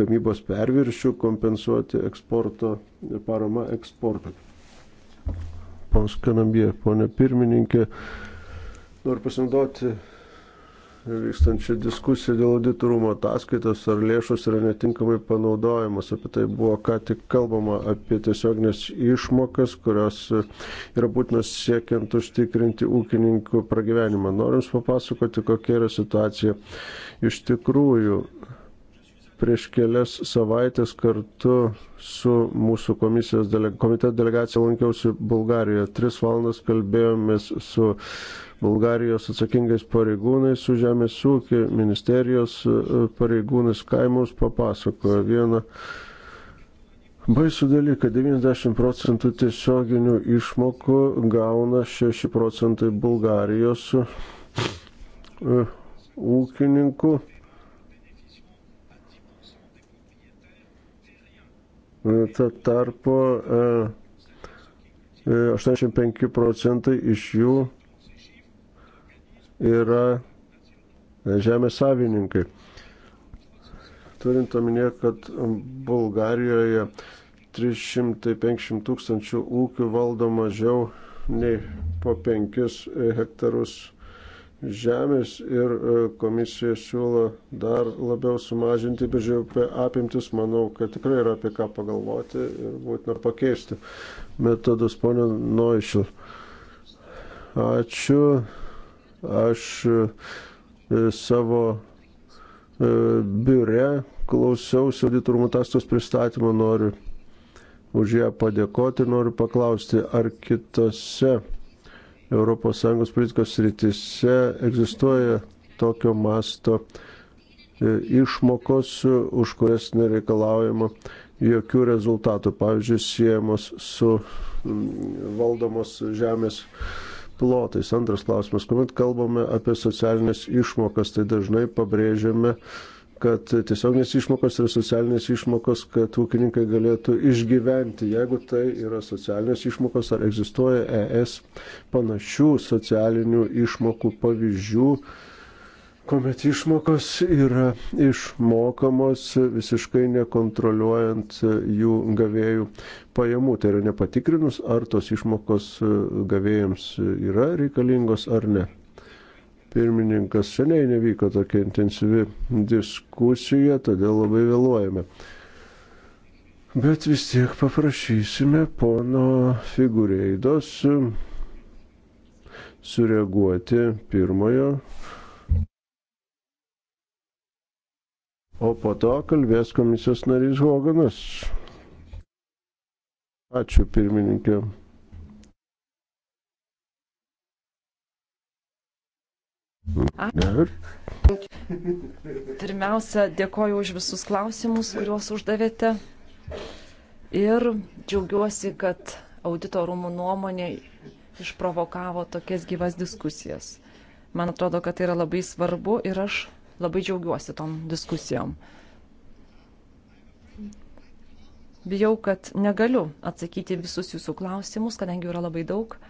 gamybos perviršių kompensuoti eksporto, parama eksportui. Pons Kanambie, ponė pirmininkė, noriu pasinaudoti vykstančią diskusiją dėl auditorumo ataskaitos, ar lėšos yra netinkamai panaudojamos. Apie tai buvo ką tik kalbama apie tiesiognės išmokas, kurios yra būtinos siekiant užtikrinti ūkininkų pragyvenimą. Noriu Jums papasakoti, kokia yra situacija iš tikrųjų prieš kelias savaitės kartu su mūsų komisijos dele, komiteto delegacija lankiausi Bulgarijoje. Tris valandas kalbėjomės su Bulgarijos atsakingais pareigūnais, su Žemės ūkio ministerijos e, pareigūnais, kaimus papasakojo vieną. Baisų dalyką, 90 procentų tiesioginių išmokų gauna 6 procentai Bulgarijos e, ūkininkų. Uh, Tuo tarpu 85 e, e, procentai iš jų yra e, žemės savininkai. Turint omenyje, kad Bulgarijoje 350 tūkstančių ūkių valdo mažiau nei po 5 hektarus žemės ir e, komisija siūlo dar labiau sumažinti BŽP apimtis, manau, kad tikrai yra apie ką pagalvoti ir būtina pakeisti metodus, ponė Noišil. Ačiū. Aš e, savo e, biure klausiausi auditorų mutastos pristatymą, noriu už ją padėkoti, noriu paklausti, ar kitose ES politikos sritise egzistuoja tokio masto e, išmokos, už kurias nereikalaujama jokių rezultatų, pavyzdžiui, siejamos su valdomos žemės plotais. Antras klausimas, kuomet kalbame apie socialinės išmokas, tai dažnai pabrėžiame kad tiesioginės išmokos ir socialinės išmokos, kad ūkininkai galėtų išgyventi. Jeigu tai yra socialinės išmokos, ar egzistuoja ES panašių socialinių išmokų pavyzdžių, kuomet išmokos yra išmokamos visiškai nekontroliuojant jų gavėjų pajamų. Tai yra nepatikrinus, ar tos išmokos gavėjams yra reikalingos ar ne pirmininkas. Seniai nevyko tokia intensyvi diskusija, todėl labai vėluojame. Bet vis tiek paprašysime pono figūreidos sureaguoti pirmojo, o po to kalbės komisijos narys Hoganas. Ačiū pirmininkė. Pirmiausia, dėkoju už visus klausimus, kuriuos uždavėte. Ir džiaugiuosi, kad audito rūmų nuomonė išprovokavo tokias gyvas diskusijas. Man atrodo, kad tai yra labai svarbu ir aš labai džiaugiuosi tom diskusijom. Bijau, kad negaliu atsakyti visus jūsų klausimus, kadangi yra labai daug.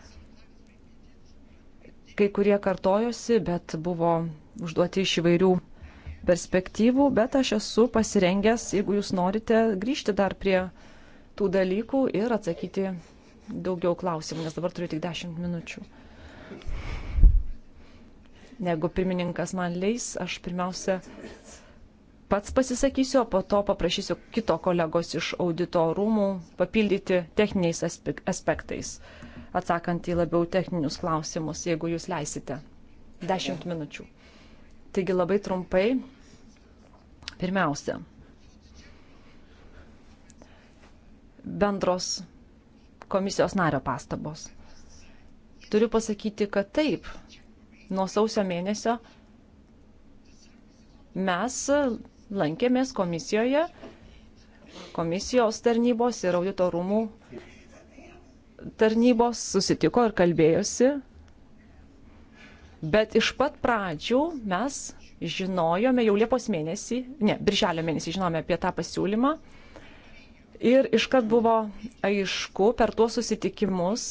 Kai kurie kartojosi, bet buvo užduoti iš įvairių perspektyvų, bet aš esu pasirengęs, jeigu jūs norite, grįžti dar prie tų dalykų ir atsakyti daugiau klausimų, nes dabar turiu tik 10 minučių. Jeigu pirmininkas man leis, aš pirmiausia pats pasisakysiu, o po to paprašysiu kito kolegos iš audito rūmų papildyti techniniais aspektais atsakant į labiau techninius klausimus, jeigu jūs leisite. Dešimt minučių. Taigi labai trumpai. Pirmiausia, bendros komisijos nario pastabos. Turiu pasakyti, kad taip, nuo sausio mėnesio mes lankėmės komisijoje, komisijos tarnybos ir audito rūmų tarnybos susitiko ir kalbėjosi, bet iš pat pradžių mes žinojome jau Liepos mėnesį, ne, birželio mėnesį žinojome apie tą pasiūlymą ir iškart buvo aišku per tuos susitikimus,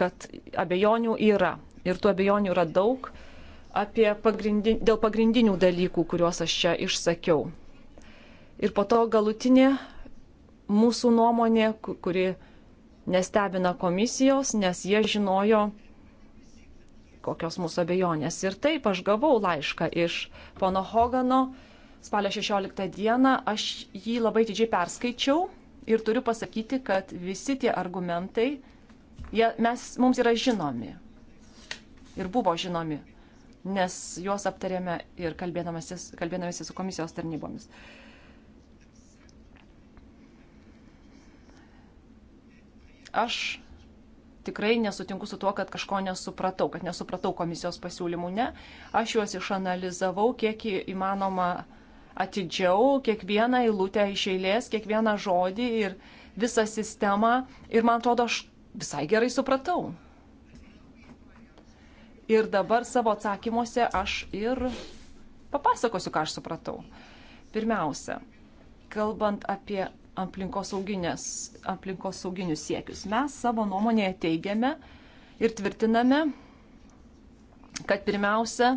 kad abejonių yra ir tų abejonių yra daug pagrindin, dėl pagrindinių dalykų, kuriuos aš čia išsakiau. Ir po to galutinė mūsų nuomonė, kuri nestebina komisijos, nes jie žinojo, kokios mūsų abejonės. Ir taip aš gavau laišką iš pono Hogano spalio 16 dieną, aš jį labai didžiai perskaičiau ir turiu pasakyti, kad visi tie argumentai, jie, mes, mums yra žinomi ir buvo žinomi, nes juos aptarėme ir kalbėdamasi su komisijos tarnybomis. Uh, Aš tikrai nesutinku su tuo, kad kažko nesupratau, kad nesupratau komisijos pasiūlymų. Ne, aš juos išanalizavau kiek įmanoma atidžiau, kiekvieną eilutę iš eilės, kiekvieną žodį ir visą sistemą. Ir man atrodo, aš visai gerai supratau. Ir dabar savo atsakymuose aš ir papasakosiu, ką aš supratau. Pirmiausia, kalbant apie aplinkosauginius aplinkos siekius. Mes savo nuomonėje teigiame ir tvirtiname, kad pirmiausia,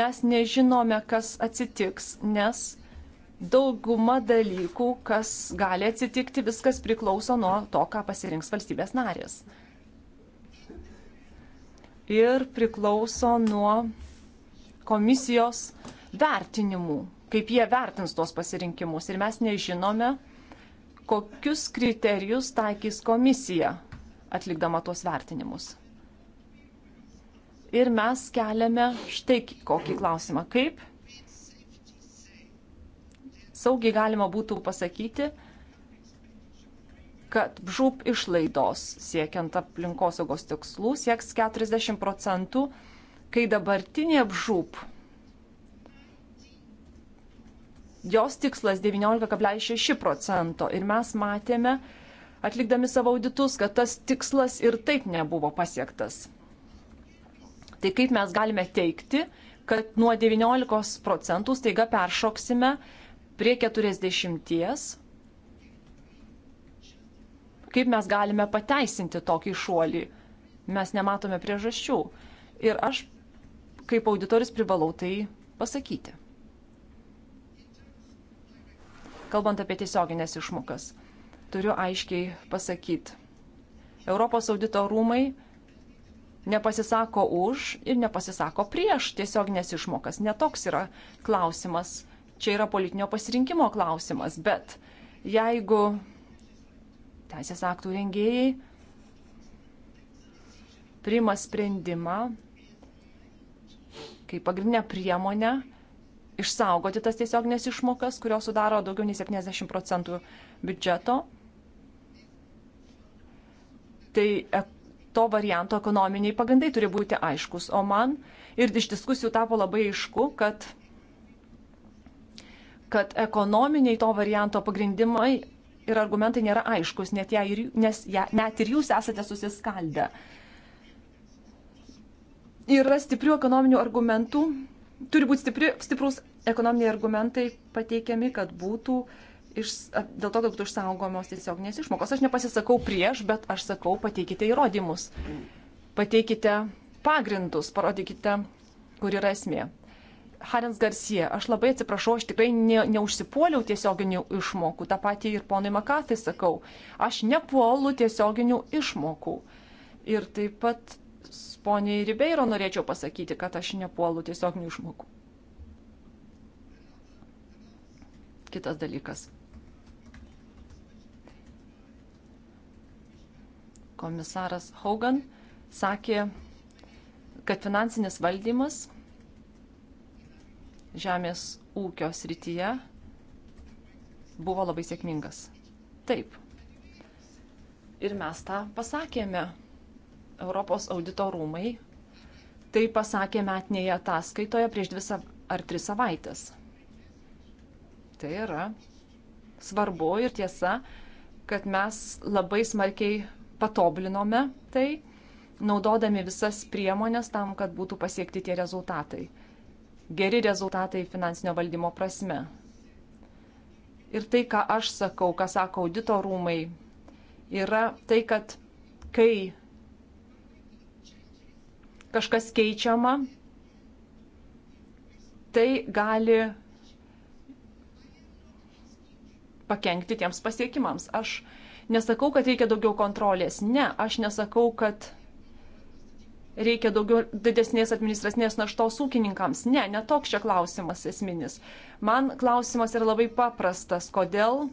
mes nežinome, kas atsitiks, nes dauguma dalykų, kas gali atsitikti, viskas priklauso nuo to, ką pasirinks valstybės narės. Ir priklauso nuo komisijos vertinimų, kaip jie vertins tuos pasirinkimus. Ir mes nežinome, kokius kriterijus taikys komisija atlikdama tuos vertinimus. Ir mes keliame štai kokį klausimą. Kaip saugiai galima būtų pasakyti, kad žūp išlaidos siekiant aplinkosaugos tikslų sieks 40 procentų, kai dabartinė žūp jos tikslas 19,6 procento. Ir mes matėme, atlikdami savo auditus, kad tas tikslas ir taip nebuvo pasiektas. Tai kaip mes galime teikti, kad nuo 19 procentų staiga peršoksime prie 40? Kaip mes galime pateisinti tokį šuolį? Mes nematome priežasčių. Ir aš kaip auditorius privalau tai pasakyti. Kalbant apie tiesioginės išmokas, turiu aiškiai pasakyti. Europos audito rūmai nepasisako už ir nepasisako prieš tiesioginės išmokas. Netoks yra klausimas. Čia yra politinio pasirinkimo klausimas. Bet jeigu teisės aktų rengėjai priima sprendimą kaip pagrindinę priemonę išsaugoti tas tiesioginės išmokas, kurios sudaro daugiau nei 70 procentų biudžeto. Tai e, to varianto ekonominiai pagrindai turi būti aiškus. O man ir iš diskusijų tapo labai aišku, kad, kad ekonominiai to varianto pagrindimai ir argumentai nėra aiškus, net ir, nes ja, net ir jūs esate susiskaldę. Yra stiprių ekonominių argumentų turi būti stipri, stiprus ekonominiai argumentai pateikiami, kad būtų iš, dėl to, kad būtų išsaugomos tiesioginės išmokos. Aš nepasisakau prieš, bet aš sakau, pateikite įrodymus, pateikite pagrindus, parodykite, kur yra esmė. Harens Garcia, aš labai atsiprašau, aš tikrai ne, neužsipuoliau tiesioginių išmokų. Ta pati ir ponui Makatai sakau, aš nepuolu tiesioginių išmokų. Ir taip pat poniai Ribeiro norėčiau pasakyti, kad aš nepuolu tiesiog neišmokau. Kitas dalykas. Komisaras Hogan sakė, kad finansinis valdymas žemės ūkio srityje buvo labai sėkmingas. Taip. Ir mes tą pasakėme Europos audito rūmai tai pasakė metinėje ataskaitoje prieš dvi ar tris savaitės. Tai yra svarbu ir tiesa, kad mes labai smarkiai patobulinome tai, naudodami visas priemonės tam, kad būtų pasiekti tie rezultatai. Geri rezultatai finansinio valdymo prasme. Ir tai, ką aš sakau, ką sako audito rūmai, yra tai, kad kai kažkas keičiama, tai gali pakengti tiems pasiekimams. Aš nesakau, kad reikia daugiau kontrolės. Ne, aš nesakau, kad reikia daugiau didesnės administracinės naštos ūkininkams. Ne, netoks čia klausimas esminis. Man klausimas yra labai paprastas. Kodėl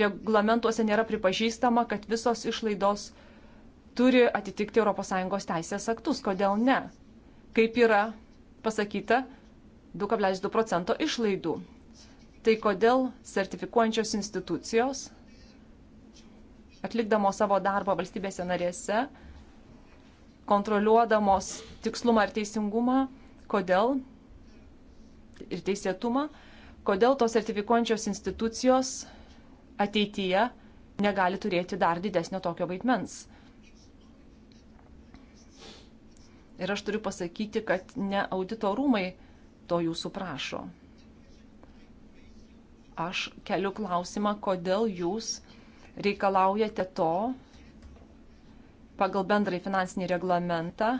reglamentuose nėra pripažįstama, kad visos išlaidos turi atitikti ES teisės aktus. Kodėl ne? Kaip yra pasakyta, 2,2 procento išlaidų. Tai kodėl sertifikuojančios institucijos, atlikdamos savo darbą valstybėse narėse, kontroliuodamos tikslumą ir teisingumą, kodėl ir teisėtumą, kodėl tos sertifikuojančios institucijos ateityje negali turėti dar didesnio tokio vaidmens. Ir aš turiu pasakyti, kad ne audito rūmai to jūsų prašo. Aš keliu klausimą, kodėl jūs reikalaujate to pagal bendrai finansinį reglamentą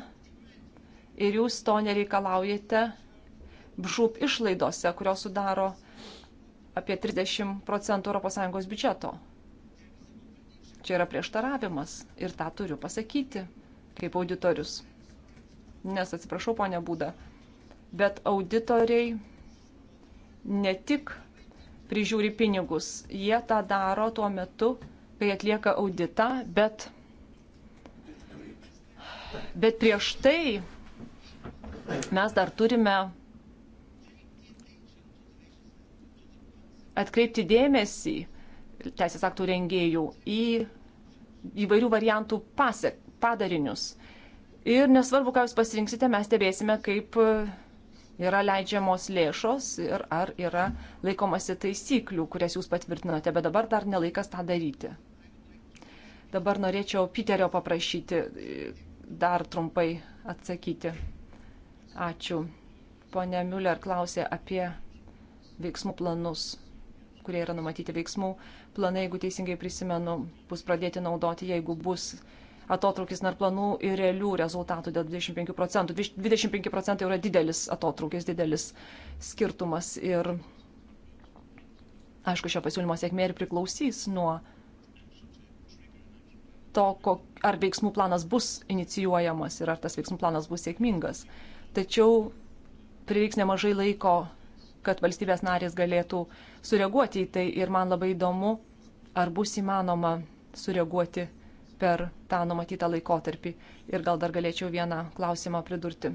ir jūs to nereikalaujate bžūp išlaidose, kurios sudaro apie 30 procentų ES biudžeto. Čia yra prieštaravimas ir tą turiu pasakyti kaip auditorius nes atsiprašau, ponia Būda, bet auditoriai ne tik prižiūri pinigus, jie tą daro tuo metu, kai atlieka auditą, bet, bet prieš tai mes dar turime atkreipti dėmesį teisės aktų rengėjų į įvairių variantų pasiek, padarinius. Ir nesvarbu, ką jūs pasirinksite, mes stebėsime, kaip e, yra leidžiamos lėšos ir ar yra laikomasi taisyklių, kurias jūs patvirtinote, bet dabar dar nelaikas tą daryti. Dabar norėčiau Piterio paprašyti e, dar trumpai atsakyti. Ačiū. Pone Müller klausė apie veiksmų planus, kurie yra numatyti veiksmų planai, jeigu teisingai prisimenu, bus pradėti naudoti, jeigu bus atotrukis tarp planų ir realių rezultatų dėl 25 procentų. 25 procentai yra didelis atotrukis, didelis skirtumas ir aišku, šio pasiūlymo sėkmė ir priklausys nuo to, ar veiksmų planas bus inicijuojamas ir ar tas veiksmų planas bus sėkmingas. Tačiau prireiks nemažai laiko, kad valstybės narės galėtų sureaguoti į tai ir man labai įdomu, ar bus įmanoma sureaguoti per tą numatytą laikotarpį. Ir gal dar galėčiau vieną klausimą pridurti.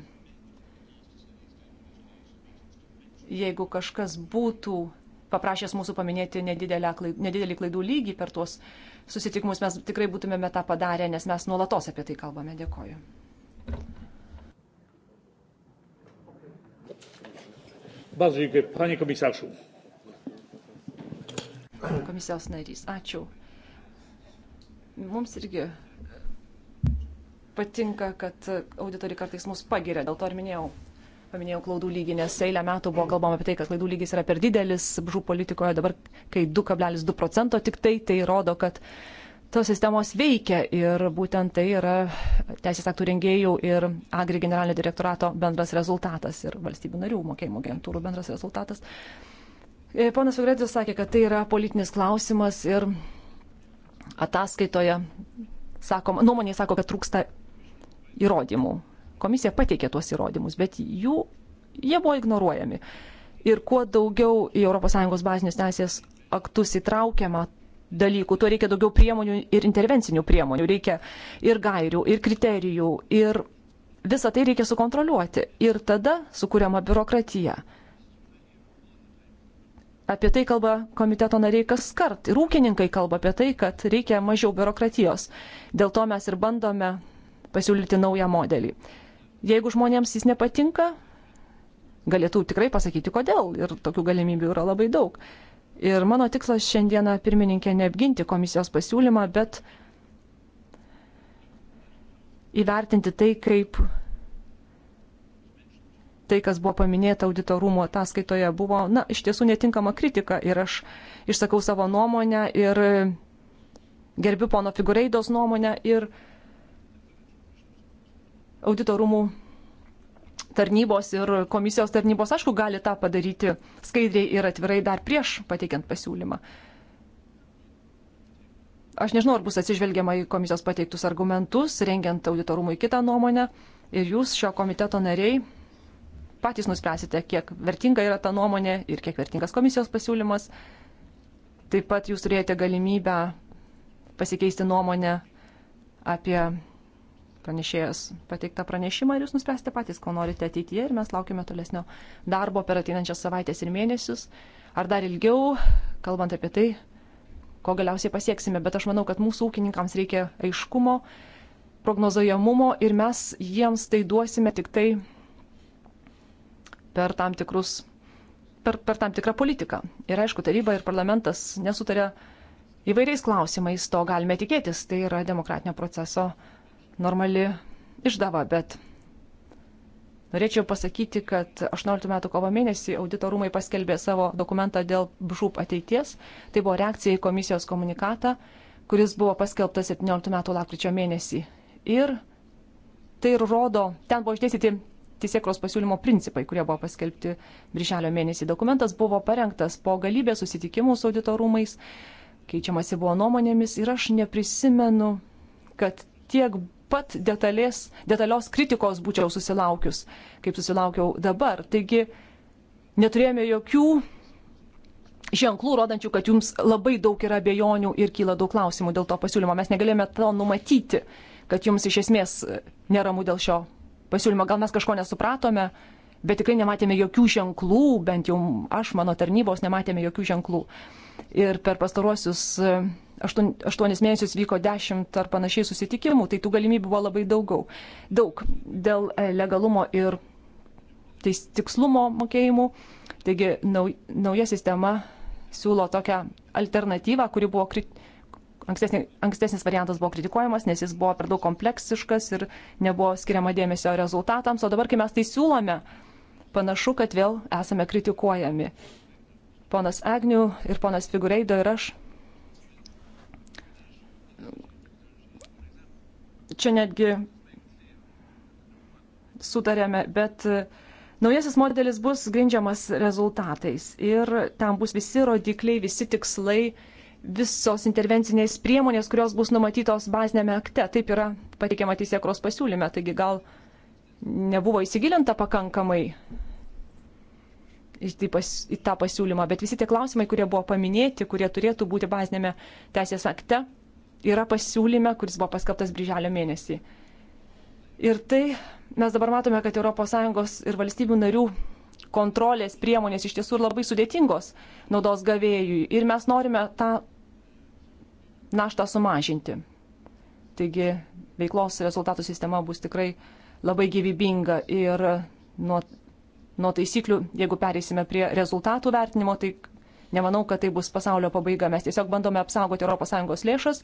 Jeigu kažkas būtų paprašęs mūsų paminėti klaidų, nedidelį klaidų lygį per tuos susitikimus, mes tikrai būtumėme tą padarę, nes mes nuolatos apie tai kalbame. Dėkoju. Bardzo dziękuję. Panie komisarzu. Komisijos narys, ačiū. Mums irgi patinka, kad auditoriai kartais mus pagiria, dėl to ir minėjau paminėjau klaidų lygį, nes eilę metų buvo kalbama apie tai, kad klaidų lygis yra per didelis bžų politikoje, dabar kai 2,2 procento tik tai, tai rodo, kad tos sistemos veikia ir būtent tai yra teisės aktų rengėjų ir Agri generalinio direktorato bendras rezultatas ir valstybių narių mokėjimo agentūrų bendras rezultatas. E, ponas Vigredis sakė, kad tai yra politinis klausimas ir ataskaitoje sakoma, nuomonė sako, kad trūksta įrodymų. Komisija pateikė tuos įrodymus, bet jų, jie buvo ignoruojami. Ir kuo daugiau į ES bazinius teisės aktus įtraukiama dalykų, tuo reikia daugiau priemonių ir intervencinių priemonių, reikia ir gairių, ir kriterijų, ir visą tai reikia sukontroliuoti. Ir tada sukūriama biurokratija apie tai kalba komiteto nariai kas kart ir ūkininkai kalba apie tai, kad reikia mažiau biurokratijos. Dėl to mes ir bandome pasiūlyti naują modelį. Jeigu žmonėms jis nepatinka, galėtų tikrai pasakyti kodėl ir tokių galimybių yra labai daug. Ir mano tikslas šiandieną pirmininkė neapginti komisijos pasiūlymą, bet įvertinti tai, kaip tai, kas buvo paminėta auditorumo ataskaitoje, buvo, na, iš tiesų netinkama kritika ir aš išsakau savo nuomonę ir gerbiu pono Figureidos nuomonę ir auditorumų tarnybos ir komisijos tarnybos, aišku, gali tą padaryti skaidriai ir atvirai dar prieš pateikiant pasiūlymą. Aš nežinau, ar bus atsižvelgiama į komisijos pateiktus argumentus, rengiant auditorumui kitą nuomonę ir jūs šio komiteto nariai patys nuspręsite, kiek vertinga yra ta nuomonė ir kiek vertingas komisijos pasiūlymas. Taip pat jūs turėjote galimybę pasikeisti nuomonę apie pranešėjas pateiktą pranešimą ir jūs nuspręsite patys, ko norite ateityje ir mes laukime tolesnio darbo per ateinančias savaitės ir mėnesius ar dar ilgiau, kalbant apie tai, ko galiausiai pasieksime. Bet aš manau, kad mūsų ūkininkams reikia aiškumo, prognozojamumo ir mes jiems tai duosime tik tai per tam, tikrus, per, per tam tikrą politiką. Ir aišku, taryba ir parlamentas nesutarė įvairiais klausimais, to galime tikėtis, tai yra demokratinio proceso normali išdava, bet norėčiau pasakyti, kad 18 metų kovo mėnesį auditorumai paskelbė savo dokumentą dėl BŽUP ateities, tai buvo reakcija į komisijos komunikatą, kuris buvo paskelbtas 17 metų lakryčio mėnesį. Ir tai rodo, ten buvo išdėstyti teisėkros pasiūlymo principai, kurie buvo paskelbti birželio mėnesį. Dokumentas buvo parengtas po galybės susitikimų su auditorumais, keičiamasi buvo nuomonėmis ir aš neprisimenu, kad tiek pat detalės, detalios kritikos būčiau susilaukius, kaip susilaukiau dabar. Taigi neturėjome jokių ženklų, rodančių, kad jums labai daug yra abejonių ir kyla daug klausimų dėl to pasiūlymo. Mes negalėjome to numatyti, kad jums iš esmės neramu dėl šio pasiūlymo. Gal mes kažko nesupratome, bet tikrai nematėme jokių ženklų, bent jau aš, mano tarnybos, nematėme jokių ženklų. Ir per pastaruosius e, aštuonis mėnesius vyko dešimt ar panašiai susitikimų, tai tų galimybių buvo labai daugiau. Daug dėl e, legalumo ir teis, tikslumo mokėjimų. Taigi nau, nauja sistema siūlo tokią alternatyvą, kuri buvo kritikuojama Ankstesni, ankstesnis variantas buvo kritikuojamas, nes jis buvo per daug kompleksiškas ir nebuvo skiriama dėmesio rezultatams, o dabar, kai mes tai siūlome, panašu, kad vėl esame kritikuojami. Ponas Agnių ir ponas Figureido ir aš. Čia netgi sutarėme, bet e, naujasis modelis bus grindžiamas rezultatais ir tam bus visi rodikliai, visi tikslai visos intervencinės priemonės, kurios bus numatytos bazinėme akte. Taip yra pateikiama teisėkros pasiūlyme, taigi gal nebuvo įsigilinta pakankamai į, tai pas, į tą pasiūlymą, bet visi tie klausimai, kurie buvo paminėti, kurie turėtų būti bazinėme teisės akte, yra pasiūlyme, kuris buvo paskelbtas brželio mėnesį. Ir tai mes dabar matome, kad ES ir valstybių narių kontrolės priemonės iš tiesų labai sudėtingos naudos gavėjui ir mes norime tą naštą sumažinti. Taigi veiklos rezultatų sistema bus tikrai labai gyvybinga ir nuo, nuo taisyklių, jeigu perėsime prie rezultatų vertinimo, tai nemanau, kad tai bus pasaulio pabaiga. Mes tiesiog bandome apsaugoti ES lėšas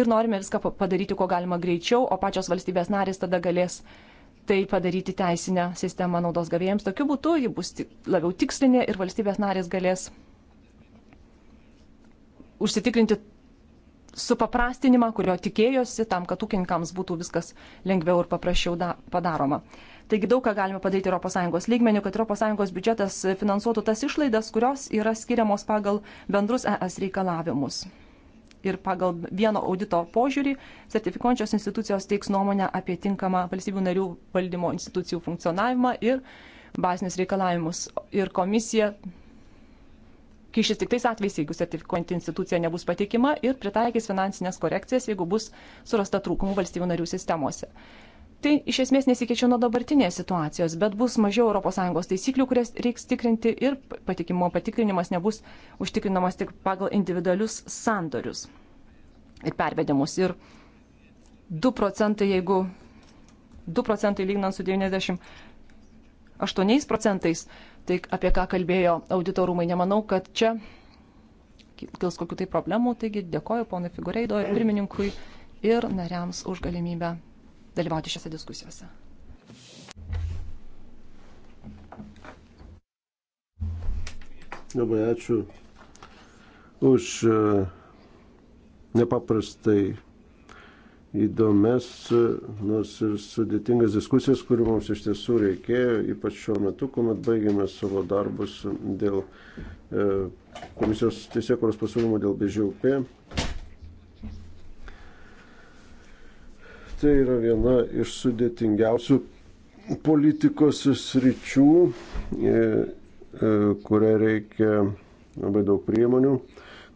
ir norime viską padaryti, kuo galima greičiau, o pačios valstybės narės tada galės uh, tai padaryti teisinę sistemą naudos gavėjams. Tokiu būtų ji bus labiau tikslinė ir valstybės narės galės užsitikrinti supaprastinimą, kurio tikėjosi, tam, kad ūkininkams būtų viskas lengviau ir paprasčiau da, padaroma. Taigi daug ką galime padaryti ES lygmenių, kad ES biudžetas finansuotų tas išlaidas, kurios yra skiriamos pagal bendrus ES reikalavimus ir pagal vieno audito požiūrį sertifikuojančios institucijos teiks nuomonę apie tinkamą valstybių narių valdymo institucijų funkcionavimą ir bazinius reikalavimus. Ir komisija kišis tik tais atvejais, jeigu sertifikuojanti institucija nebus patikima ir pritaikys finansinės korekcijas, jeigu bus surasta trūkumų valstybių narių sistemose tai iš esmės nesikeičia nuo dabartinės situacijos, bet bus mažiau ES taisyklių, kurias reiks tikrinti ir patikimo patikrinimas nebus užtikrinamas tik pagal individualius sandorius ir pervedimus. Ir 2 procentai, jeigu 2 procentai lygnant su 98 procentais, tai apie ką kalbėjo auditorumai, nemanau, kad čia kils kokiu tai problemu, taigi dėkoju ponui Figureido ir pirmininkui ir nariams už galimybę dalyvauti šiose diskusijose. Labai ačiū už e, nepaprastai įdomias, e, nors ir sudėtingas diskusijas, kurių mums iš tiesų reikėjo, ypač šiuo metu, kuomet baigėme savo darbus dėl e, komisijos teisėkuros pasiūlymo dėl BŽUP. partija yra viena iš sudėtingiausių politikos sričių, e, e, kuria reikia labai daug priemonių,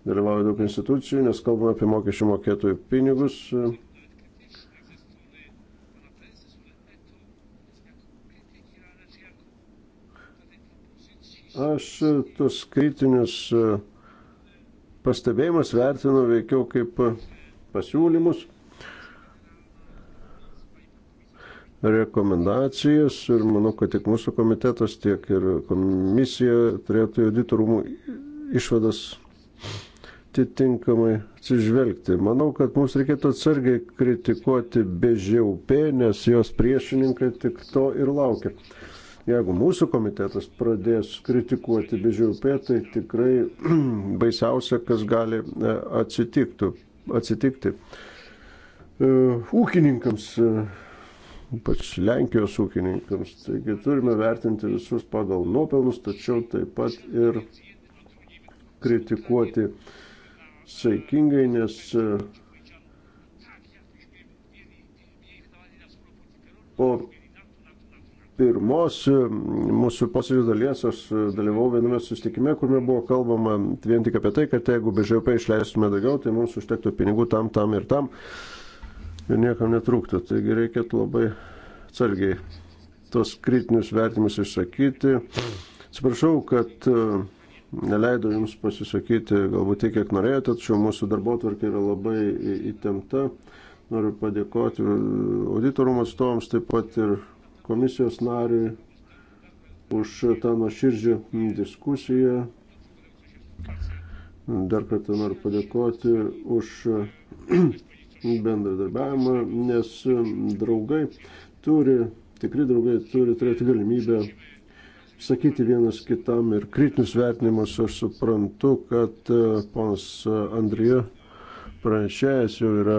dalyvauja daug institucijų, nes kalbame apie mokesčių mokėtojų pinigus. Aš tos kritinius pastebėjimus vertinu veikiau kaip pasiūlymus. rekomendacijas ir manau, kad tiek mūsų komitetas, tiek ir komisija turėtų auditorumų išvadas atitinkamai atsižvelgti. Manau, kad mums reikėtų atsargiai kritikuoti BŽUP, nes jos priešininkai tik to ir laukia. Jeigu mūsų komitetas pradės kritikuoti BŽUP, tai tikrai baisiausia, kas gali e, atsitiktų, atsitikti. E, ūkininkams e, ypač Lenkijos ūkininkams. Taigi turime vertinti visus pagal nuopelnus, tačiau taip pat ir kritikuoti saikingai, nes e, po pirmos e, mūsų posėdžio dalies aš dalyvau viename sustikime, kuriame buvo kalbama vien tik apie tai, kad jeigu BŽP išleistume daugiau, tai mums užtektų pinigų tam, tam ir tam ir niekam netrūktų. Taigi reikėtų labai atsargiai tos kritinius vertimus išsakyti. Atsiprašau, kad e, neleidau Jums pasisakyti galbūt tiek, kiek norėjote, tačiau mūsų darbo tvarkė yra labai įtempta. Noriu padėkoti e, auditorum atstovams, taip pat ir komisijos nariui už tą nuoširdžią diskusiją. Dar kartą noriu padėkoti už e, bendradarbiavimą, nes um, draugai turi, tikri draugai turi turėti galimybę sakyti vienas kitam ir kritinius vertinimus. Aš suprantu, kad uh, ponas uh, Andrija pranešėjas jau yra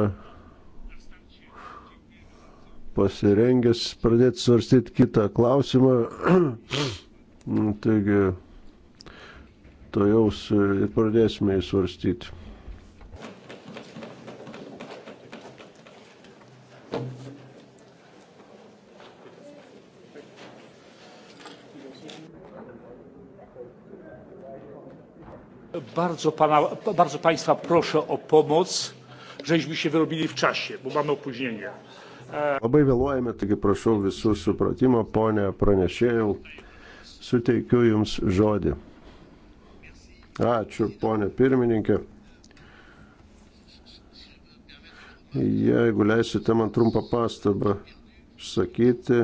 pasirengęs pradėti svarstyti kitą klausimą. Taigi, to jaus ir pradėsime įsvarstyti. Bardzo, pana, bardzo Państwa proszę o pomoc, żeśmy się wyrobili w czasie, bo mamy opóźnienie. E, Labai vėluojame, taigi prašau visų supratimo, ponė pranešėjau, suteikiu Jums žodį. Ačiū, ponė pirmininkė. Jeigu leisite man trumpą pastabą sakyti,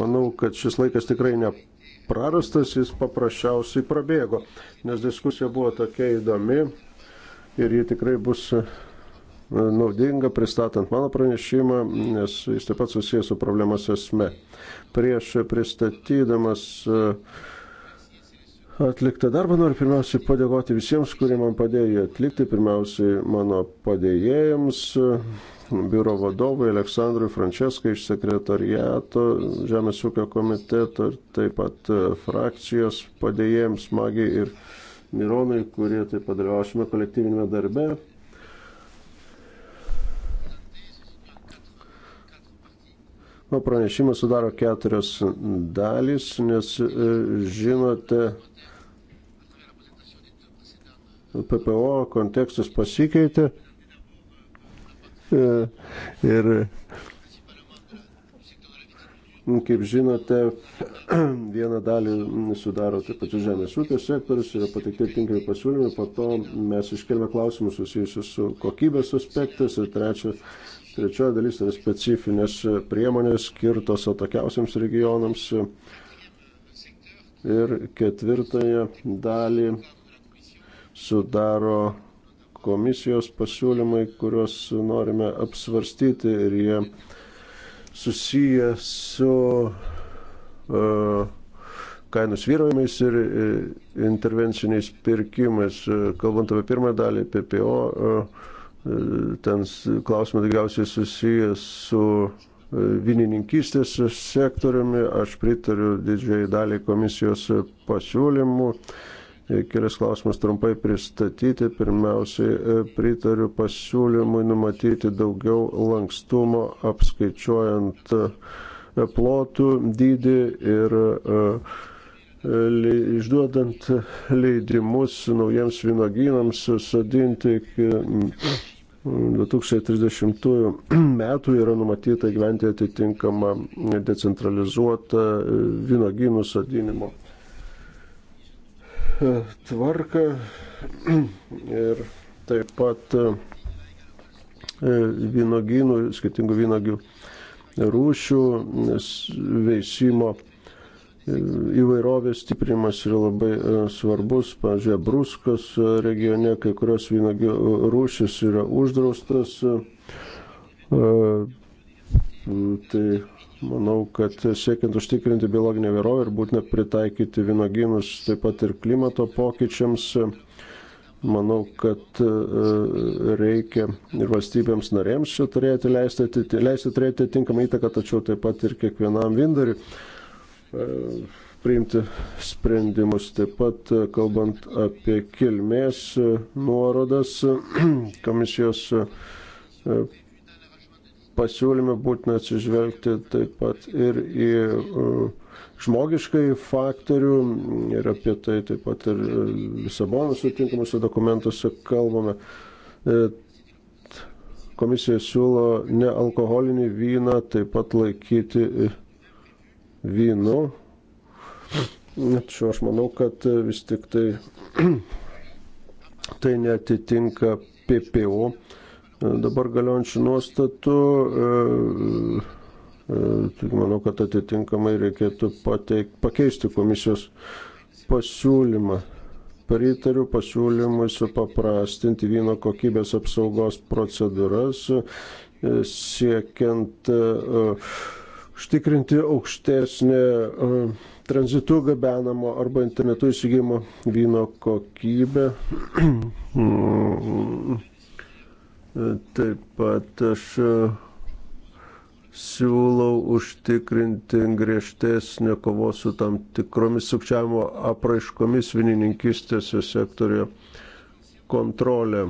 manau, kad šis laikas tikrai ne prarastas, jis paprasčiausiai prabėgo, nes diskusija buvo tokia įdomi ir ji tikrai bus e, naudinga pristatant mano pranešimą, nes jis taip pat susijęs su problemos esme. Prieš pristatydamas uh, atliktą darbą. Noriu pirmiausiai padėkoti visiems, kurie man padėjo jį atlikti. Pirmiausiai mano padėjėjams, biuro vadovui Aleksandrui Franceskai iš sekretariato, Žemės ūkio komiteto ir taip pat e, frakcijos padėjėjams Magiai ir Mironai, kurie taip pat dalyvavo šiame kolektyvinėme darbe. Mano pranešimas sudaro keturias dalys, nes e, žinote, PPO kontekstas pasikeitė e, ir kaip žinote, vieną dalį sudaro taip pat žemės ūkio sektorius, yra pateikti tinkami pasiūlymai, po to mes iškelime klausimus susijusius su kokybės aspektais ir trečia, trečioji dalis yra specifinės priemonės skirtos atokiausiams regionams ir ketvirtąją dalį sudaro komisijos pasiūlymai, kuriuos norime apsvarstyti ir jie susiję su uh, kainų svyravimais ir e, intervenciniais pirkimais. E, kalbant apie pirmą dalį PPO, uh, ten klausimas daugiausiai susijęs su vynininkystės sektoriumi. Aš pritariu didžiai daliai komisijos pasiūlymų. Uh, E, kelias klausimus trumpai pristatyti. Pirmiausiai e, pritariu pasiūlymui numatyti daugiau lankstumo apskaičiuojant e, plotų dydį ir išduodant leidimus naujiems vynogynams sodinti iki 2030 mm, metų yra numatyta gyventi atitinkamą decentralizuotą vynogynų sodinimo tvarką ir taip pat e, vynogynų, skirtingų vynogių rūšių veisimo e, įvairovės stiprinimas yra labai e, svarbus. Pavyzdžiui, Bruskos regione kai kurios vynogių rūšis yra uždraustas. Tai Manau, kad siekiant užtikrinti biologinę vėrovę ir būtina pritaikyti vynogynus taip pat ir klimato pokyčiams, manau, kad e, reikia ir valstybėms narėms čia turėti leisti, leisti turėti tinkamą įtaką, tačiau taip pat ir kiekvienam vindariui e, priimti sprendimus. Taip pat e, kalbant apie kilmės nuorodas, komisijos pasiūlyme būtina atsižvelgti taip pat ir į e, žmogiškai faktorių ir apie tai taip pat ir Lisabonos sutinkamuose dokumentuose kalbame. E, komisija siūlo nealkoholinį vyną taip pat laikyti vynu. Tačiau aš manau, kad vis tik tai tai netitinka PPO dabar galiojančių nuostatų. E, e, Tik manau, kad atitinkamai reikėtų pateik, pakeisti komisijos pasiūlymą. Pritariu pasiūlymui supaprastinti vyno kokybės apsaugos procedūras, e, siekiant užtikrinti aukštesnį tranzitu gabenamo arba internetu įsigijimo vyno kokybę. Mm, Taip pat aš e, siūlau užtikrinti griežtesnę kovos su tam tikromis sukčiavimo apraiškomis vienininkistės sektorio kontrolę.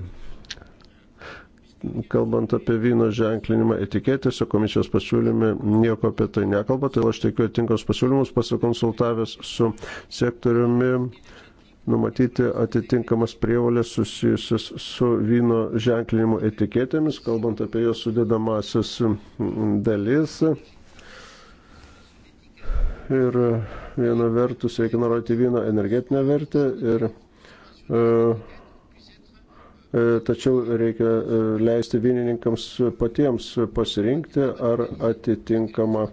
Kalbant apie vyno ženklinimą etiketėse, komisijos pasiūlyme nieko apie tai nekalba, tai aš tikiu atinkos pasiūlymus pasikonsultavęs su sektoriumi numatyti atitinkamas prievalės susijusias su vyno ženklinimu etiketėmis, kalbant apie jos sudėdamasis dalis. Ir viena vertus reikia nurodyti vyno energetinę vertę ir e, e, tačiau reikia e, leisti vynininkams patiems pasirinkti ar atitinkamą,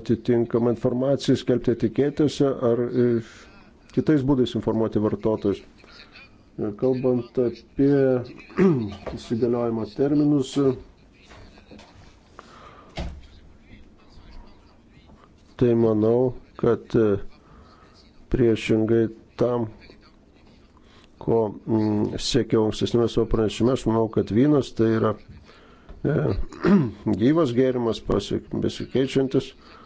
atitinkamą informaciją skelbti etiketėse, ar kitais būdais informuoti vartotojus. Kalbant apie įsigaliojimo terminus, tai manau, kad e, priešingai tam, ko mm, siekiau ankstesnėme savo pranešime, aš manau, kad vynas tai yra e, gyvas gėrimas, pasikeičiantis. Pasik,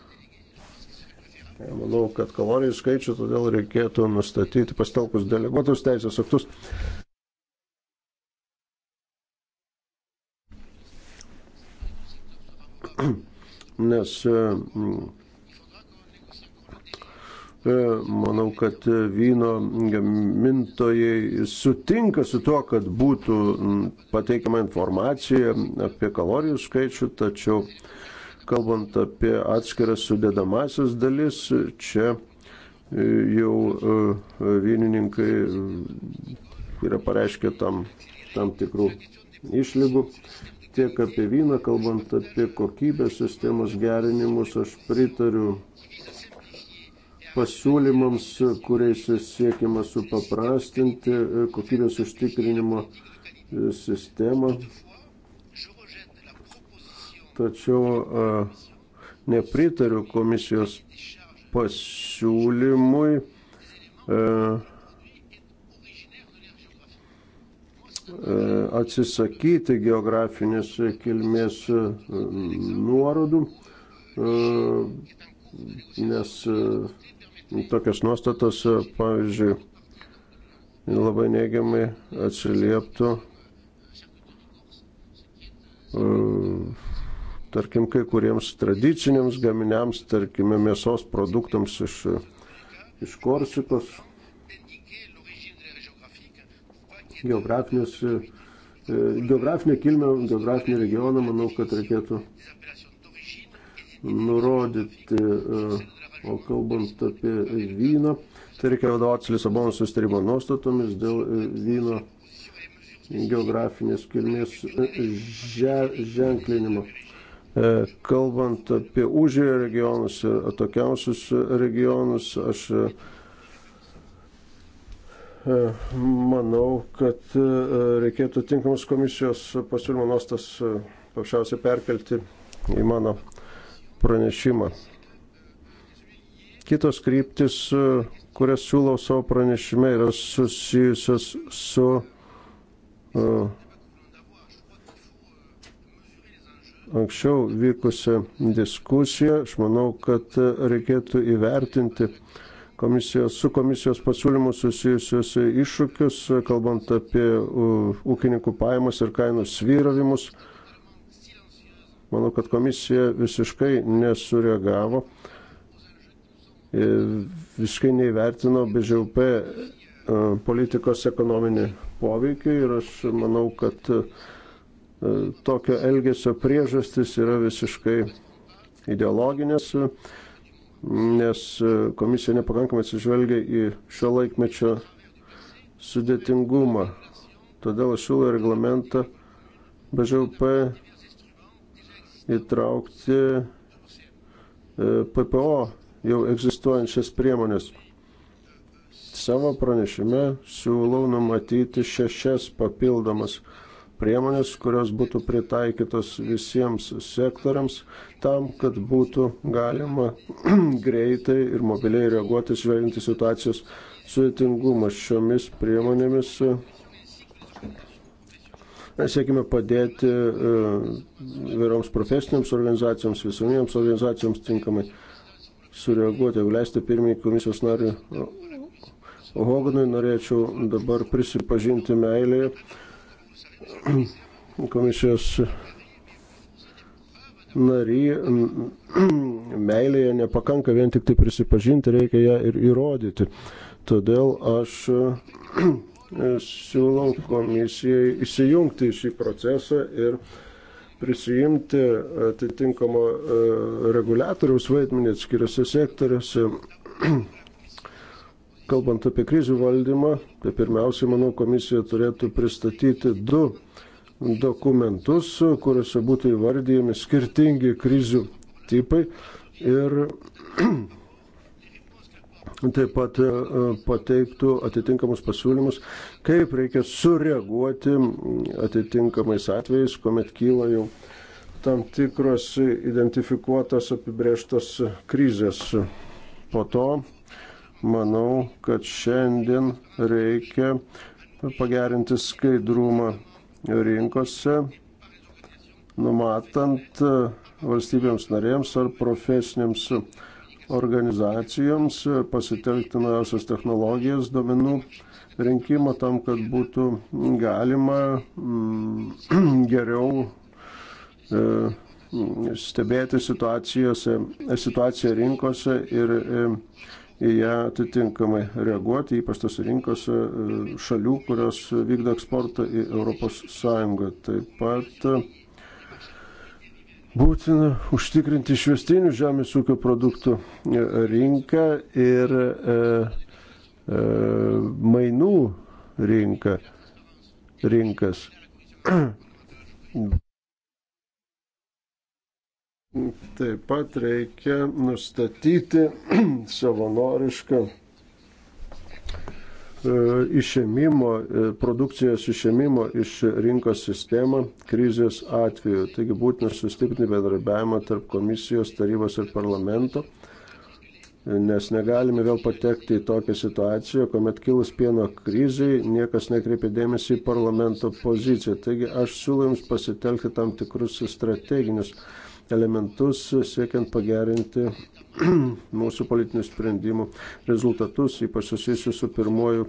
Manau, kad kalorijų skaičių todėl reikėtų nustatyti pastelkus deleguotus teisės aktus. Nes e, e, manau, kad vyno gamintojai sutinka su tuo, kad būtų pateikiama informacija apie kalorijų skaičių, tačiau Kalbant apie atskiras sudėdamasias dalis, čia e, jau e, vienininkai e, yra pareiškę tam, tam tikrų išlygų. Tiek apie vyną, kalbant apie kokybės sistemos gerinimus, aš pritariu pasiūlymams, kuriais siekiama supaprastinti kokybės užtikrinimo sistemą, tačiau nepritariu komisijos pasiūlymui atsisakyti geografinės kilmės nuorodų, nes tokios nuostatos, pavyzdžiui, labai neigiamai atsilieptų tarkim, kai kuriems tradiciniams gaminiams, tarkime, mėsos produktams iš, iš Korsikos, geografinės, e, geografinė kilmė, geografinį regioną, manau, kad reikėtų nurodyti, e, o kalbant apie vyną, tai reikia vadovautis Lisabonos sustarimo nuostatomis dėl e, vyno geografinės kilmės ženklinimo. E, kalbant apie užėjo regionus ir atokiausius regionus, aš e, manau, kad e, reikėtų tinkamus komisijos pasiūlymo nuostas paprasčiausiai perkelti į mano pranešimą. Kitos kryptis, kurias siūlau savo pranešime, yra susijusios su uh, anksčiau vykusią diskusiją. Aš manau, kad reikėtų įvertinti komisijos, su komisijos pasiūlymu susijusius iššūkius, kalbant apie ūkininkų pajamas ir kainų svyravimus. Manau, kad komisija visiškai nesureagavo, e, visiškai neįvertino BŽUP e, politikos ekonominį poveikį ir aš manau, kad uh, E, tokio elgesio priežastis yra visiškai ideologinės, nes komisija nepakankamai atsižvelgia į šio laikmečio sudėtingumą. Todėl aš siūlau reglamentą BŽP įtraukti e, PPO jau egzistuojančias priemonės. Savo pranešime siūlau numatyti šešias papildomas priemonės, kurios būtų pritaikytos visiems sektoriams, tam, kad būtų galima greitai ir mobiliai reaguoti, žvelgiant į situacijos sudėtingumą. Šiomis priemonėmis mes siekime padėti e, įvairioms profesinėms organizacijoms, visuomenėms organizacijoms tinkamai sureaguoti. Jeigu leisti pirmininkui komisijos nariui e, Hoganui, norėčiau dabar prisipažinti meilėje komisijos nary, meilėje nepakanka vien tik tai prisipažinti, reikia ją ir įrodyti. Todėl aš siūlau komisijai įsijungti į šį procesą ir prisijimti atitinkamo e, reguliatoriaus vaidmenį atskiriuose sektoriuose. Kalbant apie krizių valdymą, tai pirmiausia, manau, komisija turėtų pristatyti du dokumentus, kuriuose būtų įvardyjami skirtingi krizių tipai ir taip pat e, pateiktų atitinkamus pasiūlymus, kaip reikia sureaguoti atitinkamais atvejais, kuomet kyla jau tam tikros identifikuotos apibrėžtos krizės. Po to Manau, kad šiandien reikia pagerinti skaidrumą rinkose, numatant e, valstybėms narėms ar profesinėms organizacijoms pasitelkti naujausias technologijas domenų rinkimo tam, kad būtų galima mm, geriau e, stebėti situaciją rinkose ir e, į ją atitinkamai reaguoti, ypač tos rinkose šalių, kurios vykdo eksportą į ES. Taip pat e, būtina užtikrinti išvestinių žemės ūkio produktų e, rinką ir e, e, mainų rinką, rinkas. Taip pat reikia nustatyti savanorišką e, išėmimo, e, produkcijos išėmimo iš rinkos sistemą krizės atveju. Taigi būtina sustiprinti bendradarbiavimą tarp komisijos, tarybos ir parlamento, nes negalime vėl patekti į tokią situaciją, kuomet kilus pieno kriziai niekas nekreipia dėmesį į parlamento poziciją. Taigi aš siūlau Jums pasitelkti tam tikrus strateginius elementus, siekiant pagerinti mūsų politinių sprendimų rezultatus, ypač susijusius su pirmoju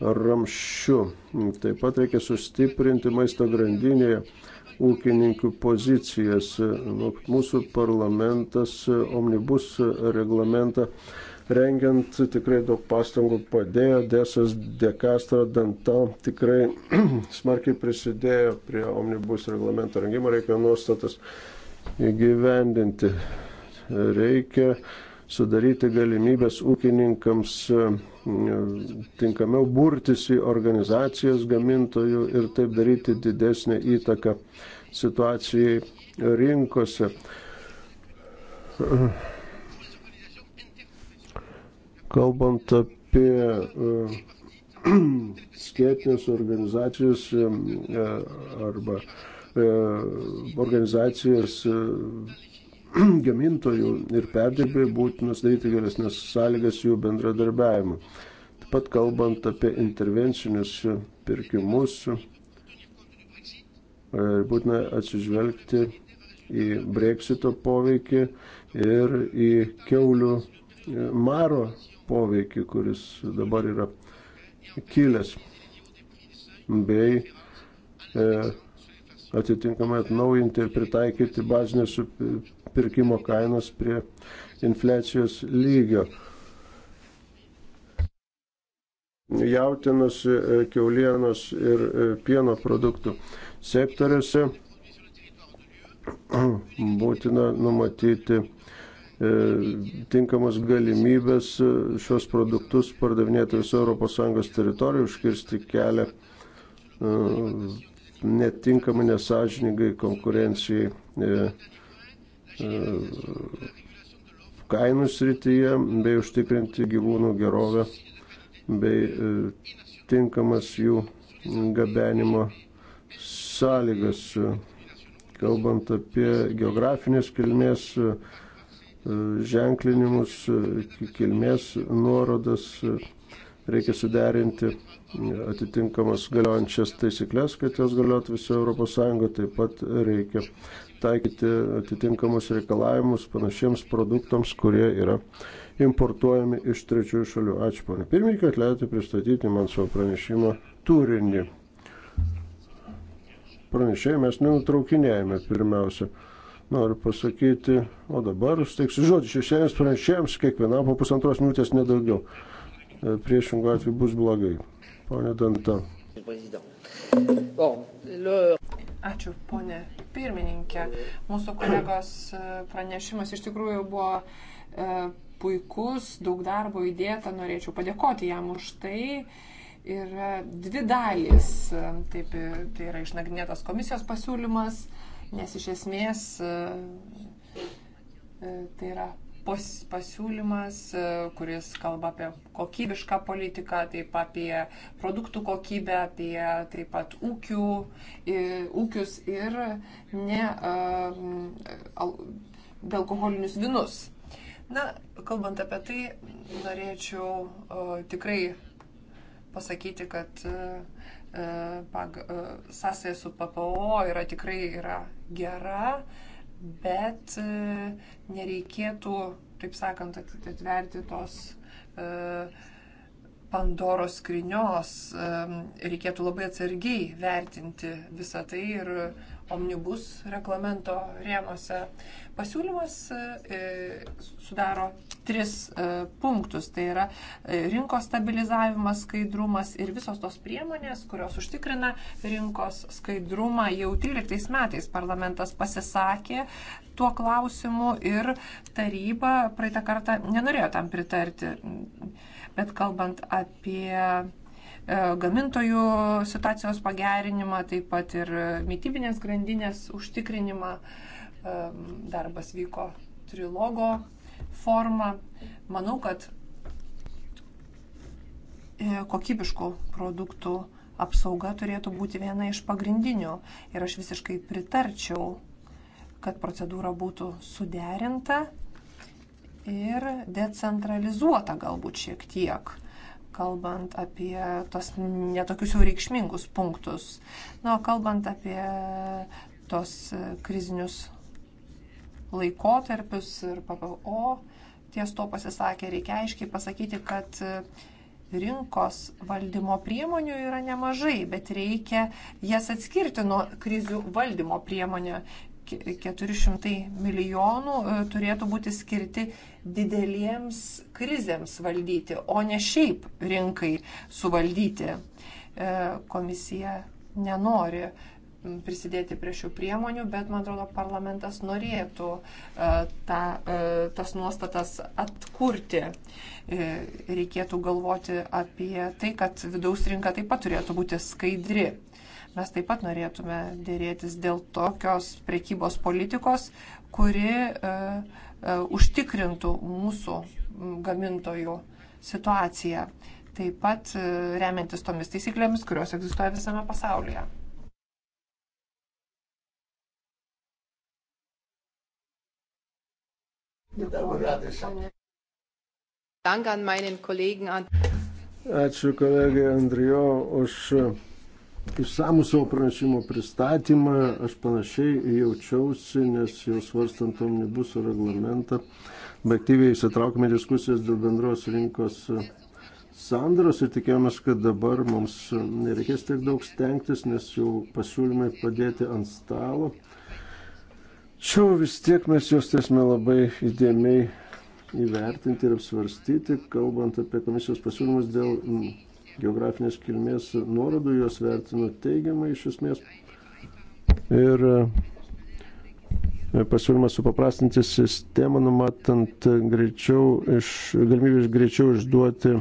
ramščiu. Taip pat reikia sustiprinti maisto grandinėje ūkininkų pozicijas. Nu, mūsų parlamentas omnibus reglamentą rengiant tikrai daug pastangų padėjo, Desas Dekastro Dantal tikrai smarkiai prisidėjo prie omnibus reglamento rengimo, reikia nuostatas įgyvendinti. Reikia sudaryti galimybės ūkininkams e, tinkamiau burtis į organizacijas gamintojų ir taip daryti didesnę įtaką situacijai rinkose. Kalbant apie e, skėtinės organizacijos e, arba uh, organizacijos e, gamintojų ir perdirbėjų būtina sudaryti geresnės sąlygas jų bendradarbiavimą. Taip pat kalbant apie intervencinius pirkimus, e, būtina atsižvelgti į breksito poveikį ir į keulių e, maro poveikį, kuris dabar yra kilęs, bei e, atitinkamai atnaujinti ir pritaikyti bazinės pirkimo kainos prie infliacijos lygio. Jautinos, e, keulienos ir e, pieno produktų sektoriuose būtina numatyti e, tinkamas galimybės šios produktus pardavinėti viso ES teritorijoje, užkirsti kelią netinkamai, nesažiningai konkurencijai e, e, kainų srityje, bei užtikrinti gyvūnų gerovę, bei e, tinkamas jų gabenimo sąlygas. Kalbant apie geografinės kilmės ženklinimus, kilmės nuorodas, reikia suderinti atitinkamas galiojančias taisyklės, kad jos galiotų viso ES, taip pat reikia taikyti atitinkamus reikalavimus panašiems produktams, kurie yra importuojami iš trečiųjų šalių. Ačiū, ponė pirmininkė, atleidote pristatyti man savo pranešimo turinį. Pranešėjai mes nenutraukinėjame pirmiausia. Noriu pasakyti, o dabar steiksiu žodžiu šešiems pranešėjams, kiekvienam po pusantros minutės nedaugiau. E, priešingų atveju bus blogai. Pone Danta. Ačiū, ponė pirmininkė. Mūsų kolegos e, pranešimas iš tikrųjų buvo e, puikus, daug darbo įdėta, norėčiau padėkoti jam už tai. Yra dvi dalys, taip tai yra išnagrinėtas komisijos pasiūlymas, nes iš esmės tai yra pasiūlymas, e, kuris kalba apie kokybišką politiką, taip apie produktų kokybę, apie taip pat ūkių, ūkius ir ne belkoholinius vinus. Na, kalbant apie tai, norėčiau uh, tikrai pasakyti, kad uh, pag, uh, sąsaja su PPO yra tikrai yra gera. Uh, bet e, nereikėtų, taip sakant, atverti tos e, Pandoros skrinios. E, reikėtų labai atsargiai vertinti visą tai ir omnibus reglamento rėmose. Pasiūlymas e, sudaro tris e, punktus. Tai yra e, rinkos stabilizavimas, skaidrumas ir visos tos priemonės, kurios užtikrina rinkos skaidrumą. Jau 13 metais parlamentas pasisakė tuo klausimu ir taryba praeitą kartą nenorėjo tam pritarti. Bet kalbant apie E, gamintojų situacijos pagerinimą, taip pat ir mytybinės grandinės užtikrinimą. E, darbas vyko trilogo forma. Manau, kad e, kokybiškų produktų apsauga turėtų būti viena iš pagrindinių. Ir aš visiškai pritarčiau, kad procedūra būtų suderinta ir decentralizuota galbūt šiek tiek kalbant apie tos netokius jau reikšmingus punktus. Na, o kalbant apie tos e, krizinius laikotarpius ir PPO, ties to pasisakė, reikia aiškiai pasakyti, kad e, rinkos valdymo priemonių yra nemažai, bet reikia jas atskirti nuo krizių valdymo priemonių. 400 milijonų e, turėtų būti skirti dideliems krizėms valdyti, o ne šiaip rinkai suvaldyti. E, komisija nenori prisidėti prie šių priemonių, bet man atrodo parlamentas norėtų e, ta, tas nuostatas atkurti. Reikėtų galvoti apie tai, kad vidaus rinka taip pat turėtų būti skaidri. Mes taip pat norėtume dėrėtis dėl tokios prekybos politikos, kuri uh, uh, užtikrintų mūsų gamintojų situaciją. Taip pat uh, remiantis tomis taisyklėmis, kurios egzistuoja visame pasaulyje. Ačiū kolegai Andrijo už išsamų savo pranešimo pristatymą. Aš panašiai jaučiausi, nes jau svarstant omnibusų reglamentą, aktyviai įsitraukime diskusijas dėl bendros rinkos sandros ir tikėjomės, kad dabar mums nereikės tiek daug stengtis, nes jau pasiūlymai padėti ant stalo. Čia vis tiek mes juos tiesme labai įdėmiai įvertinti ir apsvarstyti, kalbant apie komisijos pasiūlymus dėl geografinės kilmės nuorodų, juos vertino teigiamai iš esmės. Ir e, pasiūlymas supaprastinti sistemą, numatant greičiau iš, galimybės greičiau išduoti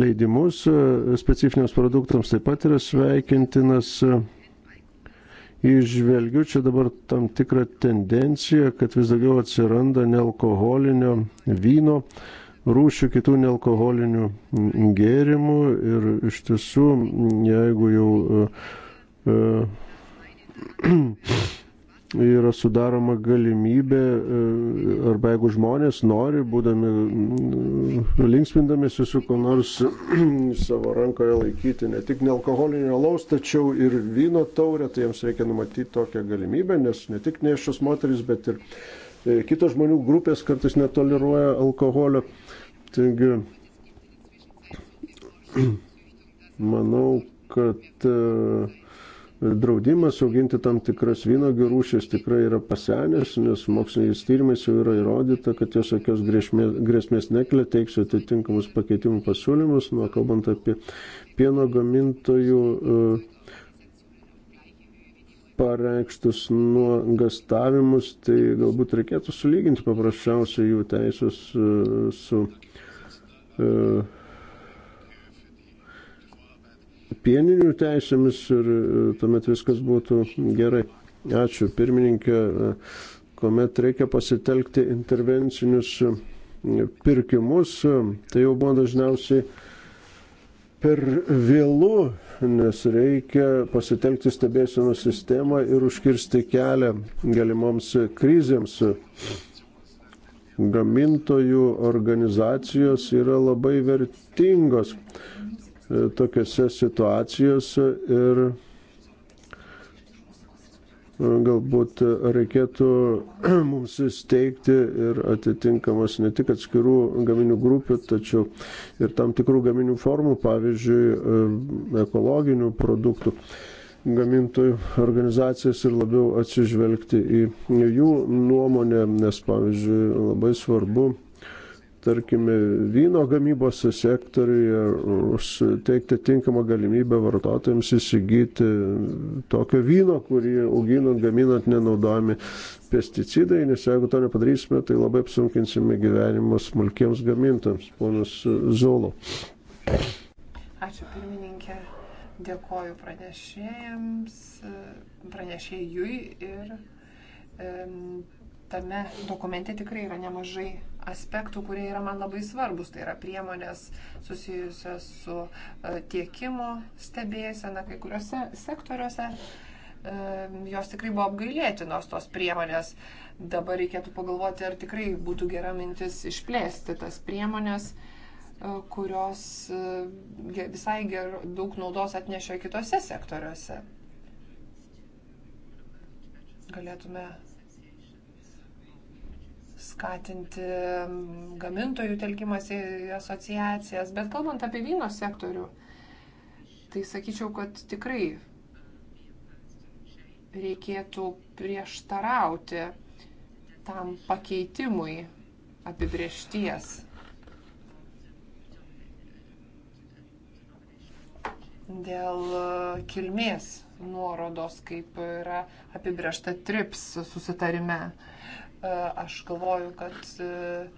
leidimus e, specifiniams produktams taip pat yra sveikintinas. Išvelgiu čia dabar tam tikrą tendenciją, kad vis daugiau atsiranda nealkoholinio vyno rūšių kitų nealkoholinių gėrimų ir iš tiesų, jeigu jau e, e, yra sudaroma galimybė, e, arba jeigu žmonės nori, būdami mm, linksmindamėsi su kuo nors savo rankoje laikyti ne tik nealkoholinio alaus, tačiau ir vyno taurę, tai jiems reikia numatyti tokią galimybę, nes ne tik neščios moteris, bet ir kitos žmonių grupės kartais netoleruoja alkoholio. Taigi, manau, kad e, draudimas auginti tam tikras vynogių rūšis tikrai yra pasenęs, nes moksliniais tyrimais jau yra įrodyta, kad jos jokios grėsmės, grėsmės nekelia, teiksiu atitinkamus pakeitimų pasiūlymus, nuo kalbant apie pieno gamintojų e, pareikštus nuogastavimus, tai galbūt reikėtų sulyginti paprasčiausiai jų teisės e, su. su E, pieninių teisėmis ir e, tuomet viskas būtų gerai. Ačiū pirmininkė, e, kuomet reikia pasitelkti intervencinius pirkimus, tai jau buvo dažniausiai per vėlų, nes reikia pasitelkti stebėsienos sistemą ir užkirsti kelią galimoms krizėms gamintojų organizacijos yra labai vertingos e, tokiuose situacijose ir e, galbūt reikėtų mums steigti ir atitinkamas ne tik atskirų gaminių grupių, tačiau ir tam tikrų gaminių formų, pavyzdžiui, e, ekologinių produktų gamintojų organizacijas ir labiau atsižvelgti į jų nuomonę, nes pavyzdžiui labai svarbu tarkime, vyno gamybos sektoriuje teikti tinkamą galimybę vartotojams įsigyti tokio vyno, kurį auginant, gaminant nenaudojami pesticidai, nes jeigu to nepadarysime, tai labai apsunkinsime gyvenimą smulkiems gamintams, ponas Zolo. Ačiū pirmininkė. Dėkoju pranešėjams, pranešėjui ir tame dokumente tikrai yra nemažai aspektų, kurie yra man labai svarbus. Tai yra priemonės susijusios su e, tiekimo stebėsena kai kuriuose sektoriuose. Jos tikrai buvo apgailėtinos tos priemonės. Dabar reikėtų pagalvoti, ar tikrai būtų gera mintis išplėsti tas priemonės kurios e, visai ger, daug naudos atnešė kitose sektoriuose. Galėtume skatinti gamintojų telkimas į asociacijas, bet kalbant apie vyno sektorių, tai sakyčiau, kad tikrai reikėtų prieštarauti tam pakeitimui apibriešties dėl e, kilmės nuorodos, kaip yra apibriešta TRIPS susitarime. E, aš galvoju, kad e,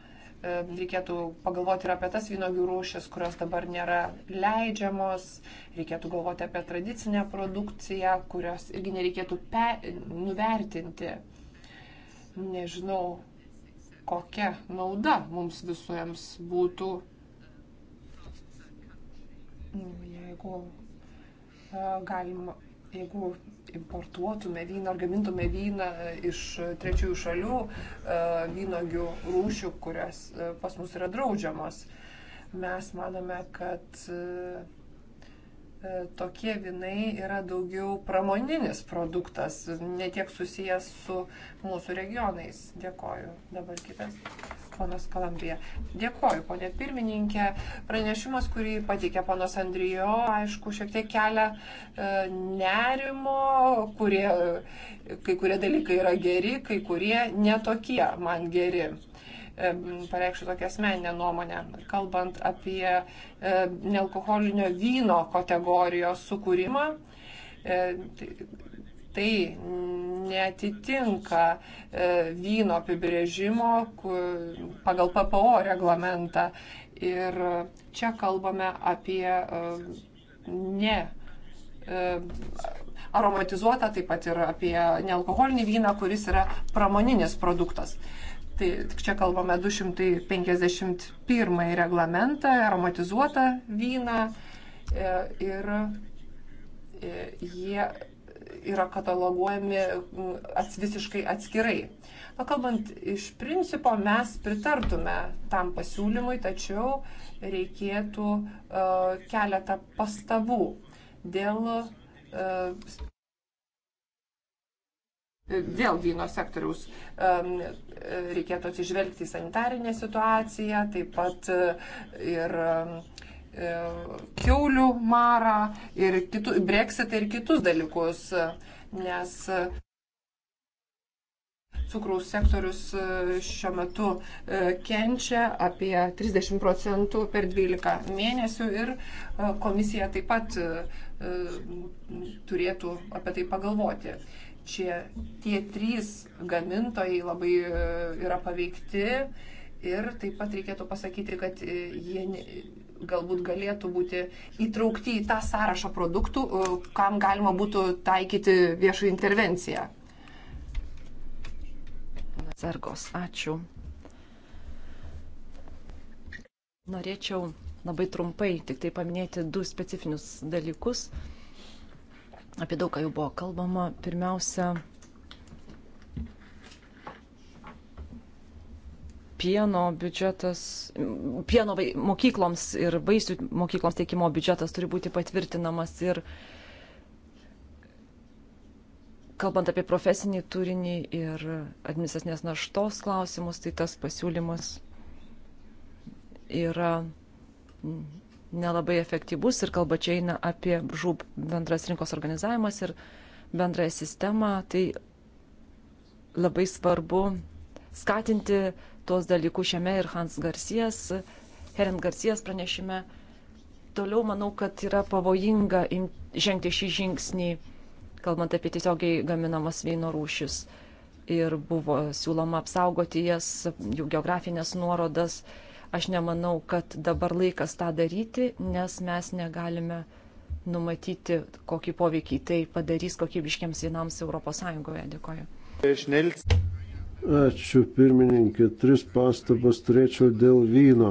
reikėtų pagalvoti ir apie tas vynogių rūšis, kurios dabar nėra leidžiamos, reikėtų galvoti apie tradicinę produkciją, kurios irgi nereikėtų pe, nuvertinti. Nežinau, kokia nauda mums visiems būtų, nu, jeigu galima, jeigu importuotume vyną ar gamintume vyną e, iš trečiųjų šalių, e, vynogių rūšių, kurios e, pas mus yra draudžiamos, mes manome, kad E, tokie vinai yra daugiau pramoninis produktas, netiek susijęs su mūsų regionais. Dėkoju. Dabar kitas. Ponas Kalambija. Dėkoju, ponė pirmininkė. Pranešimas, kurį pateikė ponas Andrijo, aišku, šiek tiek kelia e, nerimo, kurie, kai kurie dalykai yra geri, kai kurie netokie man geri pareikščiau tokią asmeninę nuomonę, kalbant apie nealkoholinio vyno kategorijos sukūrimą. Tai, tai netitinka vyno apibrėžimo pagal PPO reglamentą. Ir čia kalbame apie ne aromatizuotą, taip pat ir apie nealkoholinį vyną, kuris yra pramoninis produktas. Uh, Tai čia kalbame 251 reglamentą, aromatizuotą vyną e, ir e, jie yra kataloguojami ats, visiškai atskirai. Na, kalbant iš principo, mes pritartume tam pasiūlymui, tačiau reikėtų uh, keletą pastabų dėl uh, vėl vyno sektoriaus reikėtų atsižvelgti į sanitarinę situaciją, taip pat e, ir e, kiaulių marą, ir kitų, breksitą ir kitus dalykus, nes cukraus sektorius e, šiuo metu kenčia apie 30 procentų per 12 mėnesių ir komisija taip pat turėtų apie tai pagalvoti šie, tie trys gamintojai labai e, yra paveikti ir taip pat reikėtų pasakyti, kad e, jie galbūt galėtų būti įtraukti į tą sąrašą produktų, e, kam galima būtų taikyti viešą intervenciją. Sargos, ačiū. Norėčiau labai trumpai tik tai paminėti du specifinius dalykus. Apie daug ką jau buvo kalbama. Pirmiausia, pieno biudžetas, pieno vai, mokykloms ir vaisių mokykloms teikimo biudžetas turi būti patvirtinamas ir kalbant apie profesinį turinį ir administracinės naštos klausimus, tai tas pasiūlymas yra nelabai efektyvus ir kalba čia eina apie žūb bendras rinkos organizavimas ir bendrąją sistemą, tai labai svarbu skatinti tuos dalykus šiame ir Hans Garcijas, Herent Garcijas pranešime. Toliau manau, kad yra pavojinga žengti šį žingsnį, kalbant apie tiesiogiai gaminamas vyno rūšis. Ir buvo siūloma apsaugoti jas, jų geografinės nuorodas, Aš nemanau, kad dabar laikas tą daryti, nes mes negalime numatyti, kokį poveikį tai padarys kokybiškiams vynams ES. Dėkoju. Ačiū pirmininkė, tris pastabas turėčiau dėl vyno.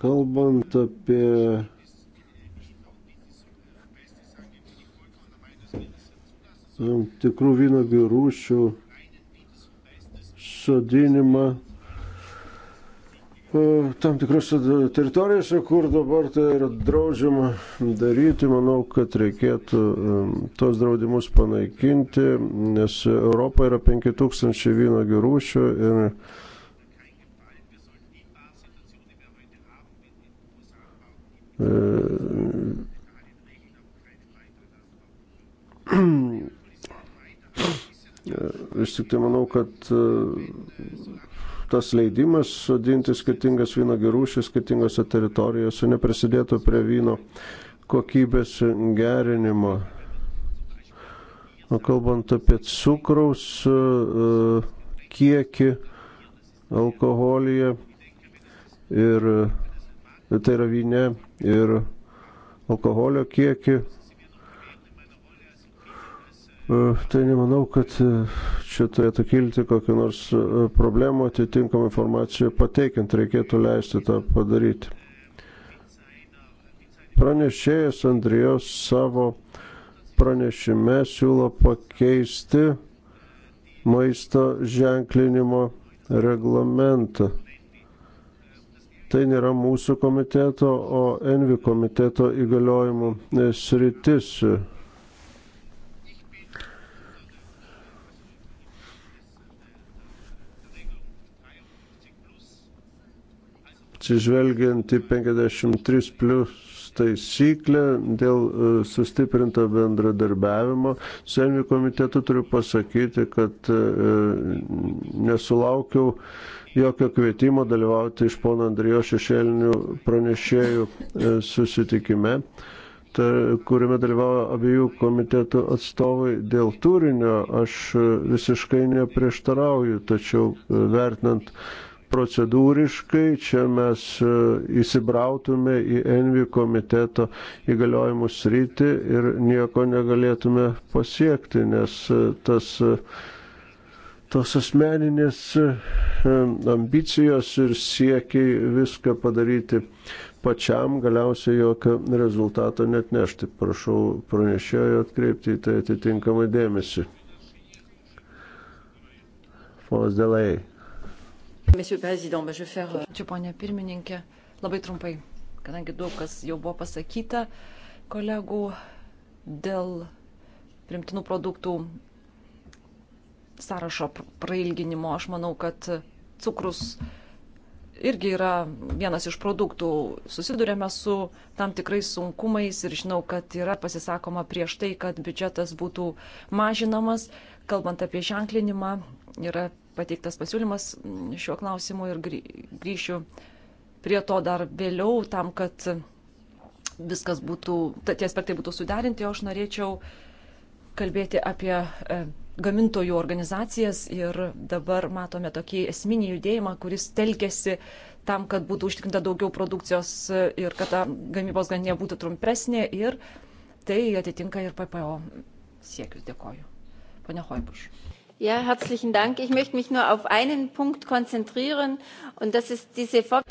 Kalbant apie tam tikrų vynogių rūšių sodinimą E, tam tikrose teritorijose, kur dabar tai yra draudžiama daryti, manau, kad reikėtų e, tos draudimus panaikinti, nes Europoje yra 5000 vynogių rūšių ir e, Vis tik tai manau, kad tas leidimas sodinti skirtingas vynogių rūšis skirtingose teritorijose neprisidėtų prie vyno kokybės gerinimo. O kalbant apie cukraus e, kiekį alkoholyje ir e, tai yra vyne ir alkoholio kiekį E, tai nemanau, kad e, čia turėtų kilti kokiu nors e, problemu atitinkamą informaciją pateikiant, reikėtų leisti tą padaryti. Pranešėjas Andrijos savo pranešime siūlo pakeisti maisto ženklinimo reglamentą. Tai nėra mūsų komiteto, o Envi komiteto įgaliojimų sritis. atsižvelgiant į 53 plus taisyklę dėl e, sustiprinto bendradarbiavimo. Senvi komitetu turiu pasakyti, kad e, nesulaukiau jokio kvietimo dalyvauti iš pono Andrijo šešėlinių pranešėjų e, susitikime kuriame dalyvavo abiejų komitetų atstovai dėl turinio, aš visiškai neprieštarauju, tačiau vertinant procedūriškai čia mes e, įsibrautume į Envi komiteto įgaliojimų sritį ir nieko negalėtume pasiekti, nes e, tas e, tos asmeninės ambicijos ir siekiai viską padaryti pačiam galiausiai jokio rezultato net nešti. Prašau pranešėjo atkreipti į tai atitinkamą dėmesį. Fos Delay. Euh, Ačiū, ponė pirmininkė. Labai trumpai, kadangi daug kas jau buvo pasakyta kolegų dėl primtinų produktų sąrašo prailginimo. Aš manau, kad cukrus irgi yra vienas iš produktų. Susidurėme su tam tikrais sunkumais ir žinau, kad yra pasisakoma prieš tai, kad biudžetas būtų mažinamas. Kalbant apie ženklinimą, yra pateiktas pasiūlymas mm, šiuo klausimu ir grįšiu prie to dar vėliau, tam, kad viskas būtų, tie aspektai būtų suderinti, o aš norėčiau kalbėti apie e, gamintojų organizacijas ir dabar matome tokį esminį judėjimą, kuris telkėsi tam, kad būtų užtikrinta daugiau produkcijos ir kad ta gamybos grandinė būtų trumpesnė ir tai atitinka ir PPO siekius. Dėkoju. Pane Hoibuš. Ja, herzlichen Dank. Ich möchte mich nur auf einen Punkt konzentrieren und das ist diese Vor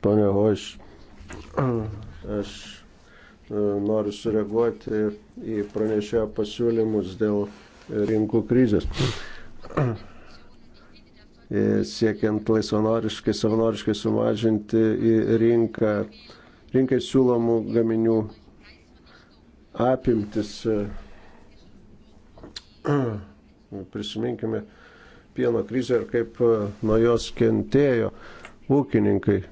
Pane Hoš, aš e, noriu sureaguoti į pranešėjo pasiūlymus dėl rinkų krizės. E, siekiant laisvanoriškai, savanoriškai sumažinti į rinką, rinkai siūlomų gaminių apimtis e, Prisiminkime pieno krizę ir kaip e, nuo jos kentėjo ūkininkai.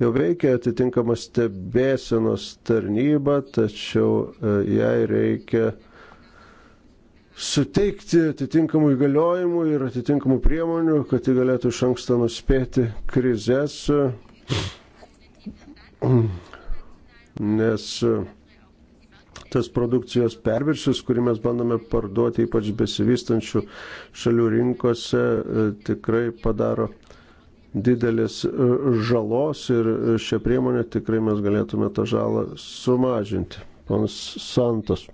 Jau veikia atitinkama stebėsenos tarnyba, tačiau e, jai reikia suteikti atitinkamų įgaliojimų ir atitinkamų priemonių, kad jį galėtų iš anksto nuspėti krizės, nes tas produkcijos perviršis, kurį mes bandome parduoti ypač besivystančių šalių rinkose, e, tikrai padaro didelės e, žalos ir e, šią priemonę tikrai mes galėtume tą žalą sumažinti. Ponas Santos.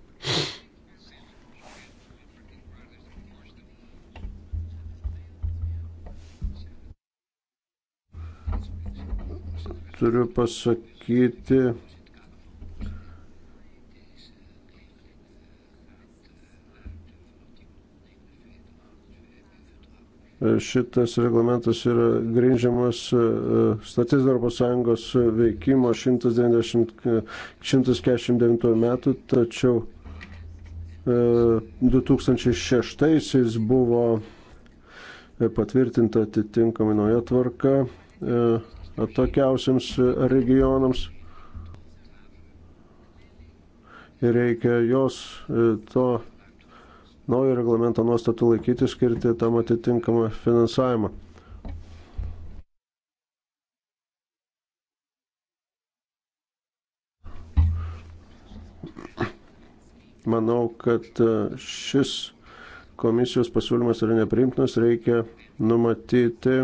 Turiu pasakyti, šitas reglamentas yra grindžiamas e, statys ES veikimo 190, 149 metų, tačiau 2006 e, buvo patvirtinta atitinkamai nauja tvarka e, atokiausiams regionams ir reikia jos to naujo reglamento nuostatų laikyti, skirti tam atitinkamą finansavimą. Manau, kad e, šis komisijos pasiūlymas yra neprimtinas, reikia numatyti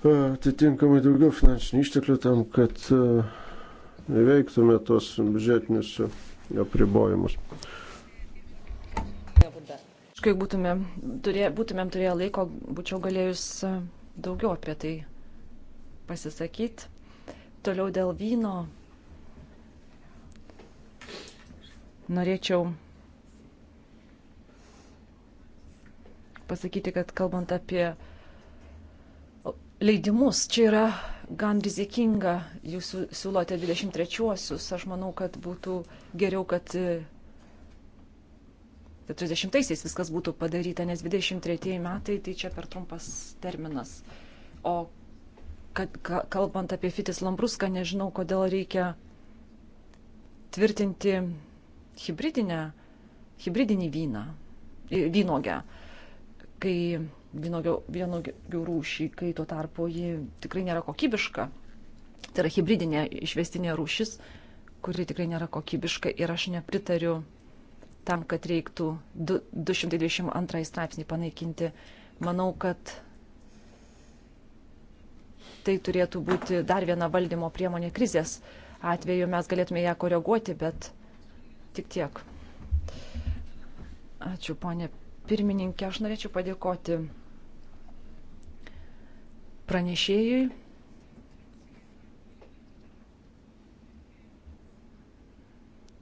e, atitinkamai daugiau finansinių išteklių tam, kad įveiktume e, tos biudžetinius apribojimus. Kai būtumėm, turė, būtumėm turėję laiko, būčiau galėjus e, daugiau apie tai pasisakyti. Toliau dėl vyno. Norėčiau pasakyti, kad kalbant apie leidimus, čia yra gan rizikinga, jūs siūlote 23-uosius, aš manau, kad būtų geriau, kad 40-aisiais e, viskas būtų padaryta, nes 23 metai tai čia per trumpas terminas. O kad, kalbant apie Fitis Lambruską, nežinau, kodėl reikia tvirtinti hybridinę, hybridinį vyną, vynogę, kai vynogių, vynogių rūšį, kai tuo tarpu ji tikrai nėra kokybiška. Tai yra hybridinė išvestinė rūšis, kuri tikrai nėra kokybiška ir aš nepritariu tam, kad reiktų 222 straipsnį panaikinti. Manau, kad tai turėtų būti dar viena valdymo priemonė krizės atveju. Mes galėtume ją koreguoti, bet tik tiek. Ačiū, ponė pirmininkė. Aš norėčiau padėkoti pranešėjui.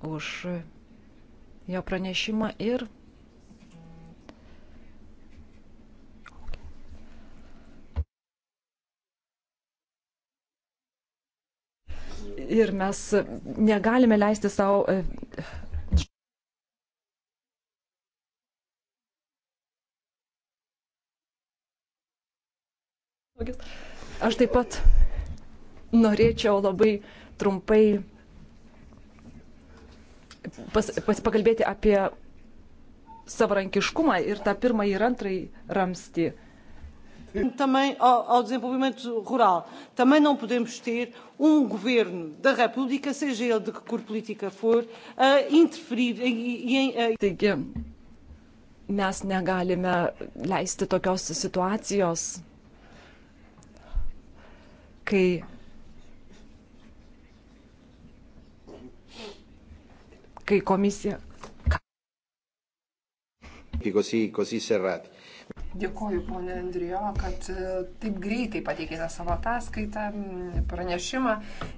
už jo pranešimą ir Ir mes negalime leisti savo Aš taip pat norėčiau labai trumpai pas, pas, pakalbėti apie savarankiškumą ir tą pirmąjį ir antrąjį ramstį. Também ao, ao desenvolvimento rural. Também não podemos ter um governo da República, seja ele de que cor política for, a interferir e. A... Taigi, mes negalime leisti tokios situacijos kai kai komisija. Così, così serrati. Dėkoju, ponė Andrijo, kad e, taip greitai pateikėte savo ataskaitą, pranešimą,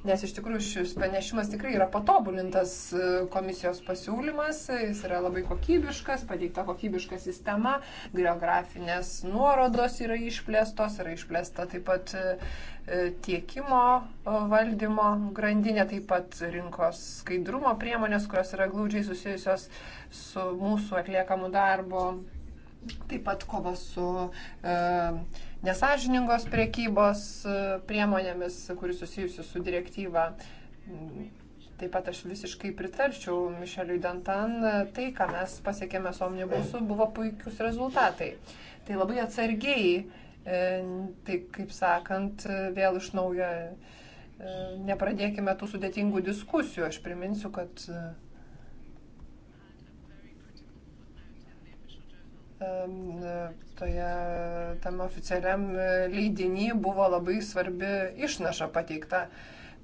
nes iš tikrųjų šis pranešimas tikrai yra patobulintas e, komisijos pasiūlymas, jis yra labai kokybiškas, pateikta kokybiška sistema, geografinės nuorodos yra išplėstos, yra išplėsta taip pat e, tiekimo valdymo grandinė, taip pat rinkos skaidrumo priemonės, kurios yra glaudžiai susijusios su mūsų atliekamu darbu Taip pat kova su e, nesažiningos priekybos e, priemonėmis, kuris susijusi su direktyva. Taip pat aš visiškai pritarčiau Mišeliui Dantan, tai, ką mes pasiekėme su omnibusu, buvo puikius rezultatai. Tai labai atsargiai, e, tai kaip sakant, vėl iš naujo e, nepradėkime tų sudėtingų diskusijų. Aš priminsiu, kad e, toje, tam oficialiam e, leidinį buvo labai svarbi išnaša pateikta.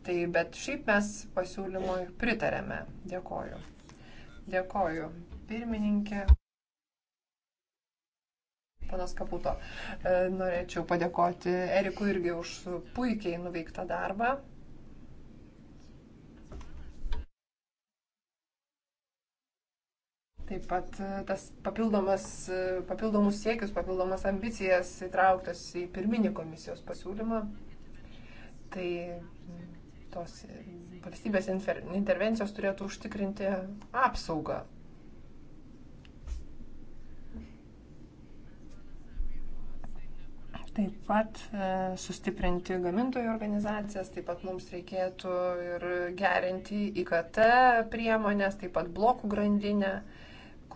Tai bet šiaip mes pasiūlymui pritarėme. Dėkoju. Dėkoju. Pirmininkė. Panas Kaputo, e, norėčiau padėkoti Erikui irgi už puikiai nuveiktą darbą. Taip pat e, tas papildomas, e, papildomus siekius, papildomas ambicijas įtrauktas į pirminį komisijos pasiūlymą. Tai tos valstybės intervencijos turėtų užtikrinti apsaugą. Taip pat e, sustiprinti gamintojų organizacijas, taip pat mums reikėtų ir gerinti IKT priemonės, taip pat blokų grandinę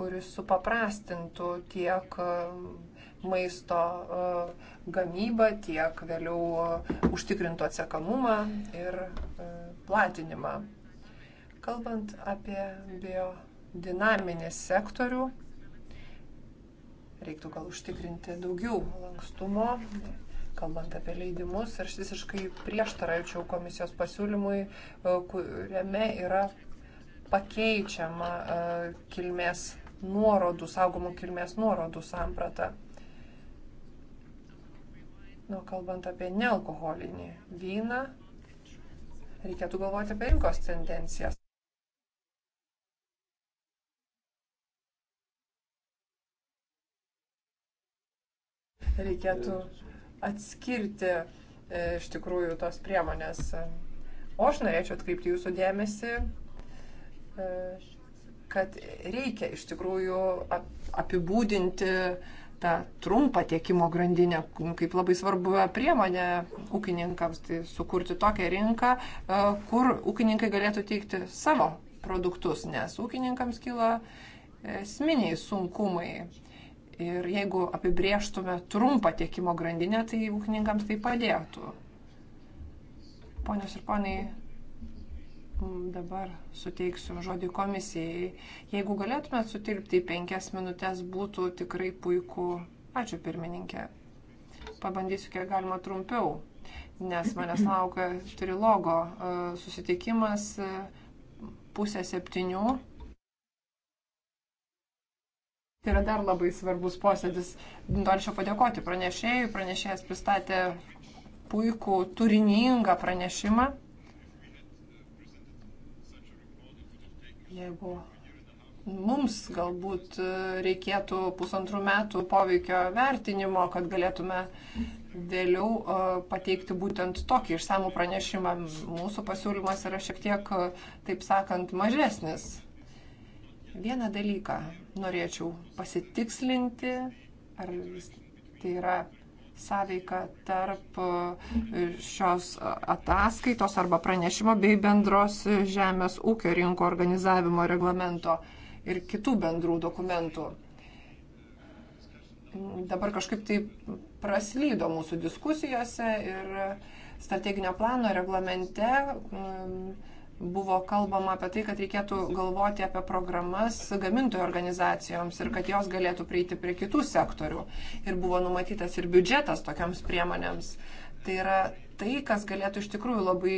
kuris supaprastintų tiek e, maisto e, gamybą, tiek vėliau e, užtikrintų atsekamumą ir platinimą. Kalbant apie biodinaminį sektorių, reiktų gal užtikrinti daugiau lankstumo, kalbant apie leidimus. Aš visiškai prieštaraučiau komisijos pasiūlymui, kuriame yra pakeičiama kilmės nuorodų, saugomų kilmės nuorodų sampratą. Nu, kalbant apie nealkoholinį vyną, reikėtų galvoti apie rinkos tendencijas. Reikėtų atskirti e, iš tikrųjų tos priemonės. O aš norėčiau atkreipti jūsų dėmesį e, kad reikia iš tikrųjų apibūdinti tą trumpą tiekimo grandinę nu, kaip labai svarbu priemonė ūkininkams, tai sukurti tokią rinką, e, kur ūkininkai galėtų teikti savo produktus, nes ūkininkams kyla esminiai sunkumai. Ir jeigu apibrieštume trumpą tiekimo grandinę, tai ūkininkams tai padėtų. Ponios ir ponai, Dabar suteiksim žodį komisijai. Jeigu galėtumėt sutilpti į penkias minutės, būtų tikrai puiku. Ačiū pirmininkė. Pabandysiu kiek galima trumpiau, nes manęs laukia trilogo e, susitikimas e, pusę septynių. Tai yra dar labai svarbus posėdis. Norėčiau padėkoti pranešėjui. Pranešėjas pristatė puikų, turiningą pranešimą. Jeigu mums galbūt e, reikėtų pusantrų metų poveikio vertinimo, kad galėtume vėliau e, pateikti būtent tokį išsamų pranešimą. Mūsų pasiūlymas yra šiek tiek, e, taip sakant, mažesnis. Vieną dalyką norėčiau pasitikslinti, ar tai yra sąveika tarp e, šios ataskaitos arba pranešimo bei bendros e, žemės ūkio rinko organizavimo reglamento ir kitų bendrų dokumentų. Dabar kažkaip tai praslydo mūsų diskusijose ir e, strateginio plano reglamente buvo kalbama apie tai, kad reikėtų galvoti apie programas gamintojų organizacijoms ir kad jos galėtų prieiti prie kitų sektorių. Ir buvo numatytas ir biudžetas tokiams priemonėms. Tai yra tai, kas galėtų iš tikrųjų labai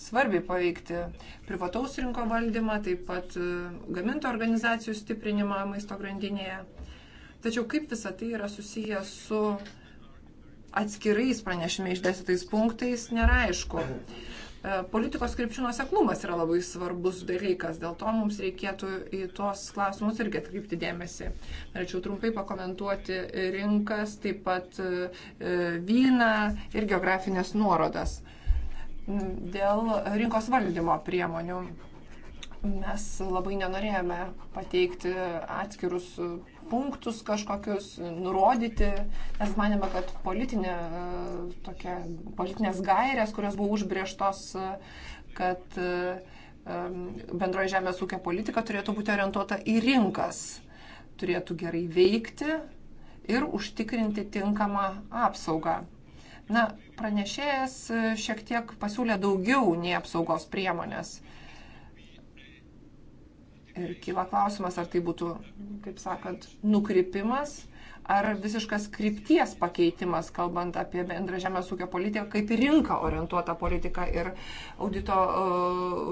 svarbiai paveikti privataus rinko valdymą, taip pat e, gamintojų organizacijų stiprinimą maisto grandinėje. Tačiau kaip visa tai yra susijęs su atskirais pranešime išdėstytais punktais, nėra aišku. E, politikos krypčių nuseklumas yra labai svarbus dalykas, dėl to mums reikėtų į tos klausimus irgi atkreipti dėmesį. Norėčiau trumpai pakomentuoti rinkas, taip pat e, vyną ir geografinės nuorodas. Dėl rinkos valdymo priemonių mes labai nenorėjome pateikti atskirus punktus kažkokius, nurodyti, nes manėme, kad politinė, e, tokia, politinės gairės, kurios buvo užbrieštos, e, kad e, bendroji žemės ūkio politika turėtų būti orientuota į rinkas, turėtų gerai veikti ir užtikrinti tinkamą apsaugą. Na, pranešėjas šiek tiek pasiūlė daugiau nei apsaugos priemonės. Uh, Ir kyla klausimas, ar tai būtų, kaip sakant, nukrypimas ar visiškas krypties pakeitimas, kalbant apie bendrą žemės ūkio politiką, kaip į rinką orientuotą politiką. Ir audito e,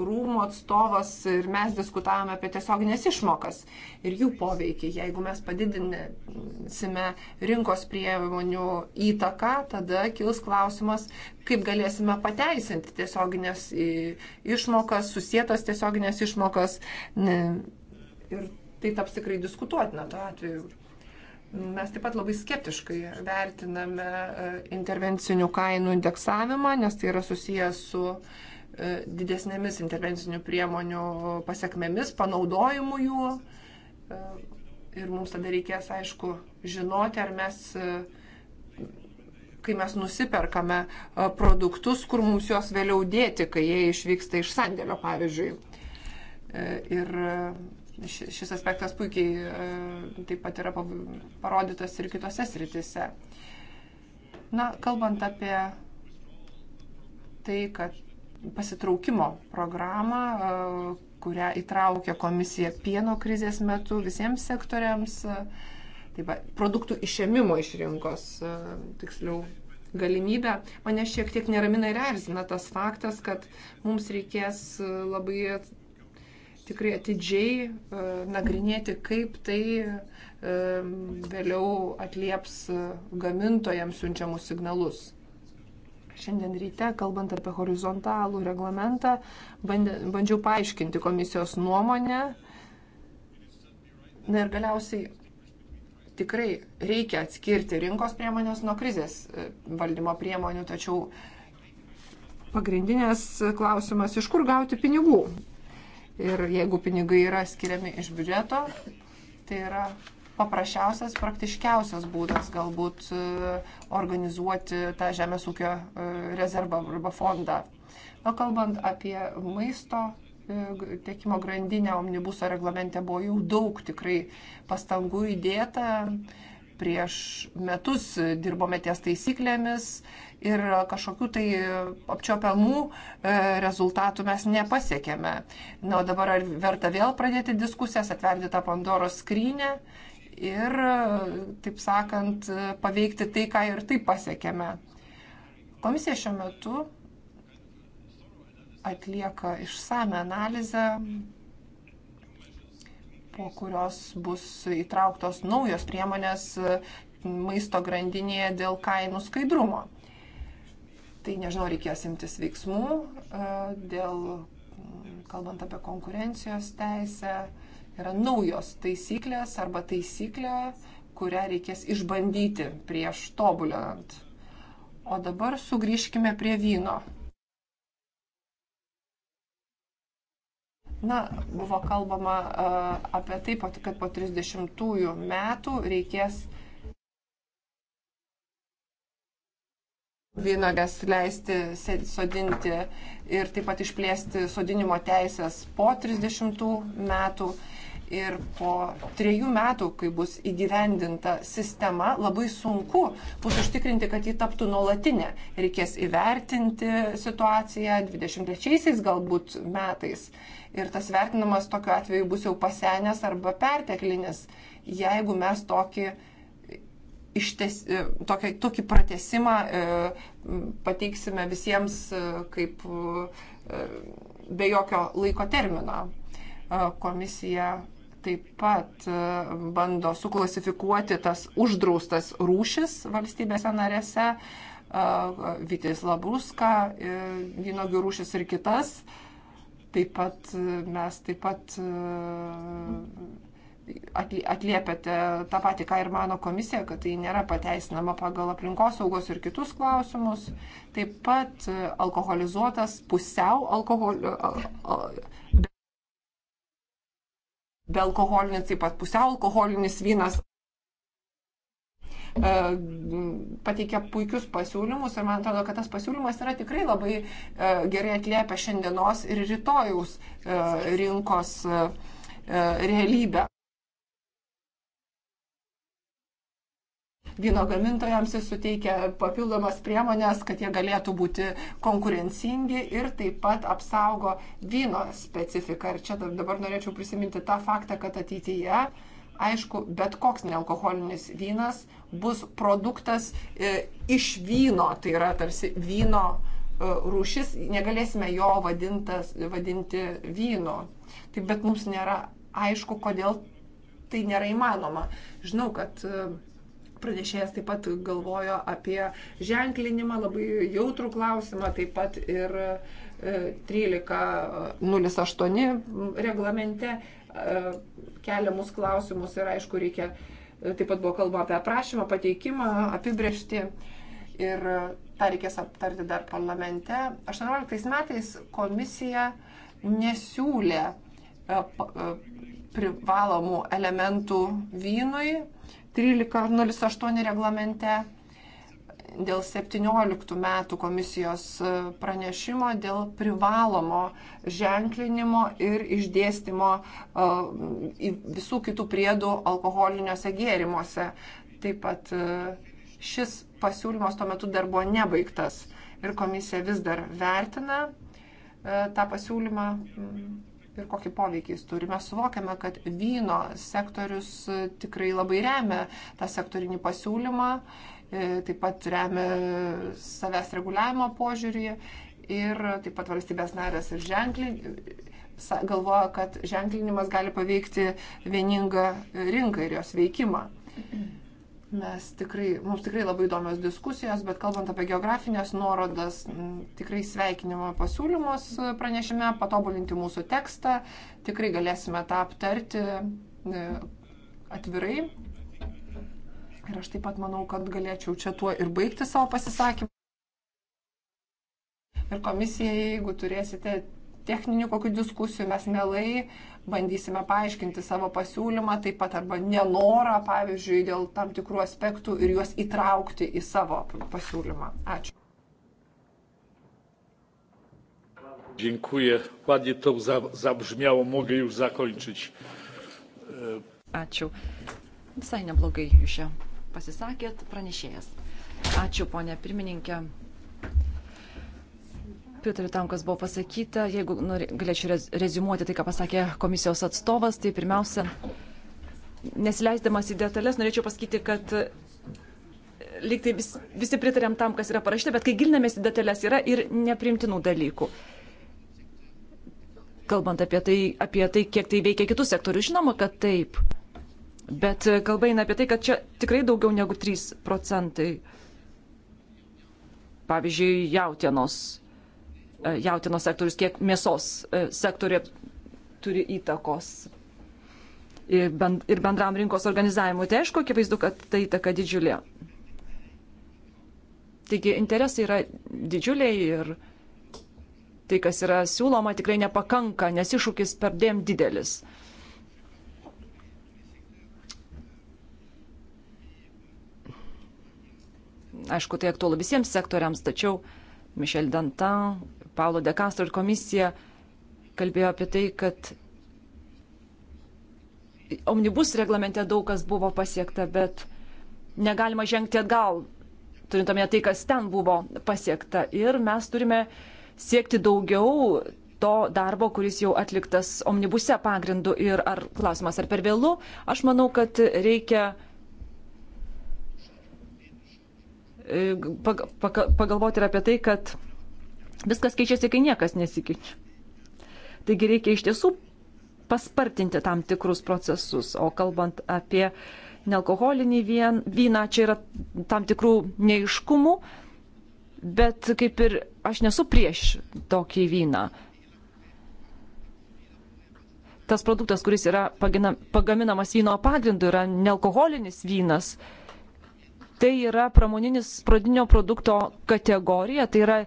rūmų atstovas ir mes diskutavome apie tiesioginės išmokas ir jų poveikį. Jeigu mes padidinsime rinkos priemonių įtaką, tada kils klausimas, kaip galėsime pateisinti tiesioginės e, išmokas, susietas tiesioginės išmokas. Ir tai taps tikrai diskutuotina tuo atveju. Mes taip pat labai skeptiškai vertiname e, intervencinių kainų indeksavimą, nes tai yra susijęs su e, didesnėmis intervencinių priemonių pasiekmėmis, panaudojimu jų. E, ir mums tada reikės, aišku, žinoti, ar mes, kai mes nusiperkame produktus, kur mums juos vėliau dėti, kai jie išvyksta iš sandėlio, pavyzdžiui. Ir šis aspektas puikiai e, taip pat yra parodytas ir kitose sritise. Na, kalbant apie tai, kad pasitraukimo programą, e, kurią įtraukė komisija pieno krizės metu visiems sektoriams, e, taip pat produktų išėmimo iš rinkos, tiksliau, galimybę. Mane šiek tiek neramina ir erzina tas faktas, kad mums reikės labai tikrai atidžiai e, nagrinėti, kaip tai e, vėliau atlieps e, gamintojams siunčiamus signalus. Šiandien ryte, kalbant apie horizontalų reglamentą, bandžiau paaiškinti komisijos nuomonę. Na ir galiausiai tikrai reikia atskirti rinkos priemonės nuo krizės valdymo priemonių, tačiau pagrindinės klausimas, iš kur gauti pinigų ir jeigu pinigai yra skiriami iš biudžeto, tai yra paprasčiausias, praktiškiausias būdas galbūt e, organizuoti tą žemės ūkio e, rezervą arba fondą. Na, kalbant apie maisto e, tiekimo grandinę, omnibuso reglamente buvo jau daug tikrai pastangų įdėta. Prieš metus dirbome ties taisyklėmis, ir kažkokių tai apčiopiamų e, rezultatų mes nepasiekėme. Na, o dabar ar verta vėl pradėti diskusijas, atverti tą Pandoros skrynę ir, e, taip sakant, e, paveikti tai, ką ir taip pasiekėme. Komisija šiuo metu atlieka išsame analizę po kurios bus įtrauktos naujos priemonės maisto grandinėje dėl kainų skaidrumo tai nežinau, reikės imtis veiksmų e, dėl, mm, kalbant apie konkurencijos teisę, yra naujos taisyklės arba taisyklė, kurią reikės išbandyti prieš tobulinant. O dabar sugrįžkime prie vyno. Na, buvo kalbama uh, apie tai, kad po 30 metų reikės vynogas leisti sodinti ir taip pat išplėsti sodinimo teisės po 30 metų. Ir po trejų metų, kai bus įgyvendinta sistema, labai sunku bus užtikrinti, kad ji taptų nuolatinė. Reikės įvertinti situaciją 23-aisiais galbūt metais. Ir tas vertinimas tokiu atveju bus jau pasenęs arba perteklinis, jeigu mes tokį ištes, e, tokia, tokį pratesimą e, pateiksime visiems e, kaip be jokio laiko termino. Komisija taip pat bando suklasifikuoti tas uždraustas rūšis valstybėse narėse, Vytis Labruska, vynogių rūšis ir kitas. Taip pat mes taip pat atliepiate tą patį, ką ir mano komisija, kad tai nėra pateisinama pagal aplinkosaugos ir kitus klausimus. Taip pat e, alkoholizuotas pusiau alkoholio. Be alkoholinis, taip pat pusiau alkoholinis vynas e, pateikia puikius pasiūlymus ir man atrodo, kad tas pasiūlymas yra tikrai labai e, gerai atliepia šiandienos ir rytojaus rinkos realybę. vyno gamintojams jis suteikia papildomas priemones, kad jie galėtų būti konkurencingi ir taip pat apsaugo vyno specifiką. Ir čia dabar norėčiau prisiminti tą faktą, kad ateityje aišku, bet koks nealkoholinis vynas bus produktas e, iš vyno, tai yra tarsi vyno e, rūšis, negalėsime jo vadintas, vadinti vynu. Tai bet mums nėra aišku, kodėl tai nėra įmanoma. Žinau, kad e, Pranešėjas taip pat galvojo apie ženklinimą, labai jautrų klausimą, taip pat ir 13.08 e, reglamente e, keliamus klausimus ir aišku reikia, e, taip pat buvo kalba apie aprašymą, pateikimą, apibriešti ir tą reikės aptarti dar parlamente. 18 metais komisija nesiūlė privalomų elementų vynui, 1308 reglamente dėl 17 metų komisijos e, pranešimo dėl privalomo ženklinimo ir išdėstymo e, visų kitų priedų alkoholiniuose gėrimuose. Taip pat e, šis pasiūlymas tuo metu dar buvo nebaigtas ir komisija vis dar vertina tą pasiūlymą mm ir kokį poveikį jis turi. Mes suvokiame, kad vyno sektorius e, tikrai labai remia tą sektorinį pasiūlymą, e, taip pat remia savęs reguliavimo požiūrį ir taip pat valstybės narės ir ženkliai galvoja, kad ženklinimas gali paveikti vieningą rinką ir jos veikimą. Mes tikrai, mums tikrai labai įdomios diskusijos, bet kalbant apie geografinės nuorodas, tikrai sveikinimo pasiūlymus pranešime, patobulinti mūsų tekstą, tikrai galėsime tą aptarti e, atvirai. Ir aš taip pat manau, kad galėčiau čia tuo ir baigti savo pasisakymą. Ir komisija, jeigu turėsite techninių kokių diskusijų, mes mielai bandysime paaiškinti savo pasiūlymą, taip pat arba nenorą, pavyzdžiui, dėl tam tikrų aspektų ir juos įtraukti į savo pasiūlymą. Ačiū. Dziękuję. Ładnie to zabrzmiało. Mogę już zakończyć. E, Ačiū. Visai neblogai jūs čia pasisakėt, pranešėjas. Ačiū, ponė pirmininkė. Pritariu tam, kas buvo pasakyta. Jeigu nori, galėčiau rezumuoti tai, ką pasakė komisijos atstovas, tai pirmiausia, nesileisdamas į detalės, norėčiau pasakyti, kad e, lyg tai vis, visi pritarėm tam, kas yra parašyta, bet kai gilinamės į detalės, yra ir neprimtinų dalykų. Kalbant apie tai, apie tai, kiek tai veikia kitus sektorius, žinoma, kad taip. Bet e, kalba eina apie tai, kad čia tikrai daugiau negu 3 procentai. Pavyzdžiui, jautienos E, jautino sektorius, kiek mėsos e, sektorė turi įtakos ir bendram rinkos organizavimui. Tai aišku, akivaizdu, kad ta įtaka didžiulė. Taigi interesai yra didžiuliai ir tai, kas yra siūloma, tikrai nepakanka, nes iššūkis per dėm didelis. Aišku, tai aktualu visiems sektoriams, tačiau Mišel Dantan Paulo de Castro ir komisija kalbėjo apie tai, kad omnibus reglamente daug kas buvo pasiekta, bet negalima žengti atgal, turint omenyje tai, kas ten buvo pasiekta. Ir mes turime siekti daugiau to darbo, kuris jau atliktas omnibuse pagrindu. Ir ar klausimas, ar per vėlų, aš manau, kad reikia e, pagalvoti ir apie tai, kad Viskas keičiasi, kai niekas nesikeičia. Taigi reikia iš tiesų paspartinti tam tikrus procesus. O kalbant apie nealkoholinį vien, vyną, čia yra tam tikrų neiškumų, bet kaip ir aš nesu prieš tokį vyną. Tas produktas, kuris yra pagina, pagaminamas vyno pagrindu, yra nealkoholinis vynas. Tai yra pramoninis pradinio produkto kategorija, tai yra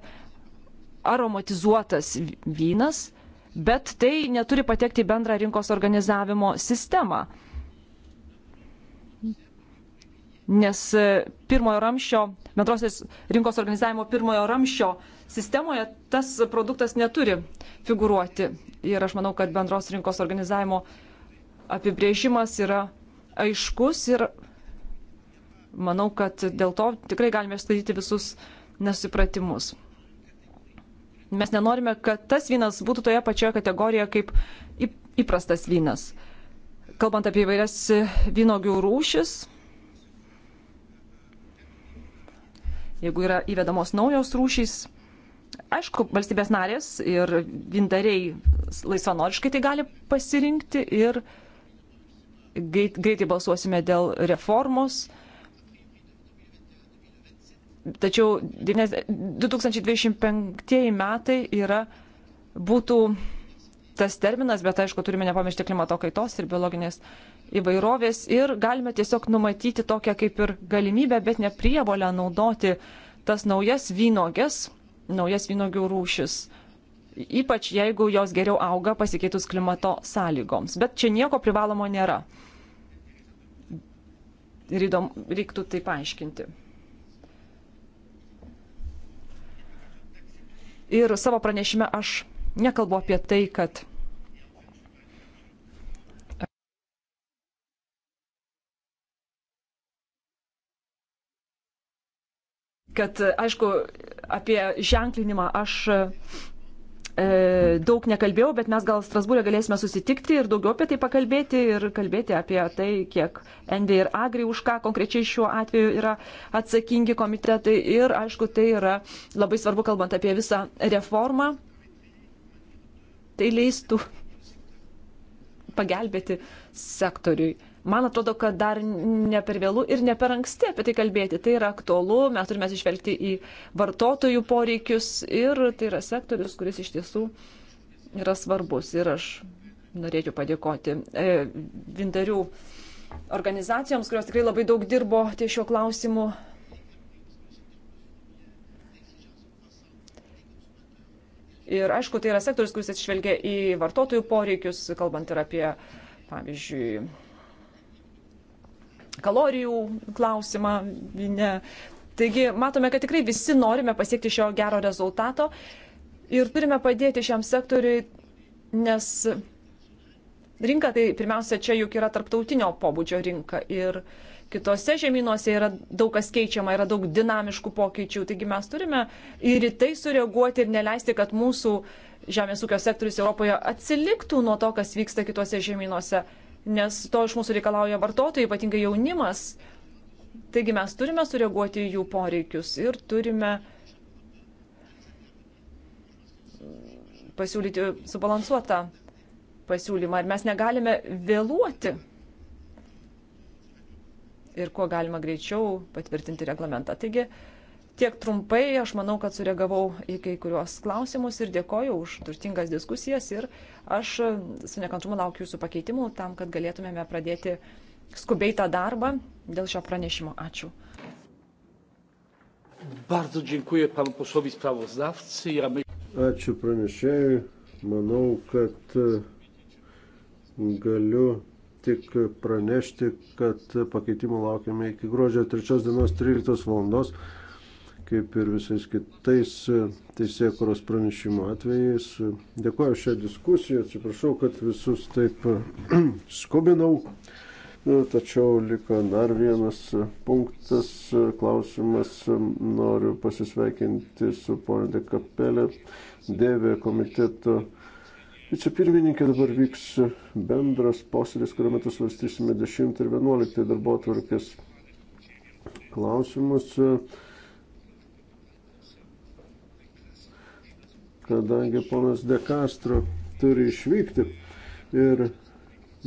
aromatizuotas vynas, bet tai neturi patekti į bendrą rinkos organizavimo sistemą. Nes pirmojo ramščio, bendrosios rinkos organizavimo pirmojo ramščio sistemoje tas produktas neturi figuruoti. Ir aš manau, kad bendros rinkos organizavimo apibrėžimas yra aiškus ir manau, kad dėl to tikrai galime išsklaidyti visus nesupratimus. Mes nenorime, kad tas vynas būtų toje pačioje kategorijoje kaip įprastas vynas. Kalbant apie įvairias vynogių rūšis, jeigu yra įvedamos naujos rūšys, aišku, valstybės narės ir vindariai laisvanoriškai tai gali pasirinkti ir greitai balsuosime dėl reformos Tačiau 2025 metai yra, būtų tas terminas, bet aišku, turime nepamiršti klimato kaitos ir biologinės įvairovės ir galime tiesiog numatyti tokią kaip ir galimybę, bet ne prievolę naudoti tas naujas vynogės, naujas vynogių rūšis. Ypač jeigu jos geriau auga pasikeitus klimato sąlygoms. Bet čia nieko privalomo nėra. Ir įdom, reiktų tai paaiškinti. Ir savo pranešime aš nekalbu apie tai, kad kad, aišku, apie ženklinimą aš E, daug nekalbėjau, bet mes gal Strasbūrė galėsime susitikti ir daugiau apie tai pakalbėti ir kalbėti apie tai, kiek Endi ir Agri už ką konkrečiai šiuo atveju yra atsakingi komitetai. Ir aišku, tai yra labai svarbu, kalbant apie visą reformą. Tai leistų pagelbėti sektoriui. Man atrodo, kad dar ne per vėlų ir ne per anksti apie tai kalbėti. Tai yra aktualu, mes turime išvelgti į vartotojų poreikius ir tai yra sektorius, kuris iš tiesų yra svarbus. Ir aš norėčiau padėkoti e, vintarių organizacijoms, kurios tikrai labai daug dirbo ties šiuo klausimu. Ir aišku, tai yra sektorius, kuris atsižvelgia į vartotojų poreikius, kalbant ir apie, pavyzdžiui, kalorijų klausimą vyne. Taigi matome, kad tikrai visi norime pasiekti šio gero rezultato ir turime padėti šiam sektoriui, nes rinka tai pirmiausia čia juk yra tarptautinio pobūdžio rinka ir kitose žemynuose yra daug kas keičiama, yra daug dinamiškų pokyčių, taigi mes turime ir į tai sureaguoti ir neleisti, kad mūsų žemės ūkio sektorius Europoje atsiliktų nuo to, kas vyksta kitose žemynuose nes to iš mūsų reikalauja vartotojai, ypatingai jaunimas. Taigi mes turime sureaguoti į jų poreikius ir turime pasiūlyti subalansuotą pasiūlymą. Ir mes negalime vėluoti. Ir kuo galima greičiau patvirtinti reglamentą. Taigi, Tiek trumpai, aš manau, kad sureagavau į kai kuriuos klausimus ir dėkoju už turtingas diskusijas ir aš su nekantrumu laukiu jūsų pakeitimų tam, kad galėtumėme pradėti skubiai tą darbą dėl šio pranešimo. Ačiū. Bardzo dziękuję panu posłowi sprawozdawcy. Ja my... Ačiū pranešėjui. Manau, kad e, galiu tik pranešti, kad pakeitimų laukiame iki gruodžio 3 dienos 13 valandos kaip ir visais kitais teisėkuros pranešimo atvejais. Dėkuoju šią diskusiją, atsiprašau, kad visus taip skubinau. Tačiau liko dar vienas punktas, klausimas. Noriu pasisveikinti su ponė Dekapelė, dėvė komiteto Vicepirmininkė dabar vyks bendras posėdis, kuriuo metu svarstysime 10 ir 11 darbo tvarkės klausimus. kadangi ponas De Castro turi išvykti ir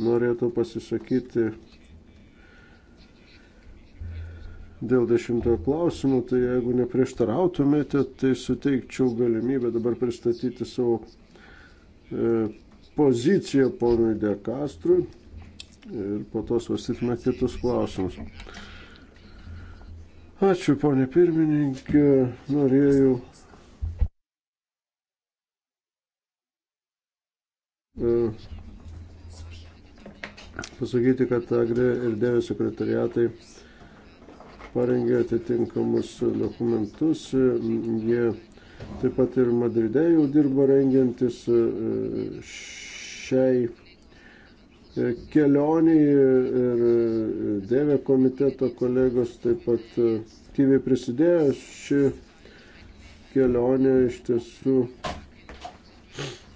norėtų pasisakyti dėl dešimtojo klausimo, tai jeigu neprieštarautumėte, tai suteikčiau galimybę dabar pristatyti savo e, poziciją ponui De Castrui ir po to svarstytume kitus klausimus. Ačiū, ponė pirmininkė, norėjau E, pasakyti, kad Agri ir Dėvė sekretariatai parengė atitinkamus dokumentus. E, jie taip pat ir Madride jau dirba rengiantis e, šiai kelioniai ir Dėvė komiteto kolegos taip pat aktyviai prisidėjo. Ši kelionė iš tiesų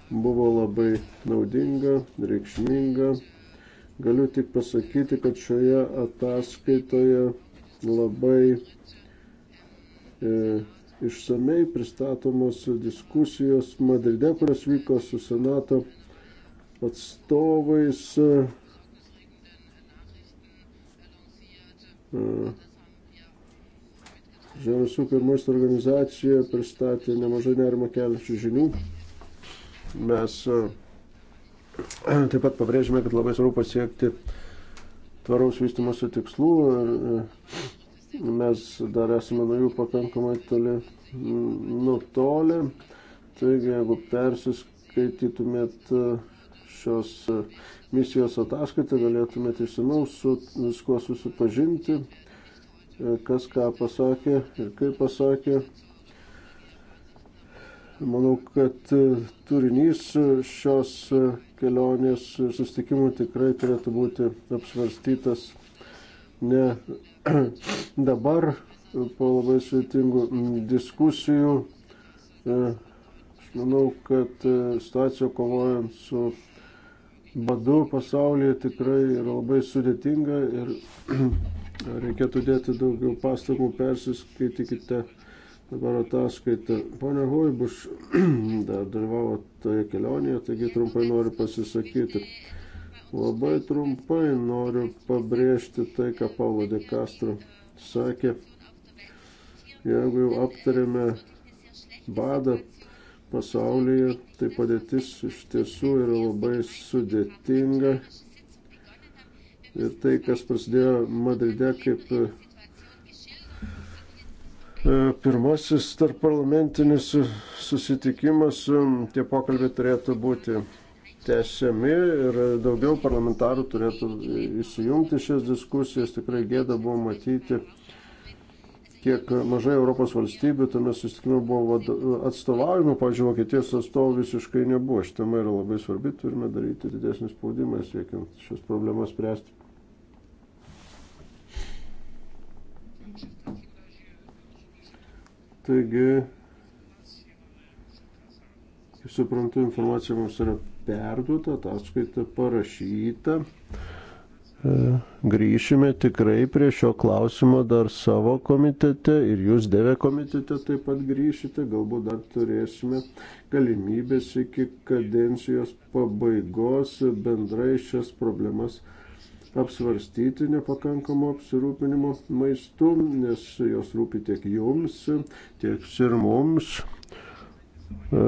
buvo labai naudinga, reikšminga. Galiu tik pasakyti, kad šioje ataskaitoje labai e, išsamei pristatomos diskusijos Madride, kurios vyko su Senato atstovais. E, Žemės ūkio ir maisto organizacija pristatė nemažai nerimo keliančių žinių Mes e, taip pat pabrėžime, kad labai svarbu pasiekti tvaraus vystimosi tikslų ir e, mes dar esame nuo jų pakankamai toli mm, nutolę. Taigi, jeigu persiskaitytumėt e, šios misijos ataskaitą, galėtumėt išsamiau su viskuo susipažinti, kas ką pasakė ir kaip pasakė. Manau, kad e, turinys e, šios e, kelionės sustikimų tikrai turėtų būti apsvarstytas ne dabar po labai sveitingų diskusijų. Aš manau, kad situacija kovojant su badu pasaulyje tikrai yra labai sudėtinga ir reikėtų dėti daugiau pastangų persiskaitykite dabar ataskaitą. Pone Hoibuš dar dalyvavo toje kelionėje, taigi trumpai noriu pasisakyti. Labai trumpai noriu pabrėžti tai, ką Paulo de Castro sakė. Jeigu jau aptarėme badą pasaulyje, tai padėtis iš tiesų yra labai sudėtinga. Ir tai, kas prasidėjo Madride kaip E, pirmasis tarp parlamentinis susitikimas, e, tie pokalbiai turėtų būti tęsiami ir daugiau parlamentarų turėtų įsijungti šias diskusijas. Tikrai gėda buvo matyti, kiek mažai Europos valstybių tame susitikime buvo atstovaujama. Pavyzdžiui, Vokietijos atstovų visiškai nebuvo. Šitama yra labai svarbi, turime daryti didesnį spaudimą siekiant šias problemas spręsti. Taigi, kaip suprantu, informacija mums yra perduota, ataskaita parašyta. E, grįšime tikrai prie šio klausimo dar savo komitete ir jūs devė komitete taip pat grįšite, galbūt dar turėsime galimybės iki kadencijos pabaigos bendrai šias problemas aptarti apsvarstyti nepakankamo apsirūpinimo maistu, nes jos rūpi tiek jums, tiek ir mums. E,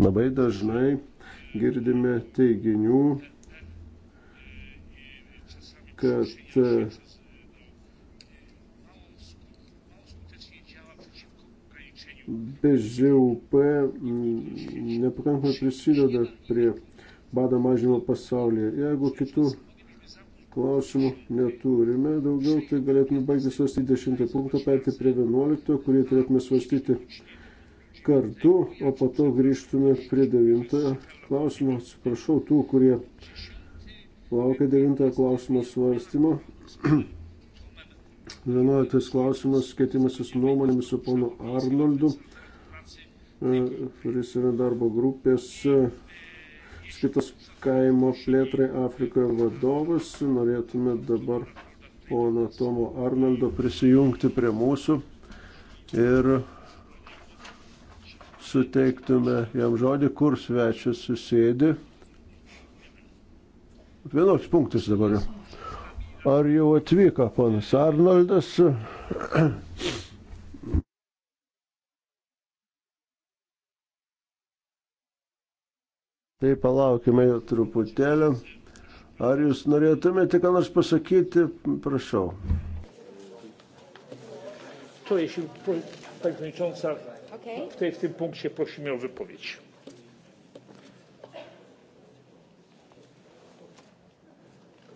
labai dažnai girdime teiginių, kad e, BŽUP nepakankamai prisideda prie bado mažinimo pasaulyje. Jeigu kitų klausimų neturime daugiau, tai galėtume baigti svarstyti 10 punktą, perti prie 11, kurį turėtume svarstyti kartu, o po to grįžtume prie 9 klausimo. Atsiprašau tų, kurie laukia 9 klausimo svarstymo. 11 klausimas, skaitimasis nuomonėmis su ponu Arnoldu, e, kuris yra darbo grupės e, skirtas kaimo plėtrai Afrikoje vadovas. Norėtume dabar pono Tomo Arnoldo prisijungti prie mūsų ir suteiktume jam žodį, kur svečias susėdi. Vienoks punktas dabar. Ar jau atvyko ponas Arnoldas? Tai palaukime jau truputėlį. Ar jūs norėtumėte ką nors pasakyti? Prašau. To jeśli pani przewodnicząca okay. w, tej, w tym punkcie prosimy o wypowiedź.